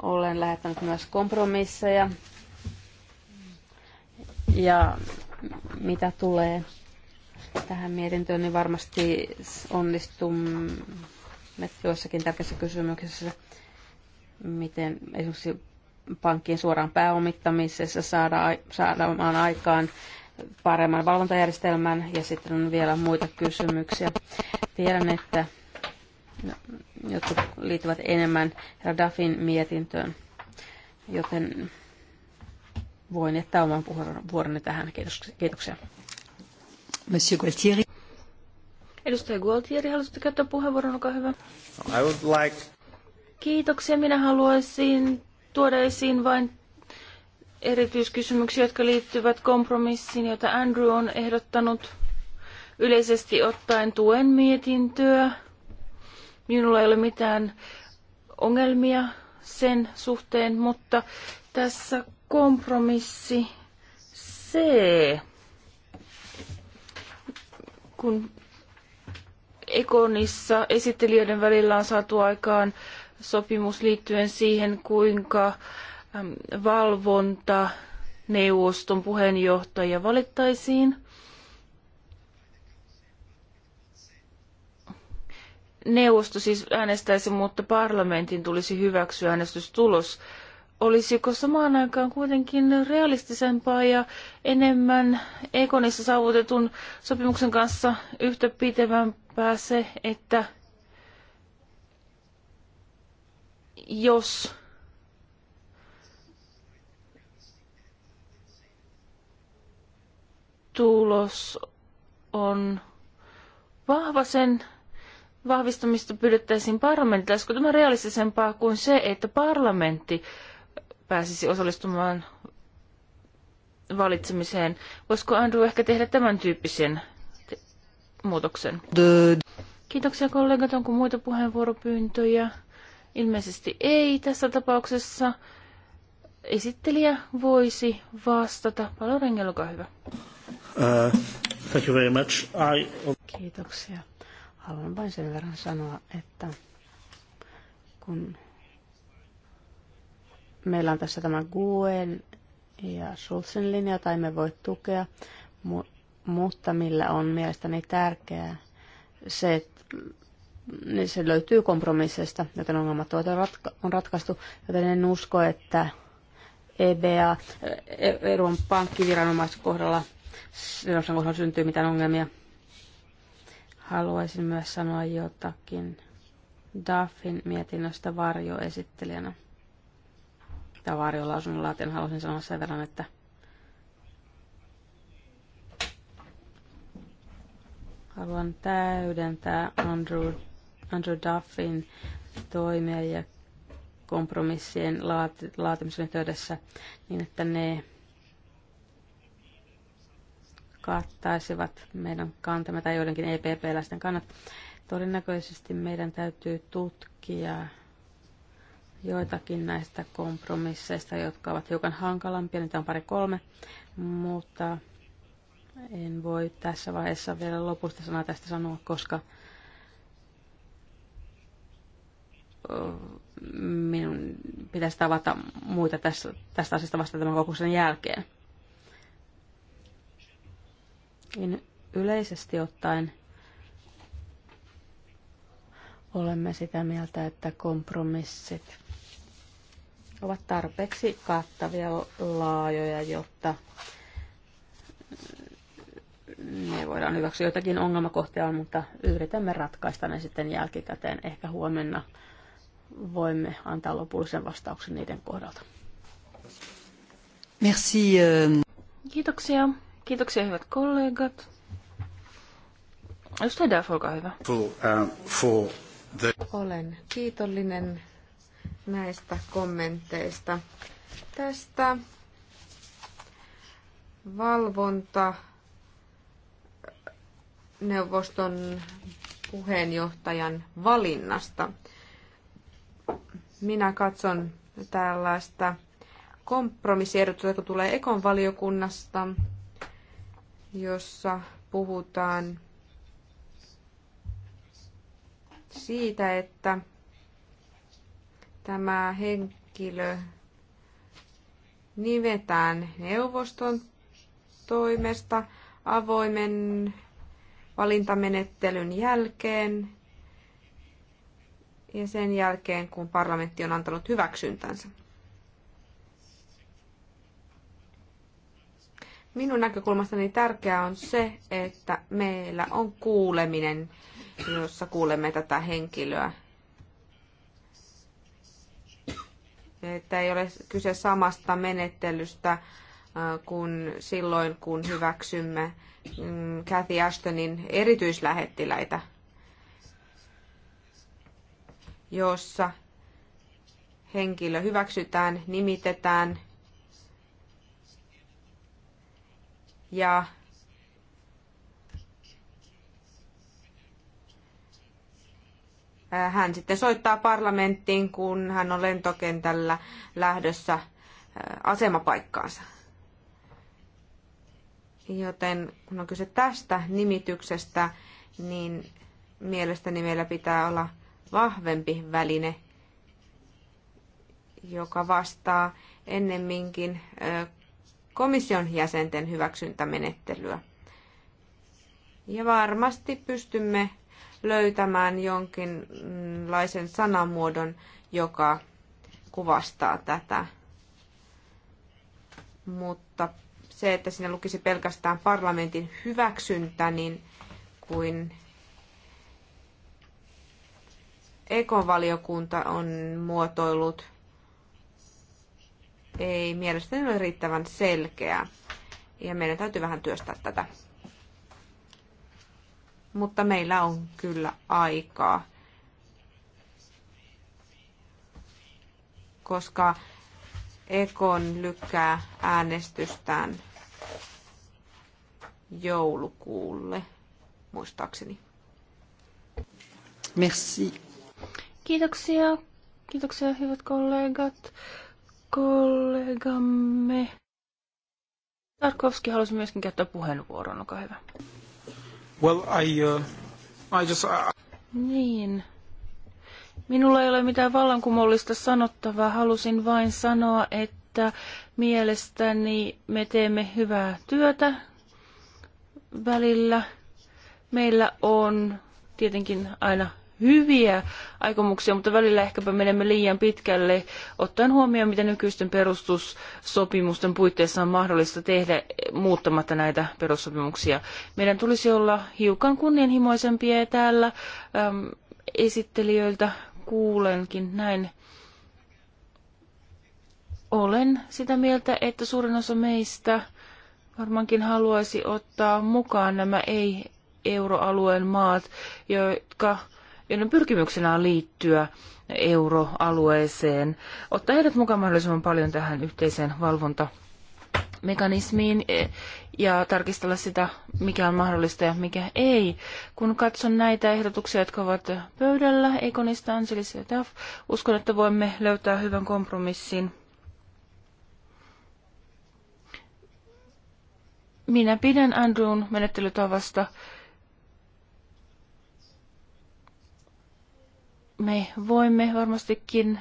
olen lähettänyt myös kompromisseja. Ja mitä tulee tähän mietintöön, niin varmasti onnistumme joissakin tärkeissä kysymyksissä, miten esimerkiksi pankkien suoraan pääomittamisessa saada, saadaan aikaan paremman valvontajärjestelmän ja sitten on vielä muita kysymyksiä. Tiedän, että jotkut liittyvät enemmän Radafin mietintöön, joten voin jättää oman puheenvuoroni tähän. kiitoksia. Monsieur Gualtieri. Edustaja Gualtieri, haluaisitte käyttää puheenvuoron, olkaa hyvä. I would like... Kiitoksia, minä haluaisin tuoda esiin vain erityiskysymyksiä, jotka liittyvät kompromissiin, jota Andrew on ehdottanut. Yleisesti ottaen tuen mietintöä. Minulla ei ole mitään ongelmia sen suhteen, mutta tässä kompromissi C, kun Ekonissa esittelijöiden välillä on saatu aikaan sopimus liittyen siihen, kuinka valvonta neuvoston puheenjohtaja valittaisiin. Neuvosto siis äänestäisi, mutta parlamentin tulisi hyväksyä äänestystulos. Olisiko samaan aikaan kuitenkin realistisempaa ja enemmän Ekonissa saavutetun sopimuksen kanssa yhtä pitevämpää se, että jos tulos on vahva sen vahvistamista pyydettäisiin parlamentilta. Olisiko tämä realistisempaa kuin se, että parlamentti pääsisi osallistumaan valitsemiseen? Voisiko Andrew ehkä tehdä tämän tyyppisen muutoksen? Kiitoksia kollegat. Onko muita puheenvuoropyyntöjä? Ilmeisesti ei tässä tapauksessa. Esittelijä voisi vastata. Palo Renge, olkaa hyvä. Uh, thank you very much. I... Kiitoksia. Haluan vain sen verran sanoa, että kun meillä on tässä tämä Guen ja Schulzen linja, tai me voi tukea, mu- mutta millä on mielestäni tärkeää se, että niin se löytyy kompromisseista, joten ongelmat ovat ratka- on ratkaistu, joten en usko, että EBA, e, Euroopan pankkiviranomaisen kohdalla, kohdalla syntyy mitään ongelmia. Haluaisin myös sanoa jotakin Duffin mietinnöstä varjoesittelijänä. Tämä varjolausunnon laaten halusin sanoa sen verran, että haluan täydentää Andrew Andrew Duffin toimia ja kompromissien laati, laatimisen yhteydessä niin, että ne kattaisivat meidän kantamme tai joidenkin EPP-läisten kannat. Todennäköisesti meidän täytyy tutkia joitakin näistä kompromisseista, jotka ovat hiukan hankalampia, niitä on pari kolme, mutta en voi tässä vaiheessa vielä lopusta sanaa tästä sanoa, koska minun pitäisi tavata muita tästä, tästä asiasta vasta tämän kokouksen jälkeen. Niin yleisesti ottaen olemme sitä mieltä, että kompromissit ovat tarpeeksi kattavia laajoja, jotta ne voidaan hyväksyä. Jotakin ongelmakohtia on, mutta yritämme ratkaista ne sitten jälkikäteen, ehkä huomenna voimme antaa lopullisen vastauksen niiden kohdalta. Merci. Euh. Kiitoksia. Kiitoksia hyvät kollegat. Edustaja Daff, olkaa hyvä. Uh, Olen kiitollinen näistä kommenteista. Tästä valvonta neuvoston puheenjohtajan valinnasta minä katson tällaista kompromissiehdotusta, joka tulee Ekon valiokunnasta, jossa puhutaan siitä, että tämä henkilö nimetään neuvoston toimesta avoimen valintamenettelyn jälkeen ja sen jälkeen, kun parlamentti on antanut hyväksyntänsä. Minun näkökulmastani tärkeää on se, että meillä on kuuleminen, jossa kuulemme tätä henkilöä. Että ei ole kyse samasta menettelystä äh, kuin silloin, kun hyväksymme Kathy mm, Ashtonin erityislähettiläitä – jossa henkilö hyväksytään, nimitetään ja hän sitten soittaa parlamenttiin, kun hän on lentokentällä lähdössä asemapaikkaansa. Joten kun on kyse tästä nimityksestä, niin mielestäni meillä pitää olla vahvempi väline, joka vastaa ennemminkin komission jäsenten hyväksyntämenettelyä. Ja varmasti pystymme löytämään jonkinlaisen sanamuodon, joka kuvastaa tätä. Mutta se, että siinä lukisi pelkästään parlamentin hyväksyntä, niin kuin ekovaliokunta on muotoillut, ei mielestäni ole riittävän selkeää. Ja meidän täytyy vähän työstää tätä. Mutta meillä on kyllä aikaa. Koska Ekon lykkää äänestystään joulukuulle, muistaakseni. Merci. Kiitoksia. Kiitoksia hyvät kollegat. Kollegamme Tarkovski halusi myöskin käyttää puheenvuoron, olkaa hyvä. Well, I, uh, I just, uh... Niin. Minulla ei ole mitään vallankumollista sanottavaa. Halusin vain sanoa, että mielestäni me teemme hyvää työtä välillä. Meillä on tietenkin aina hyviä aikomuksia, mutta välillä ehkäpä menemme liian pitkälle, ottaen huomioon, mitä nykyisten perustussopimusten puitteissa on mahdollista tehdä muuttamatta näitä perussopimuksia. Meidän tulisi olla hiukan kunnianhimoisempia ja täällä äm, esittelijöiltä kuulenkin näin. Olen sitä mieltä, että suurin osa meistä varmaankin haluaisi ottaa mukaan nämä ei-euroalueen maat, jotka joiden pyrkimyksenä on liittyä euroalueeseen, ottaa heidät mukaan mahdollisimman paljon tähän yhteiseen valvontamekanismiin e, ja tarkistella sitä, mikä on mahdollista ja mikä ei. Kun katson näitä ehdotuksia, jotka ovat pöydällä, Ekonista, Angelis ja Duff, uskon, että voimme löytää hyvän kompromissin. Minä pidän Andrewn menettelytavasta me voimme varmastikin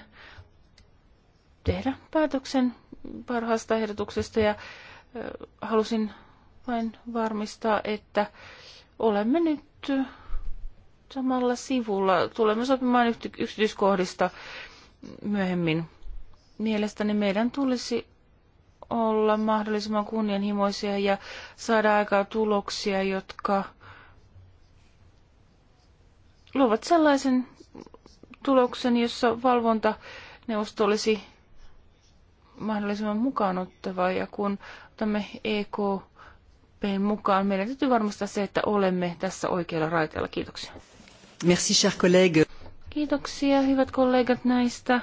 tehdä päätöksen parhaasta ehdotuksesta ja halusin vain varmistaa, että olemme nyt samalla sivulla. Tulemme sopimaan yksityiskohdista myöhemmin. Mielestäni meidän tulisi olla mahdollisimman kunnianhimoisia ja saada aikaa tuloksia, jotka luovat sellaisen tuloksen, jossa valvontaneuvosto olisi mahdollisimman mukaanottava. Ja kun otamme EKPn mukaan, meidän täytyy varmistaa se, että olemme tässä oikealla raiteella. Kiitoksia. Merci, cher collègue. Kiitoksia, hyvät kollegat, näistä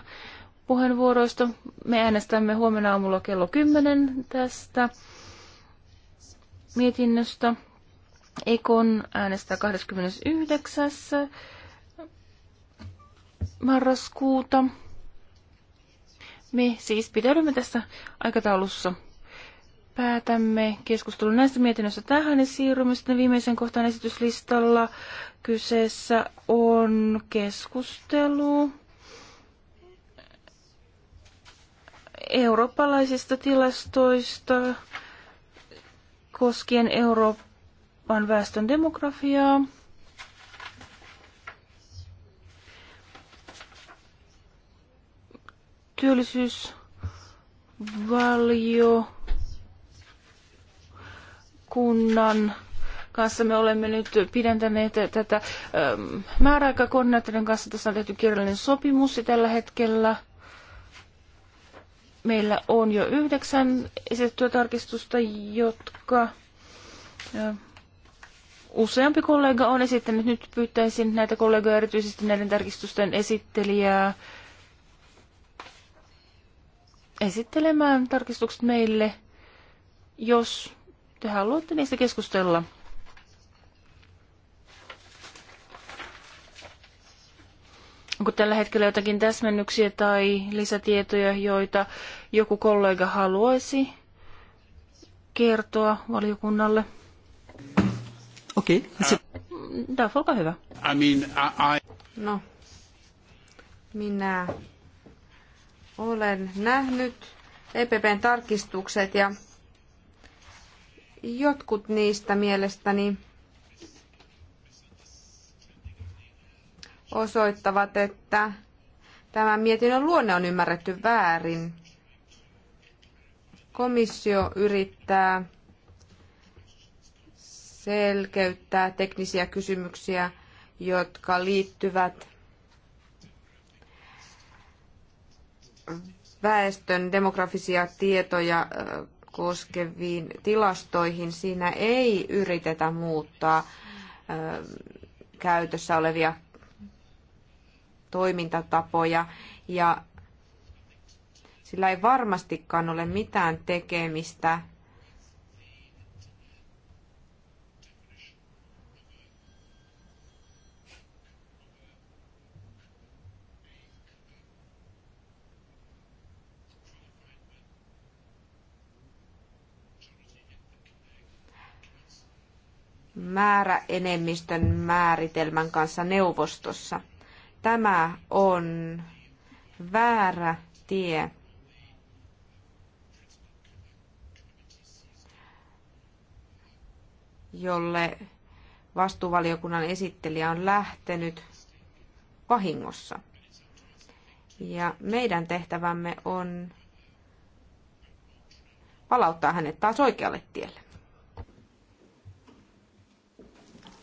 puheenvuoroista. Me äänestämme huomenna aamulla kello 10 tästä mietinnöstä. Ekon äänestää 29 marraskuuta. Me siis pitäydymme tässä aikataulussa. Päätämme keskustelun näistä mietinnöistä tähän ja siirrymme sitten viimeisen kohtaan esityslistalla. Kyseessä on keskustelu eurooppalaisista tilastoista koskien Euroopan väestön demografiaa. valio, kunnan kanssa me olemme nyt pidentäneet tätä ähm, määräaikakoordinaattorin kanssa. Tässä on tehty kirjallinen sopimus ja tällä hetkellä meillä on jo yhdeksän esitettyä tarkistusta, jotka ähm, useampi kollega on esittänyt. Nyt pyytäisin näitä kollegoja, erityisesti näiden tarkistusten esittelijää, esittelemään tarkistukset meille, jos te haluatte niistä keskustella. Onko tällä hetkellä jotakin täsmennyksiä tai lisätietoja, joita joku kollega haluaisi kertoa valiokunnalle? Okei. Okay. Tämä on hyvä. I mean, I... No, minä olen nähnyt EPPn tarkistukset ja jotkut niistä mielestäni osoittavat, että tämän mietinnön luonne on ymmärretty väärin. Komissio yrittää selkeyttää teknisiä kysymyksiä, jotka liittyvät väestön demografisia tietoja koskeviin tilastoihin, siinä ei yritetä muuttaa käytössä olevia toimintatapoja ja sillä ei varmastikaan ole mitään tekemistä määräenemmistön määritelmän kanssa neuvostossa. Tämä on väärä tie. jolle vastuuvaliokunnan esittelijä on lähtenyt vahingossa. Ja meidän tehtävämme on palauttaa hänet taas oikealle tielle.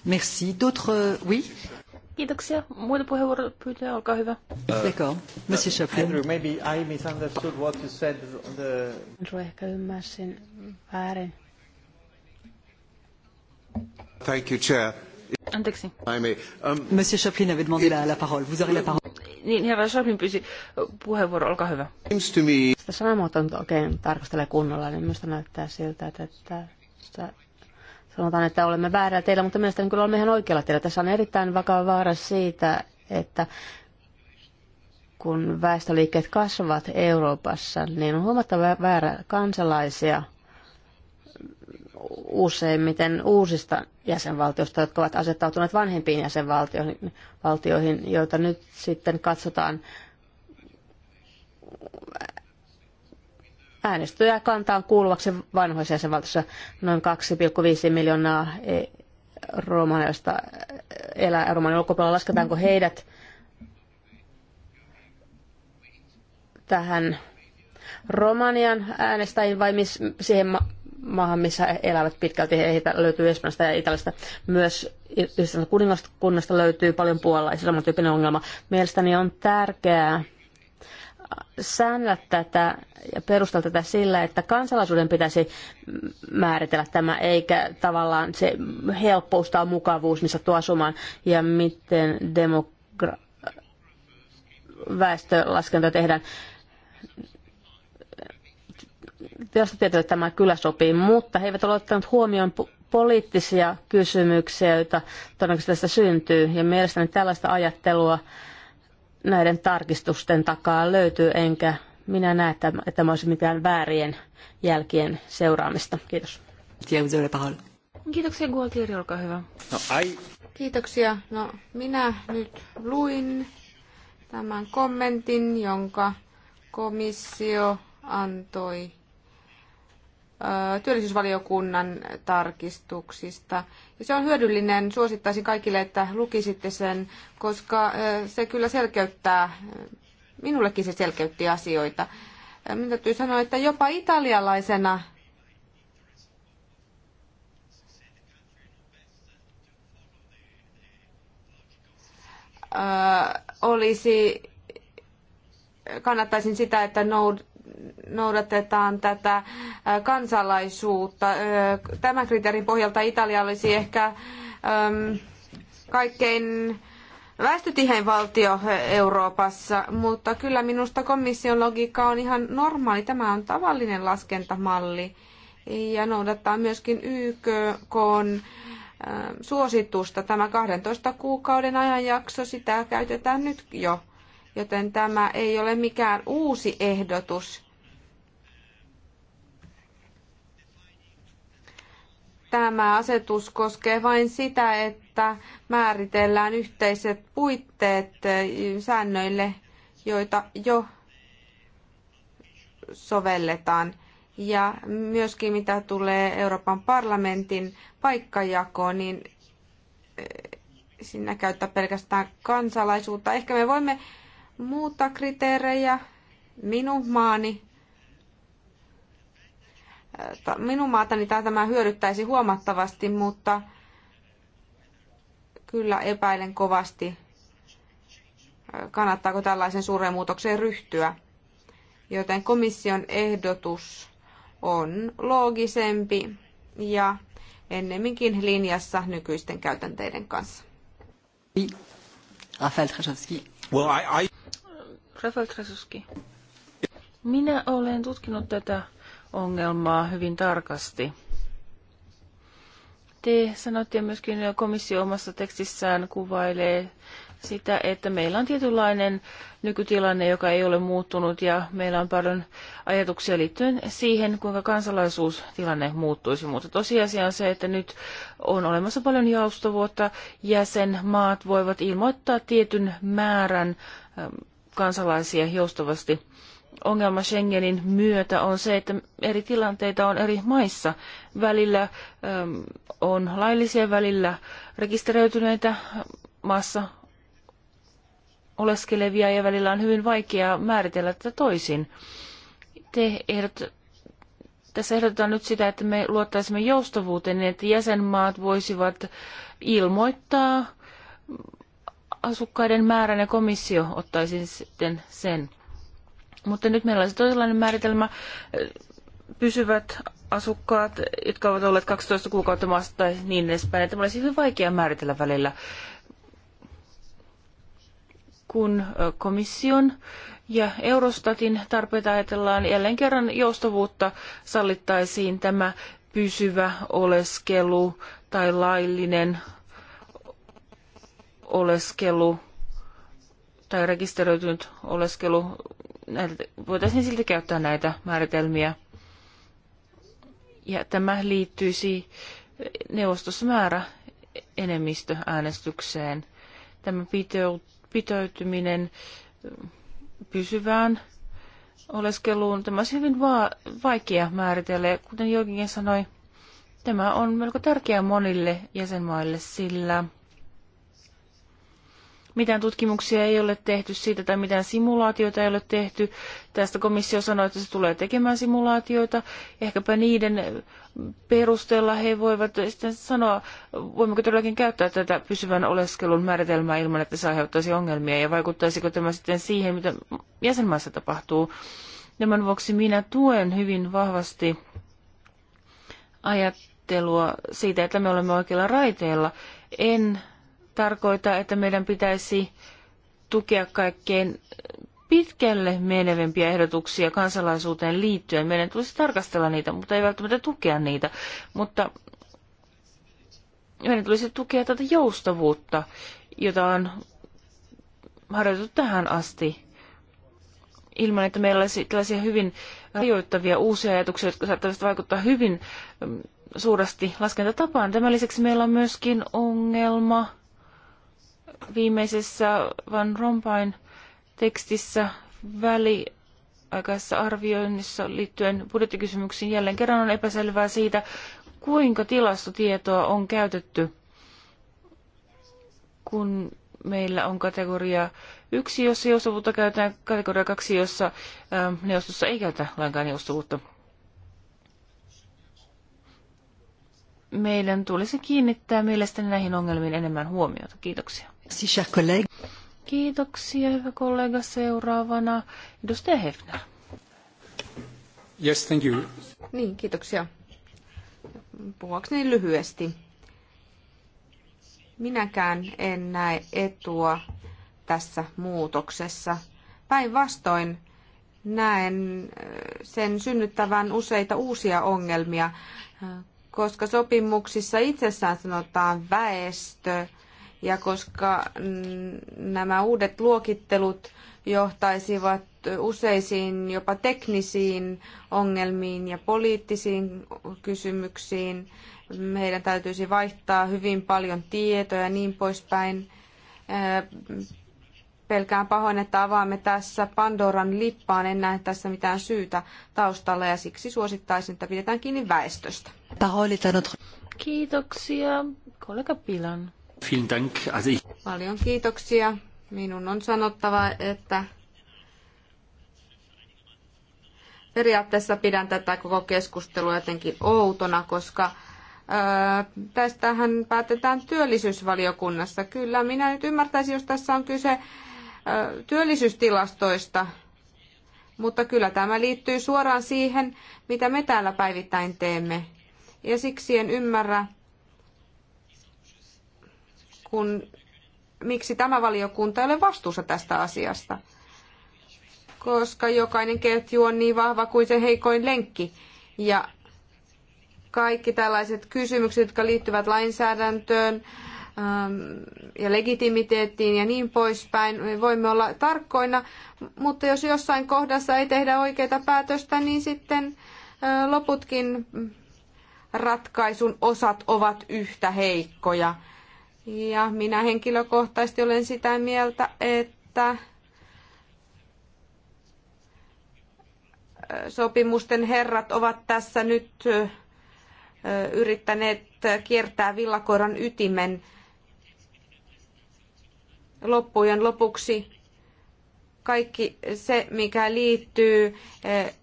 Merci. D'autres... Euh, oui Kiitoksia. Muita puheenvuoropyyntöjä, olkaa hyvä. Euh, D'accord. Monsieur uh, Chaplin. Andrew, maybe I misunderstood what you said. the... Andrew, ehkä ymmärsin väärin. Thank you, Chair. Anteeksi. Um... Monsieur Chaplin avait demandé la, la parole. Vous aurez la parole. Niin, herra Chaplin pyysi uh, puheenvuoro, olkaa hyvä. Seems to me... Sitä sanamuotoa oikein tarkastelee kunnolla, niin minusta näyttää siltä, että, että sanotaan, että olemme väärällä teillä, mutta mielestäni kyllä olemme ihan oikealla teillä. Tässä on erittäin vakava vaara siitä, että kun väestöliikkeet kasvavat Euroopassa, niin on huomattava väärä kansalaisia useimmiten uusista jäsenvaltioista, jotka ovat asettautuneet vanhempiin jäsenvaltioihin, joita nyt sitten katsotaan äänestyjä kantaan kuuluvaksi vanhoissa jäsenvaltioissa noin 2,5 miljoonaa e, romaneista elää romanin ulkopuolella. Lasketaanko heidät tähän Romanian äänestäjiin vai mis, siihen ma- maahan, missä he elävät pitkälti. Heitä löytyy Espanjasta ja Italiasta. Myös Yhdistyneestä kuningaskunnasta löytyy paljon puolalaisia, samantyyppinen ongelma. Mielestäni on tärkeää, säännellä tätä ja perustella tätä sillä, että kansalaisuuden pitäisi määritellä tämä, eikä tavallaan se helppous tai mukavuus, missä tuo asumaan, ja miten demogra- väestölaskenta tehdään. Josta tietää, että tämä kyllä sopii, mutta he eivät ole ottaneet huomioon poliittisia kysymyksiä, joita todennäköisesti tästä syntyy, ja mielestäni tällaista ajattelua näiden tarkistusten takaa löytyy, enkä minä näe, että tämä olisi mitään väärien jälkien seuraamista. Kiitos. Kiitoksia, Gualtieri, olkaa hyvä. No, ai. Kiitoksia. No, minä nyt luin tämän kommentin, jonka komissio antoi työllisyysvaliokunnan tarkistuksista. Ja se on hyödyllinen, suosittaisin kaikille, että lukisitte sen, koska se kyllä selkeyttää, minullekin se selkeytti asioita. Minun täytyy sanoa, että jopa italialaisena olisi, kannattaisin sitä, että noud, noudatetaan tätä äh, kansalaisuutta. Äh, tämän kriteerin pohjalta Italia olisi ehkä ähm, kaikkein väestötihein valtio äh, Euroopassa, mutta kyllä minusta komission logiikka on ihan normaali. Tämä on tavallinen laskentamalli ja noudattaa myöskin YK on suositusta. Tämä 12 kuukauden ajanjakso, sitä käytetään nyt jo joten tämä ei ole mikään uusi ehdotus. Tämä asetus koskee vain sitä, että määritellään yhteiset puitteet säännöille, joita jo sovelletaan. Ja myöskin mitä tulee Euroopan parlamentin paikkajakoon, niin eh, sinä käyttää pelkästään kansalaisuutta. Ehkä me voimme muuta kriteerejä. Minun maani minun maatani tämä hyödyttäisi huomattavasti, mutta kyllä epäilen kovasti, kannattaako tällaisen suureen muutokseen ryhtyä. Joten komission ehdotus on loogisempi ja ennemminkin linjassa nykyisten käytänteiden kanssa. Rafael Well, I, I... Minä olen tutkinut tätä ongelmaa hyvin tarkasti. Te sanoitte ja myöskin komissio omassa tekstissään kuvailee sitä, että meillä on tietynlainen nykytilanne, joka ei ole muuttunut ja meillä on paljon ajatuksia liittyen siihen, kuinka kansalaisuustilanne muuttuisi. Mutta tosiasia on se, että nyt on olemassa paljon joustovuotta. Jäsenmaat voivat ilmoittaa tietyn määrän ähm, kansalaisia joustavasti. Ongelma Schengenin myötä on se, että eri tilanteita on eri maissa. Välillä ähm, on laillisia, välillä rekisteröityneitä maassa oleskelevia ja välillä on hyvin vaikeaa määritellä tätä toisin. Te ehdot, tässä ehdotetaan nyt sitä, että me luottaisimme joustavuuteen, niin että jäsenmaat voisivat ilmoittaa asukkaiden määrän ja komissio ottaisi sitten sen. Mutta nyt meillä olisi toisenlainen määritelmä. Pysyvät asukkaat, jotka ovat olleet 12 kuukautta maassa tai niin edespäin. Tämä olisi hyvin vaikea määritellä välillä, kun komission ja Eurostatin tarpeita ajatellaan jälleen kerran joustavuutta sallittaisiin tämä pysyvä oleskelu tai laillinen oleskelu tai rekisteröitynyt oleskelu, näitä, voitaisiin silti käyttää näitä määritelmiä. Ja tämä liittyisi neuvostossa määrä enemmistöäänestykseen. Tämä pitäytyminen pysyvään oleskeluun, tämä olisi hyvin va- vaikea määritellä. Kuten Jörginen sanoi, tämä on melko tärkeä monille jäsenmaille, sillä – mitään tutkimuksia ei ole tehty siitä tai mitään simulaatioita ei ole tehty. Tästä komissio sanoi, että se tulee tekemään simulaatioita. Ehkäpä niiden perusteella he voivat sitten sanoa, voimmeko todellakin käyttää tätä pysyvän oleskelun määritelmää ilman, että se aiheuttaisi ongelmia ja vaikuttaisiko tämä sitten siihen, mitä jäsenmaissa tapahtuu. Tämän vuoksi minä tuen hyvin vahvasti ajattelua siitä, että me olemme oikealla raiteilla. En tarkoita, että meidän pitäisi tukea kaikkein pitkälle menevimpiä ehdotuksia kansalaisuuteen liittyen. Meidän tulisi tarkastella niitä, mutta ei välttämättä tukea niitä. Mutta meidän tulisi tukea tätä joustavuutta, jota on harjoitettu tähän asti, ilman että meillä olisi tällaisia hyvin rajoittavia uusia ajatuksia, jotka saattavat vaikuttaa hyvin mm, suuresti laskentatapaan. Tämän lisäksi meillä on myöskin ongelma viimeisessä Van Rompain tekstissä väli arvioinnissa liittyen budjettikysymyksiin jälleen kerran on epäselvää siitä, kuinka tilastotietoa on käytetty, kun meillä on kategoria yksi, jossa joustavuutta käytetään, kategoria kaksi, jossa ää, ähm, neuvostossa ei käytä lainkaan joustavuutta. Meidän tulisi kiinnittää mielestäni näihin ongelmiin enemmän huomiota. Kiitoksia. Kiitoksia, hyvä kollega. Seuraavana edustaja Hefner. Yes, thank you. Niin, kiitoksia. Puhuakseni lyhyesti. Minäkään en näe etua tässä muutoksessa. Päinvastoin näen äh, sen synnyttävän useita uusia ongelmia, äh, koska sopimuksissa itsessään sanotaan väestö, ja koska nämä uudet luokittelut johtaisivat useisiin jopa teknisiin ongelmiin ja poliittisiin kysymyksiin, meidän täytyisi vaihtaa hyvin paljon tietoja ja niin poispäin. Pelkään pahoin, että avaamme tässä Pandoran lippaan. En näe tässä mitään syytä taustalla ja siksi suosittaisin, että pidetään kiinni väestöstä. Kiitoksia, kollega Pilan. Paljon kiitoksia. Minun on sanottava, että periaatteessa pidän tätä koko keskustelua jotenkin outona, koska tästähän päätetään työllisyysvaliokunnassa. Kyllä, minä nyt ymmärtäisin, jos tässä on kyse työllisyystilastoista, mutta kyllä tämä liittyy suoraan siihen, mitä me täällä päivittäin teemme. Ja siksi en ymmärrä, kun, miksi tämä valiokunta ei ole vastuussa tästä asiasta. Koska jokainen ketju on niin vahva kuin se heikoin lenkki. Ja kaikki tällaiset kysymykset, jotka liittyvät lainsäädäntöön ähm, ja legitimiteettiin ja niin poispäin, me voimme olla tarkkoina, mutta jos jossain kohdassa ei tehdä oikeita päätöstä, niin sitten äh, loputkin ratkaisun osat ovat yhtä heikkoja. Ja minä henkilökohtaisesti olen sitä mieltä, että sopimusten herrat ovat tässä nyt yrittäneet kiertää villakoiran ytimen loppujen lopuksi kaikki se, mikä liittyy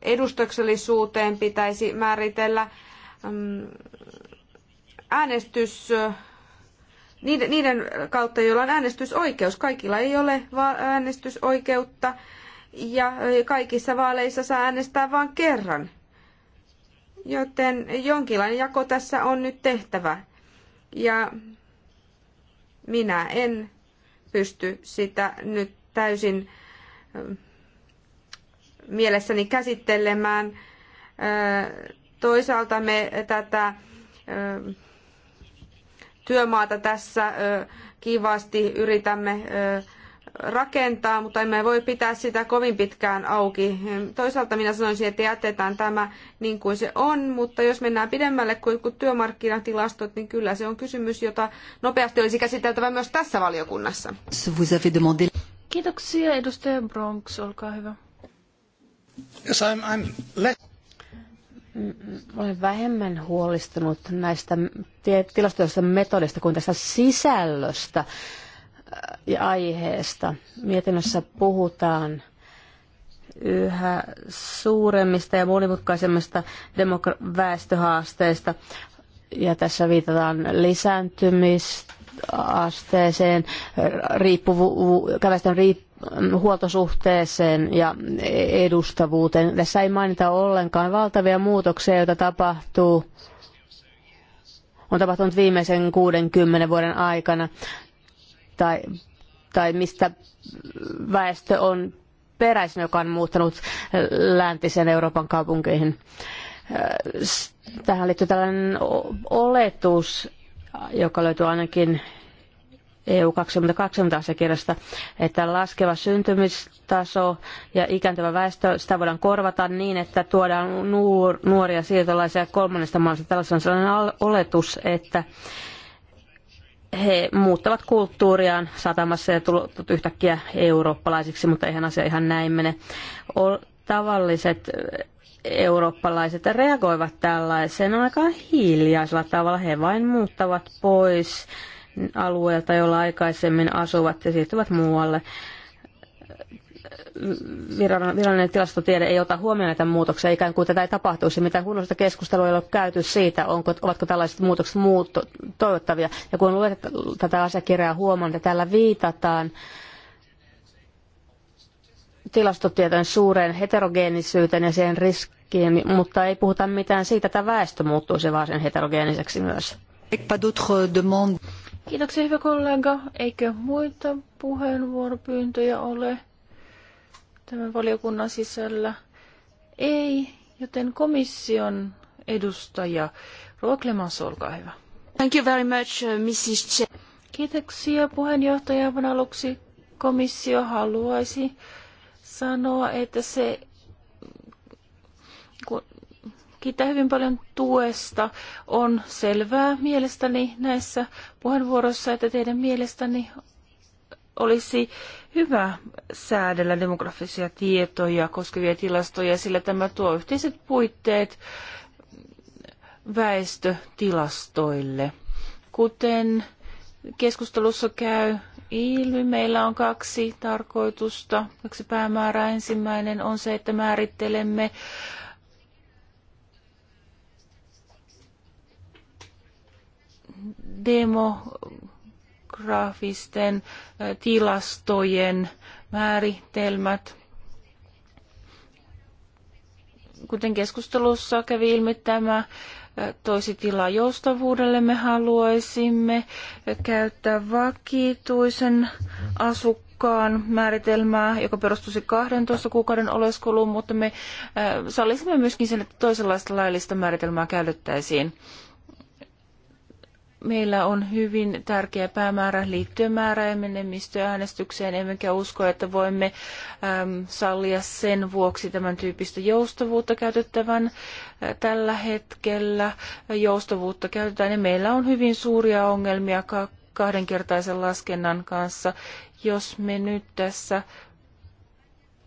edustuksellisuuteen, pitäisi määritellä mm, äänestys niiden kautta, joilla on äänestysoikeus. Kaikilla ei ole äänestysoikeutta ja kaikissa vaaleissa saa äänestää vain kerran. Joten jonkinlainen jako tässä on nyt tehtävä. Ja minä en pysty sitä nyt täysin ähm, mielessäni käsittelemään. Äh, toisaalta me tätä ähm, työmaata tässä kivasti yritämme rakentaa, mutta emme voi pitää sitä kovin pitkään auki. Toisaalta minä sanoisin, että jätetään tämä niin kuin se on, mutta jos mennään pidemmälle kuin työmarkkinatilastot, niin kyllä se on kysymys, jota nopeasti olisi käsiteltävä myös tässä valiokunnassa. Kiitoksia, edustaja Bronx, olkaa hyvä. Yes, I'm, I'm Mm, olen vähemmän huolestunut näistä tilastoista metodista kuin tästä sisällöstä äh, ja aiheesta. Mietinnössä puhutaan yhä suuremmista ja monimutkaisemmista demokra- väestöhaasteista. Ja tässä viitataan lisääntymisasteeseen, äh, riippuvu- väestön riippuvuuteen huoltosuhteeseen ja edustavuuteen. Tässä ei mainita ollenkaan valtavia muutoksia, joita tapahtuu on tapahtunut viimeisen 60 vuoden aikana, tai, tai mistä väestö on peräisin, joka on muuttanut läntisen Euroopan kaupunkeihin. Tähän liittyy tällainen oletus, joka löytyy ainakin EU 2020 asiakirjasta, että laskeva syntymistaso ja ikääntyvä väestö, sitä voidaan korvata niin, että tuodaan nuor, nuoria siirtolaisia kolmannesta maasta. Tällaisen on sellainen oletus, että he muuttavat kulttuuriaan satamassa ja tulevat yhtäkkiä eurooppalaisiksi, mutta eihän asia ihan näin mene. Tavalliset eurooppalaiset reagoivat tällaiseen aika hiljaisella tavalla. He vain muuttavat pois alueelta, jolla aikaisemmin asuvat ja siirtyvät muualle. Virallinen tilastotiede ei ota huomioon näitä muutoksia, ikään kuin tätä ei tapahtuisi. Mitään kunnollista keskustelua ei ole käyty siitä, onko, ovatko tällaiset muutokset muutto, toivottavia. Ja kun luet tätä asiakirjaa huomaan, että täällä viitataan tilastotietojen suureen heterogeenisyyteen ja siihen riskiin, mutta ei puhuta mitään siitä, että väestö muuttuisi vaan sen heterogeeniseksi myös. Kiitoksia hyvä kollega. Eikö muita puheenvuoropyyntöjä ole tämän valiokunnan sisällä? Ei, joten komission edustaja Roa Clemens, olkaa hyvä. Thank you very much, uh, Mrs. Che. Kiitoksia puheenjohtaja. Aivan aluksi komissio haluaisi sanoa, että se kun kiittää hyvin paljon tuesta. On selvää mielestäni näissä puheenvuoroissa, että teidän mielestäni olisi hyvä säädellä demografisia tietoja koskevia tilastoja, sillä tämä tuo yhteiset puitteet väestötilastoille. Kuten keskustelussa käy ilmi, meillä on kaksi tarkoitusta, kaksi päämäärää. Ensimmäinen on se, että määrittelemme demografisten tilastojen määritelmät. Kuten keskustelussa kävi ilmi, tämä toisi tilaa joustavuudelle. Me haluaisimme käyttää vakituisen asukkaan määritelmää, joka perustuisi 12 kuukauden oleskeluun, mutta me sallisimme myöskin sen, että toisenlaista laillista määritelmää käytettäisiin meillä on hyvin tärkeä päämäärä liittyen määräenemmistöäänestykseen, emmekä usko, että voimme äm, sallia sen vuoksi tämän tyyppistä joustavuutta käytettävän. Tällä hetkellä joustavuutta käytetään ja meillä on hyvin suuria ongelmia kahdenkertaisen laskennan kanssa. Jos me nyt tässä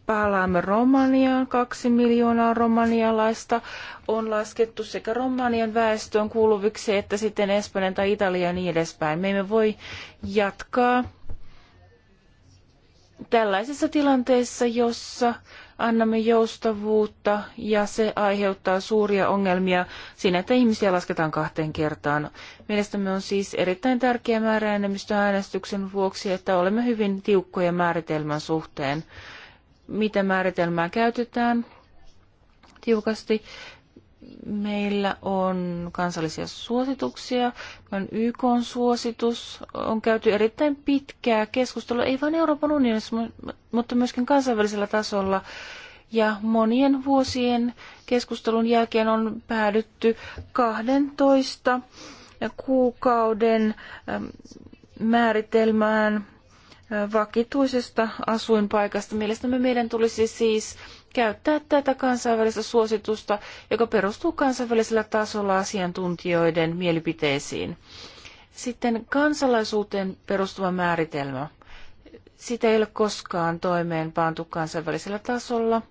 palaamme Romaniaan. Kaksi miljoonaa romanialaista on laskettu sekä Romanian väestöön kuuluviksi että sitten Espanjan tai Italian ja niin edespäin. Me emme voi jatkaa tällaisessa tilanteessa, jossa annamme joustavuutta ja se aiheuttaa suuria ongelmia siinä, että ihmisiä lasketaan kahteen kertaan. Mielestämme on siis erittäin tärkeä määräenemmistö äänestyksen vuoksi, että olemme hyvin tiukkoja määritelmän suhteen mitä määritelmää käytetään tiukasti. Meillä on kansallisia suosituksia, on YK on suositus, on käyty erittäin pitkää keskustelua, ei vain Euroopan unionissa, mutta myöskin kansainvälisellä tasolla. Ja monien vuosien keskustelun jälkeen on päädytty 12 kuukauden määritelmään vakituisesta asuinpaikasta. Mielestämme meidän tulisi siis käyttää tätä kansainvälistä suositusta, joka perustuu kansainvälisellä tasolla asiantuntijoiden mielipiteisiin. Sitten kansalaisuuteen perustuva määritelmä. Sitä ei ole koskaan toimeenpantu kansainvälisellä tasolla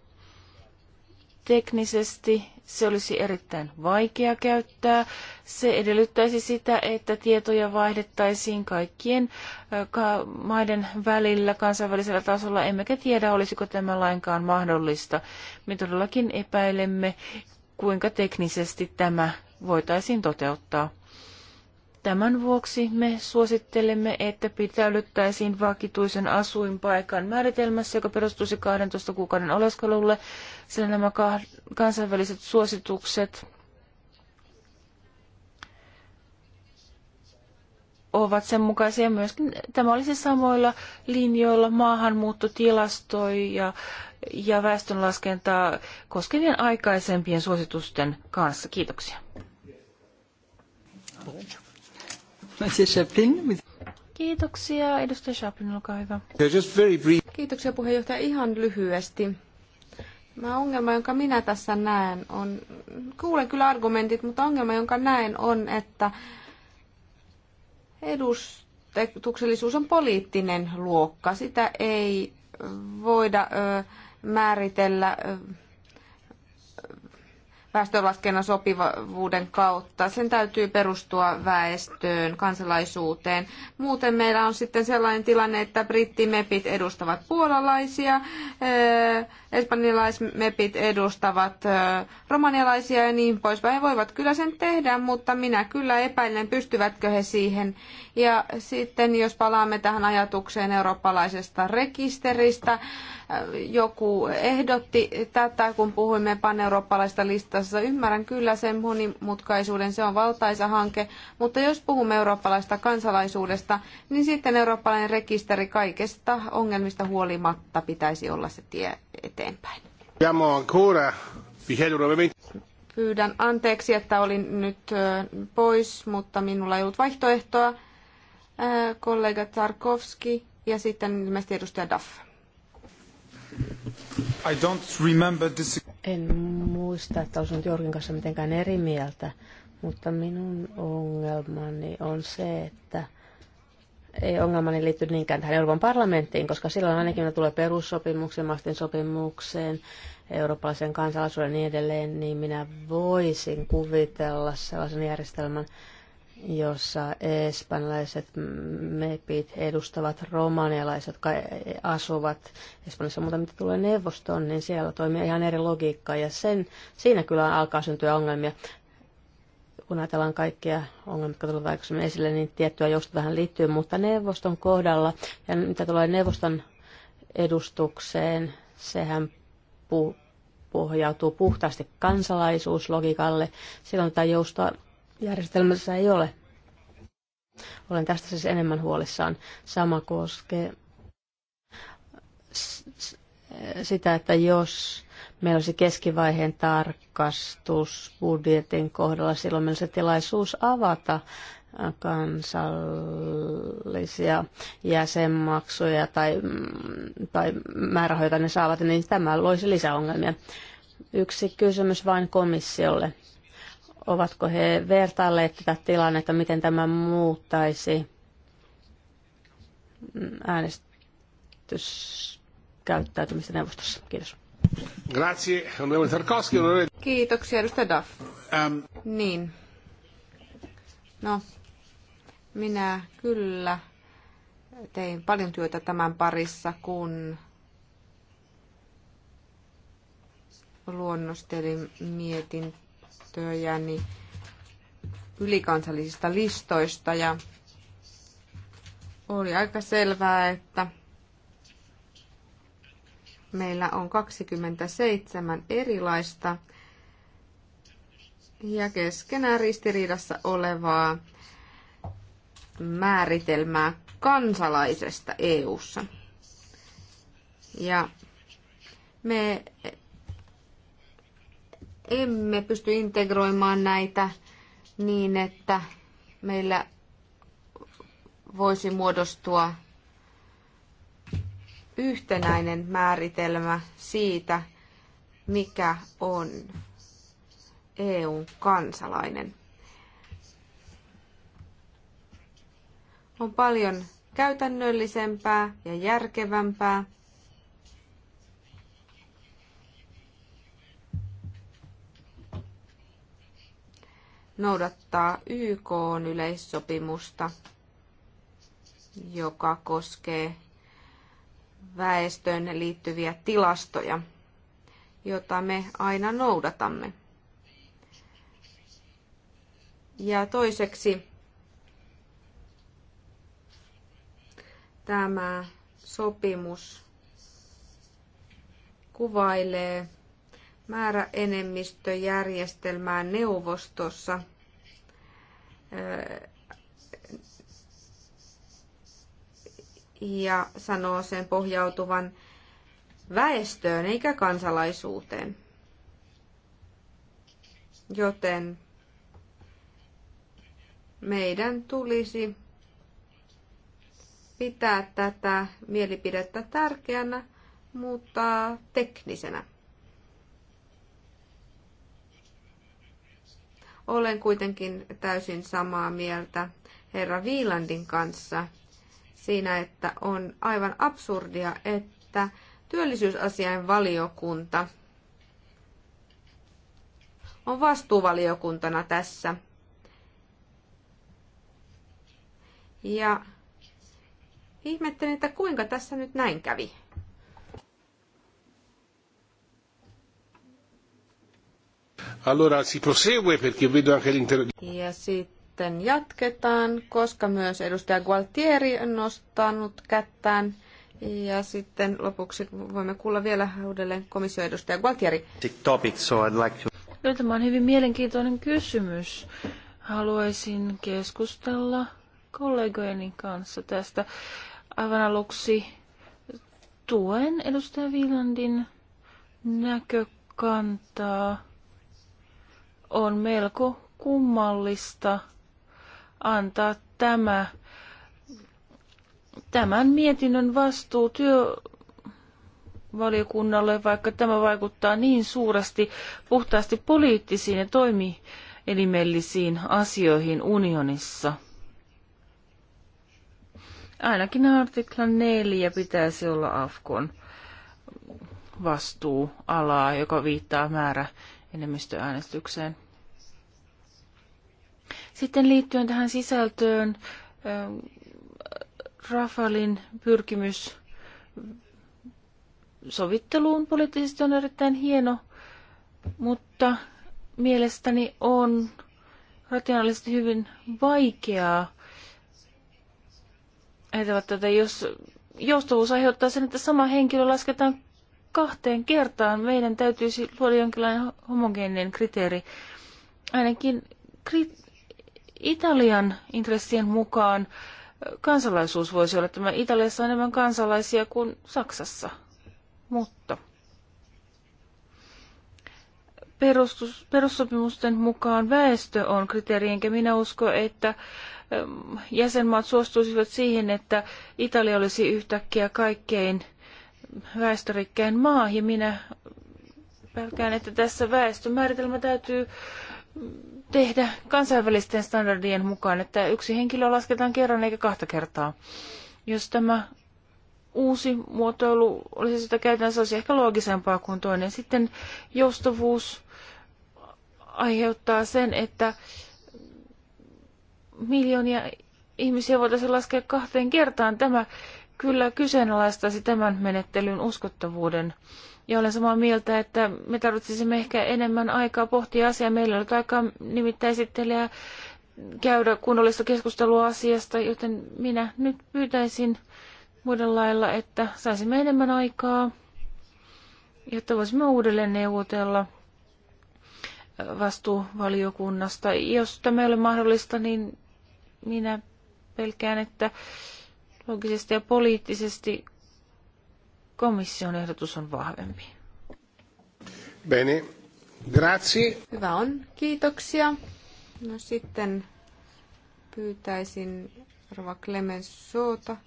teknisesti se olisi erittäin vaikea käyttää. Se edellyttäisi sitä, että tietoja vaihdettaisiin kaikkien maiden välillä kansainvälisellä tasolla, emmekä tiedä, olisiko tämä lainkaan mahdollista. Me todellakin epäilemme, kuinka teknisesti tämä voitaisiin toteuttaa. Tämän vuoksi me suosittelemme, että pitäydyttäisiin vakituisen asuinpaikan määritelmässä, joka perustuisi 12 kuukauden oleskelulle, sillä nämä kansainväliset suositukset ovat sen mukaisia myöskin. Tämä olisi samoilla linjoilla maahanmuuttotilastoja ja väestönlaskentaa koskevien aikaisempien suositusten kanssa. Kiitoksia. Yes. Chaplin. Kiitoksia. Edustaja Chaplin, olkaa hyvä. Just very brief. Kiitoksia puheenjohtaja. Ihan lyhyesti. Mä ongelma, jonka minä tässä näen, on, kuulen kyllä argumentit, mutta ongelma, jonka näen, on, että edustuksellisuus on poliittinen luokka. Sitä ei voida ö, määritellä ö, väestölaskennan sopivuuden kautta. Sen täytyy perustua väestöön, kansalaisuuteen. Muuten meillä on sitten sellainen tilanne, että brittimepit edustavat puolalaisia, eh, espanjalaismepit edustavat eh, romanialaisia ja niin poispäin. He voivat kyllä sen tehdä, mutta minä kyllä epäilen, pystyvätkö he siihen. Ja sitten jos palaamme tähän ajatukseen eurooppalaisesta rekisteristä, äh, joku ehdotti tätä, kun puhuimme paneurooppalaisesta listassa. Ymmärrän kyllä sen monimutkaisuuden, se on valtaisa hanke, mutta jos puhumme eurooppalaisesta kansalaisuudesta, niin sitten eurooppalainen rekisteri kaikesta ongelmista huolimatta pitäisi olla se tie eteenpäin. Pyydän anteeksi, että olin nyt äh, pois, mutta minulla ei ollut vaihtoehtoa. Äh, kollega Tarkovski ja sitten ilmeisesti edustaja Duff. I don't remember this. En muista, että olisin Jorgin kanssa mitenkään eri mieltä, mutta minun ongelmani on se, että ei ongelmani liity niinkään tähän Euroopan parlamenttiin, koska silloin ainakin minä tulee perussopimukseen, maastin sopimukseen, eurooppalaisen kansalaisuuden ja niin edelleen, niin minä voisin kuvitella sellaisen järjestelmän, jossa espanjalaiset mepit edustavat romanialaiset, jotka asuvat Espanjassa. Mutta mitä tulee neuvostoon, niin siellä toimii ihan eri logiikka ja sen, siinä kyllä alkaa syntyä ongelmia. Kun ajatellaan kaikkia ongelmia, jotka tulevat aikaisemmin esille, niin tiettyä jousta tähän liittyy, mutta neuvoston kohdalla ja mitä tulee neuvoston edustukseen, sehän pu- pohjautuu puhtaasti kansalaisuuslogikalle, Silloin tämä joustoa järjestelmässä ei ole. Olen tästä siis enemmän huolissaan. Sama koskee sitä, että jos meillä olisi keskivaiheen tarkastus budjetin kohdalla, silloin meillä olisi tilaisuus avata kansallisia jäsenmaksuja tai, mm, tai määrärahoja ne saavat, niin tämä loisi lisäongelmia. Yksi kysymys vain komissiolle. Ovatko he vertailleet tätä tilannetta, miten tämä muuttaisi äänestyskäyttäytymistä neuvostossa? Kiitos. Grazie, onorevole Tarkovsky. Kiitoksia, edustaja Duff. Um. Niin. No, minä kyllä tein paljon työtä tämän parissa, kun luonnostelin mietin niin ylikansallisista listoista ja oli aika selvää, että meillä on 27 erilaista ja keskenään ristiriidassa olevaa määritelmää kansalaisesta EU:ssa. Ja me emme pysty integroimaan näitä niin, että meillä voisi muodostua yhtenäinen määritelmä siitä, mikä on EU kansalainen. On paljon käytännöllisempää ja järkevämpää noudattaa YK yleissopimusta, joka koskee väestöön liittyviä tilastoja, jota me aina noudatamme. Ja toiseksi tämä sopimus kuvailee määräenemmistöjärjestelmää neuvostossa, ja sanoo sen pohjautuvan väestöön eikä kansalaisuuteen. Joten meidän tulisi pitää tätä mielipidettä tärkeänä, mutta teknisenä. Olen kuitenkin täysin samaa mieltä herra Viilandin kanssa siinä, että on aivan absurdia, että työllisyysasiain valiokunta on vastuuvaliokuntana tässä. Ja ihmettelin, että kuinka tässä nyt näin kävi. Allora si prosegue perché vedo anche Ja sitten jatketaan, koska myös edustaja Gualtieri on nostanut kättään. Ja sitten lopuksi voimme kuulla vielä uudelleen komission edustaja Gualtieri. Topic, so I'd like to... Kyllä tämä on hyvin mielenkiintoinen kysymys. Haluaisin keskustella kollegojeni kanssa tästä. Aivan aluksi tuen edustaja Viilandin näkökantaa on melko kummallista antaa tämä tämän mietinnön vastuu työvaliokunnalle, vaikka tämä vaikuttaa niin suuresti puhtaasti poliittisiin ja toimielimellisiin asioihin unionissa. Ainakin artikla 4 pitäisi olla AFKon vastuualaa, joka viittaa määrä enemmistöäänestykseen. Sitten liittyen tähän sisältöön, ähm, Rafalin pyrkimys sovitteluun poliittisesti on erittäin hieno, mutta mielestäni on rationaalisesti hyvin vaikeaa ajatella tätä, jos joustavuus aiheuttaa sen, että sama henkilö lasketaan kahteen kertaan. Meidän täytyisi luoda jonkinlainen homogeeninen kriteeri. Ainakin kri- Italian intressien mukaan kansalaisuus voisi olla että Italiassa on enemmän kansalaisia kuin Saksassa. Mutta perustus, perussopimusten mukaan väestö on kriteeri, enkä minä usko, että jäsenmaat suostuisivat siihen, että Italia olisi yhtäkkiä kaikkein väestörikkäin maa ja minä pelkään, että tässä väestömääritelmä täytyy tehdä kansainvälisten standardien mukaan, että yksi henkilö lasketaan kerran eikä kahta kertaa. Jos tämä uusi muotoilu olisi sitä käytännössä olisi ehkä loogisempaa kuin toinen. Sitten joustavuus aiheuttaa sen, että miljoonia ihmisiä voitaisiin laskea kahteen kertaan. Tämä kyllä kyseenalaistaisi tämän menettelyn uskottavuuden. Ja olen samaa mieltä, että me tarvitsisimme ehkä enemmän aikaa pohtia asiaa. Meillä on aikaa nimittäin esittelijä käydä kunnollista keskustelua asiasta, joten minä nyt pyytäisin muiden lailla, että saisimme enemmän aikaa, jotta voisimme uudelleen neuvotella vastuuvaliokunnasta. Jos tämä ei ole mahdollista, niin minä pelkään, että Loogisesti ja poliittisesti komission ehdotus on vahvempi. Bene. Grazie. Hyvä on. Kiitoksia. No sitten pyytäisin Rova Clemensuota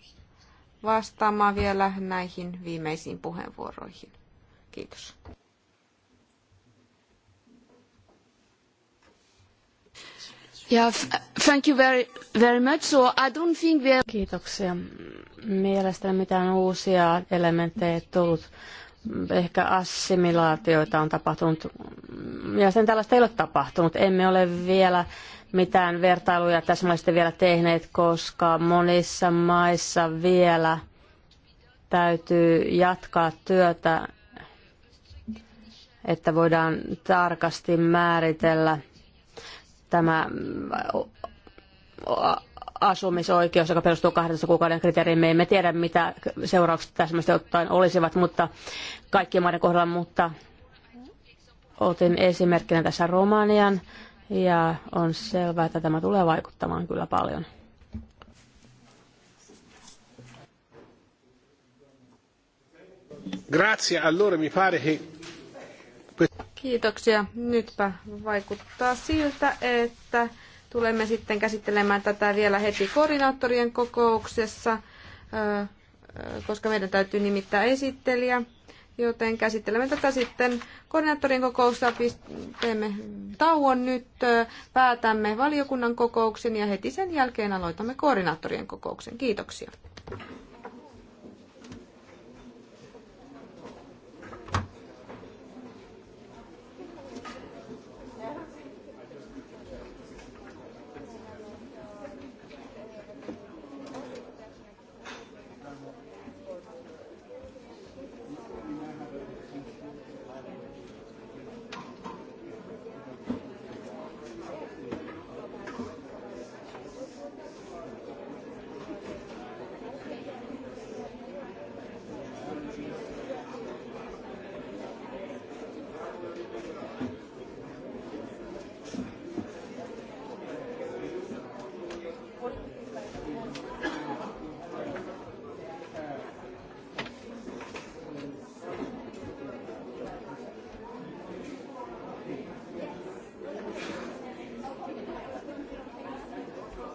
vastaamaan vielä näihin viimeisiin puheenvuoroihin. Kiitos. thank you very, very much. So I don't think we have... Kiitoksia. Mielestäni mitään uusia elementtejä ei tullut. Ehkä assimilaatioita on tapahtunut. sen tällaista ei ole tapahtunut. Emme ole vielä mitään vertailuja täsmällisesti vielä tehneet, koska monissa maissa vielä täytyy jatkaa työtä, että voidaan tarkasti määritellä – tämä mm, asumisoikeus, joka perustuu 12 kuukauden kriteeriin. Me emme tiedä, mitä seuraukset tästä ottaen olisivat, mutta kaikkien maiden kohdalla, mutta otin esimerkkinä tässä Romanian ja on selvää, että tämä tulee vaikuttamaan kyllä paljon. Grazie, allora mi pare che... Kiitoksia. Nytpä vaikuttaa siltä, että tulemme sitten käsittelemään tätä vielä heti koordinaattorien kokouksessa, koska meidän täytyy nimittää esittelijä. Joten käsittelemme tätä sitten koordinaattorien kokousta, teemme tauon nyt, päätämme valiokunnan kokouksen ja heti sen jälkeen aloitamme koordinaattorien kokouksen. Kiitoksia.